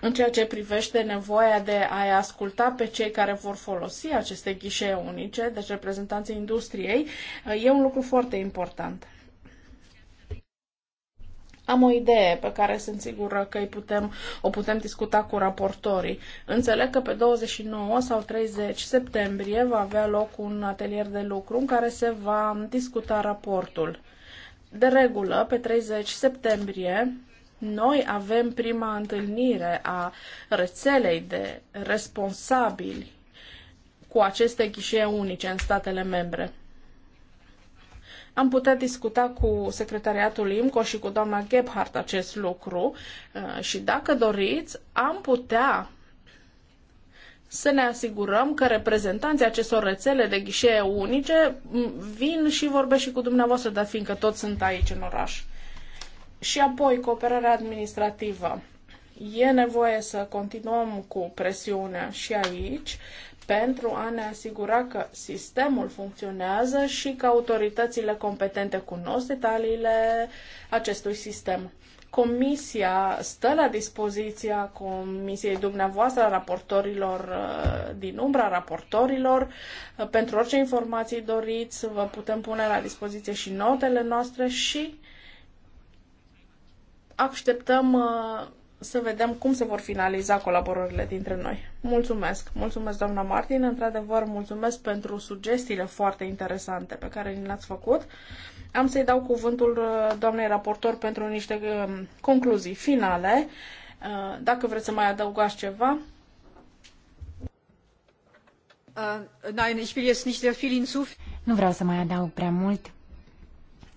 în ceea ce privește nevoia de a-i asculta pe cei care vor folosi aceste ghișee unice, deci reprezentanții industriei, e un lucru foarte important. Am o idee pe care sunt sigură că îi putem, o putem discuta cu raportorii. Înțeleg că pe 29 sau 30 septembrie va avea loc un atelier de lucru în care se va discuta raportul. De regulă, pe 30 septembrie, noi avem prima întâlnire a rețelei de responsabili cu aceste ghișee unice în statele membre. Am putea discuta cu secretariatul IMCO și cu doamna Gebhardt acest lucru uh, și dacă doriți, am putea să ne asigurăm că reprezentanții acestor rețele de ghișee unice vin și vorbesc și cu dumneavoastră, dar fiindcă toți sunt aici în oraș. Și apoi, cooperarea administrativă. E nevoie să continuăm cu presiunea și aici pentru a ne asigura că sistemul funcționează și că autoritățile competente cunosc detaliile acestui sistem. Comisia stă la dispoziția comisiei dumneavoastră, a raportorilor uh, din umbra, raportorilor. Uh, pentru orice informații doriți, vă putem pune la dispoziție și notele noastre și așteptăm uh, să vedem cum se vor finaliza colaborările dintre noi. Mulțumesc! Mulțumesc, doamna Martin! Într-adevăr, mulțumesc pentru sugestiile foarte interesante pe care ni le-ați făcut. Am să-i dau cuvântul uh, doamnei raportor pentru niște uh, concluzii finale. Uh, dacă vreți să mai adăugați ceva, nu vreau să mai adaug prea mult.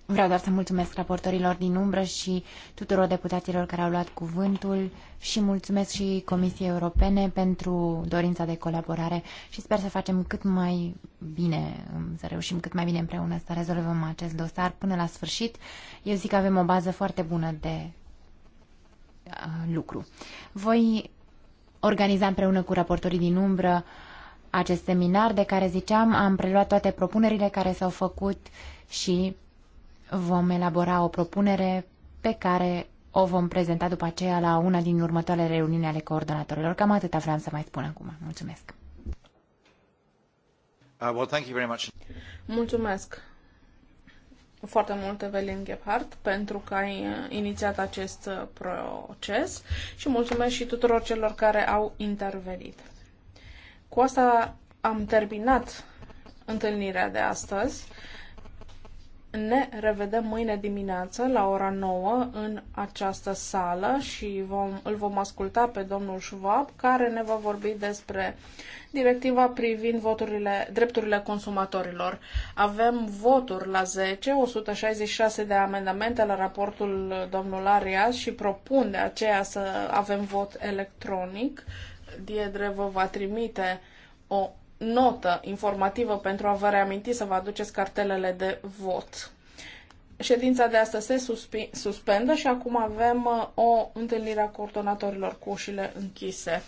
Vreau doar să mulțumesc raportorilor din umbră și tuturor deputaților care au luat cuvântul și mulțumesc și Comisiei Europene pentru dorința de colaborare și sper să facem cât mai bine, să reușim cât mai bine împreună să rezolvăm acest dosar până la sfârșit. Eu zic că avem o bază foarte bună de uh, lucru. Voi organiza împreună cu raportorii din umbră acest seminar de care ziceam, am preluat toate propunerile care s-au făcut și vom elabora o propunere pe care o vom prezenta după aceea la una din următoarele reuniuni ale coordonatorilor. Cam atâta vreau să mai spun acum. Mulțumesc. Uh, well, thank you very much. Mulțumesc foarte mult, Evelyn Gebhardt, pentru că ai uh, inițiat acest uh, proces și mulțumesc și tuturor celor care au intervenit. Cu asta am terminat întâlnirea de astăzi. Ne revedem mâine dimineață la ora 9 în această sală și vom, îl vom asculta pe domnul Schwab care ne va vorbi despre directiva privind voturile, drepturile consumatorilor. Avem voturi la 10, 166 de amendamente la raportul domnul Arias și propun de aceea să avem vot electronic. Diedre vă va trimite o notă informativă pentru a vă reaminti să vă aduceți cartelele de vot. Ședința de astăzi se suspendă și acum avem uh, o întâlnire a coordonatorilor cu ușile închise.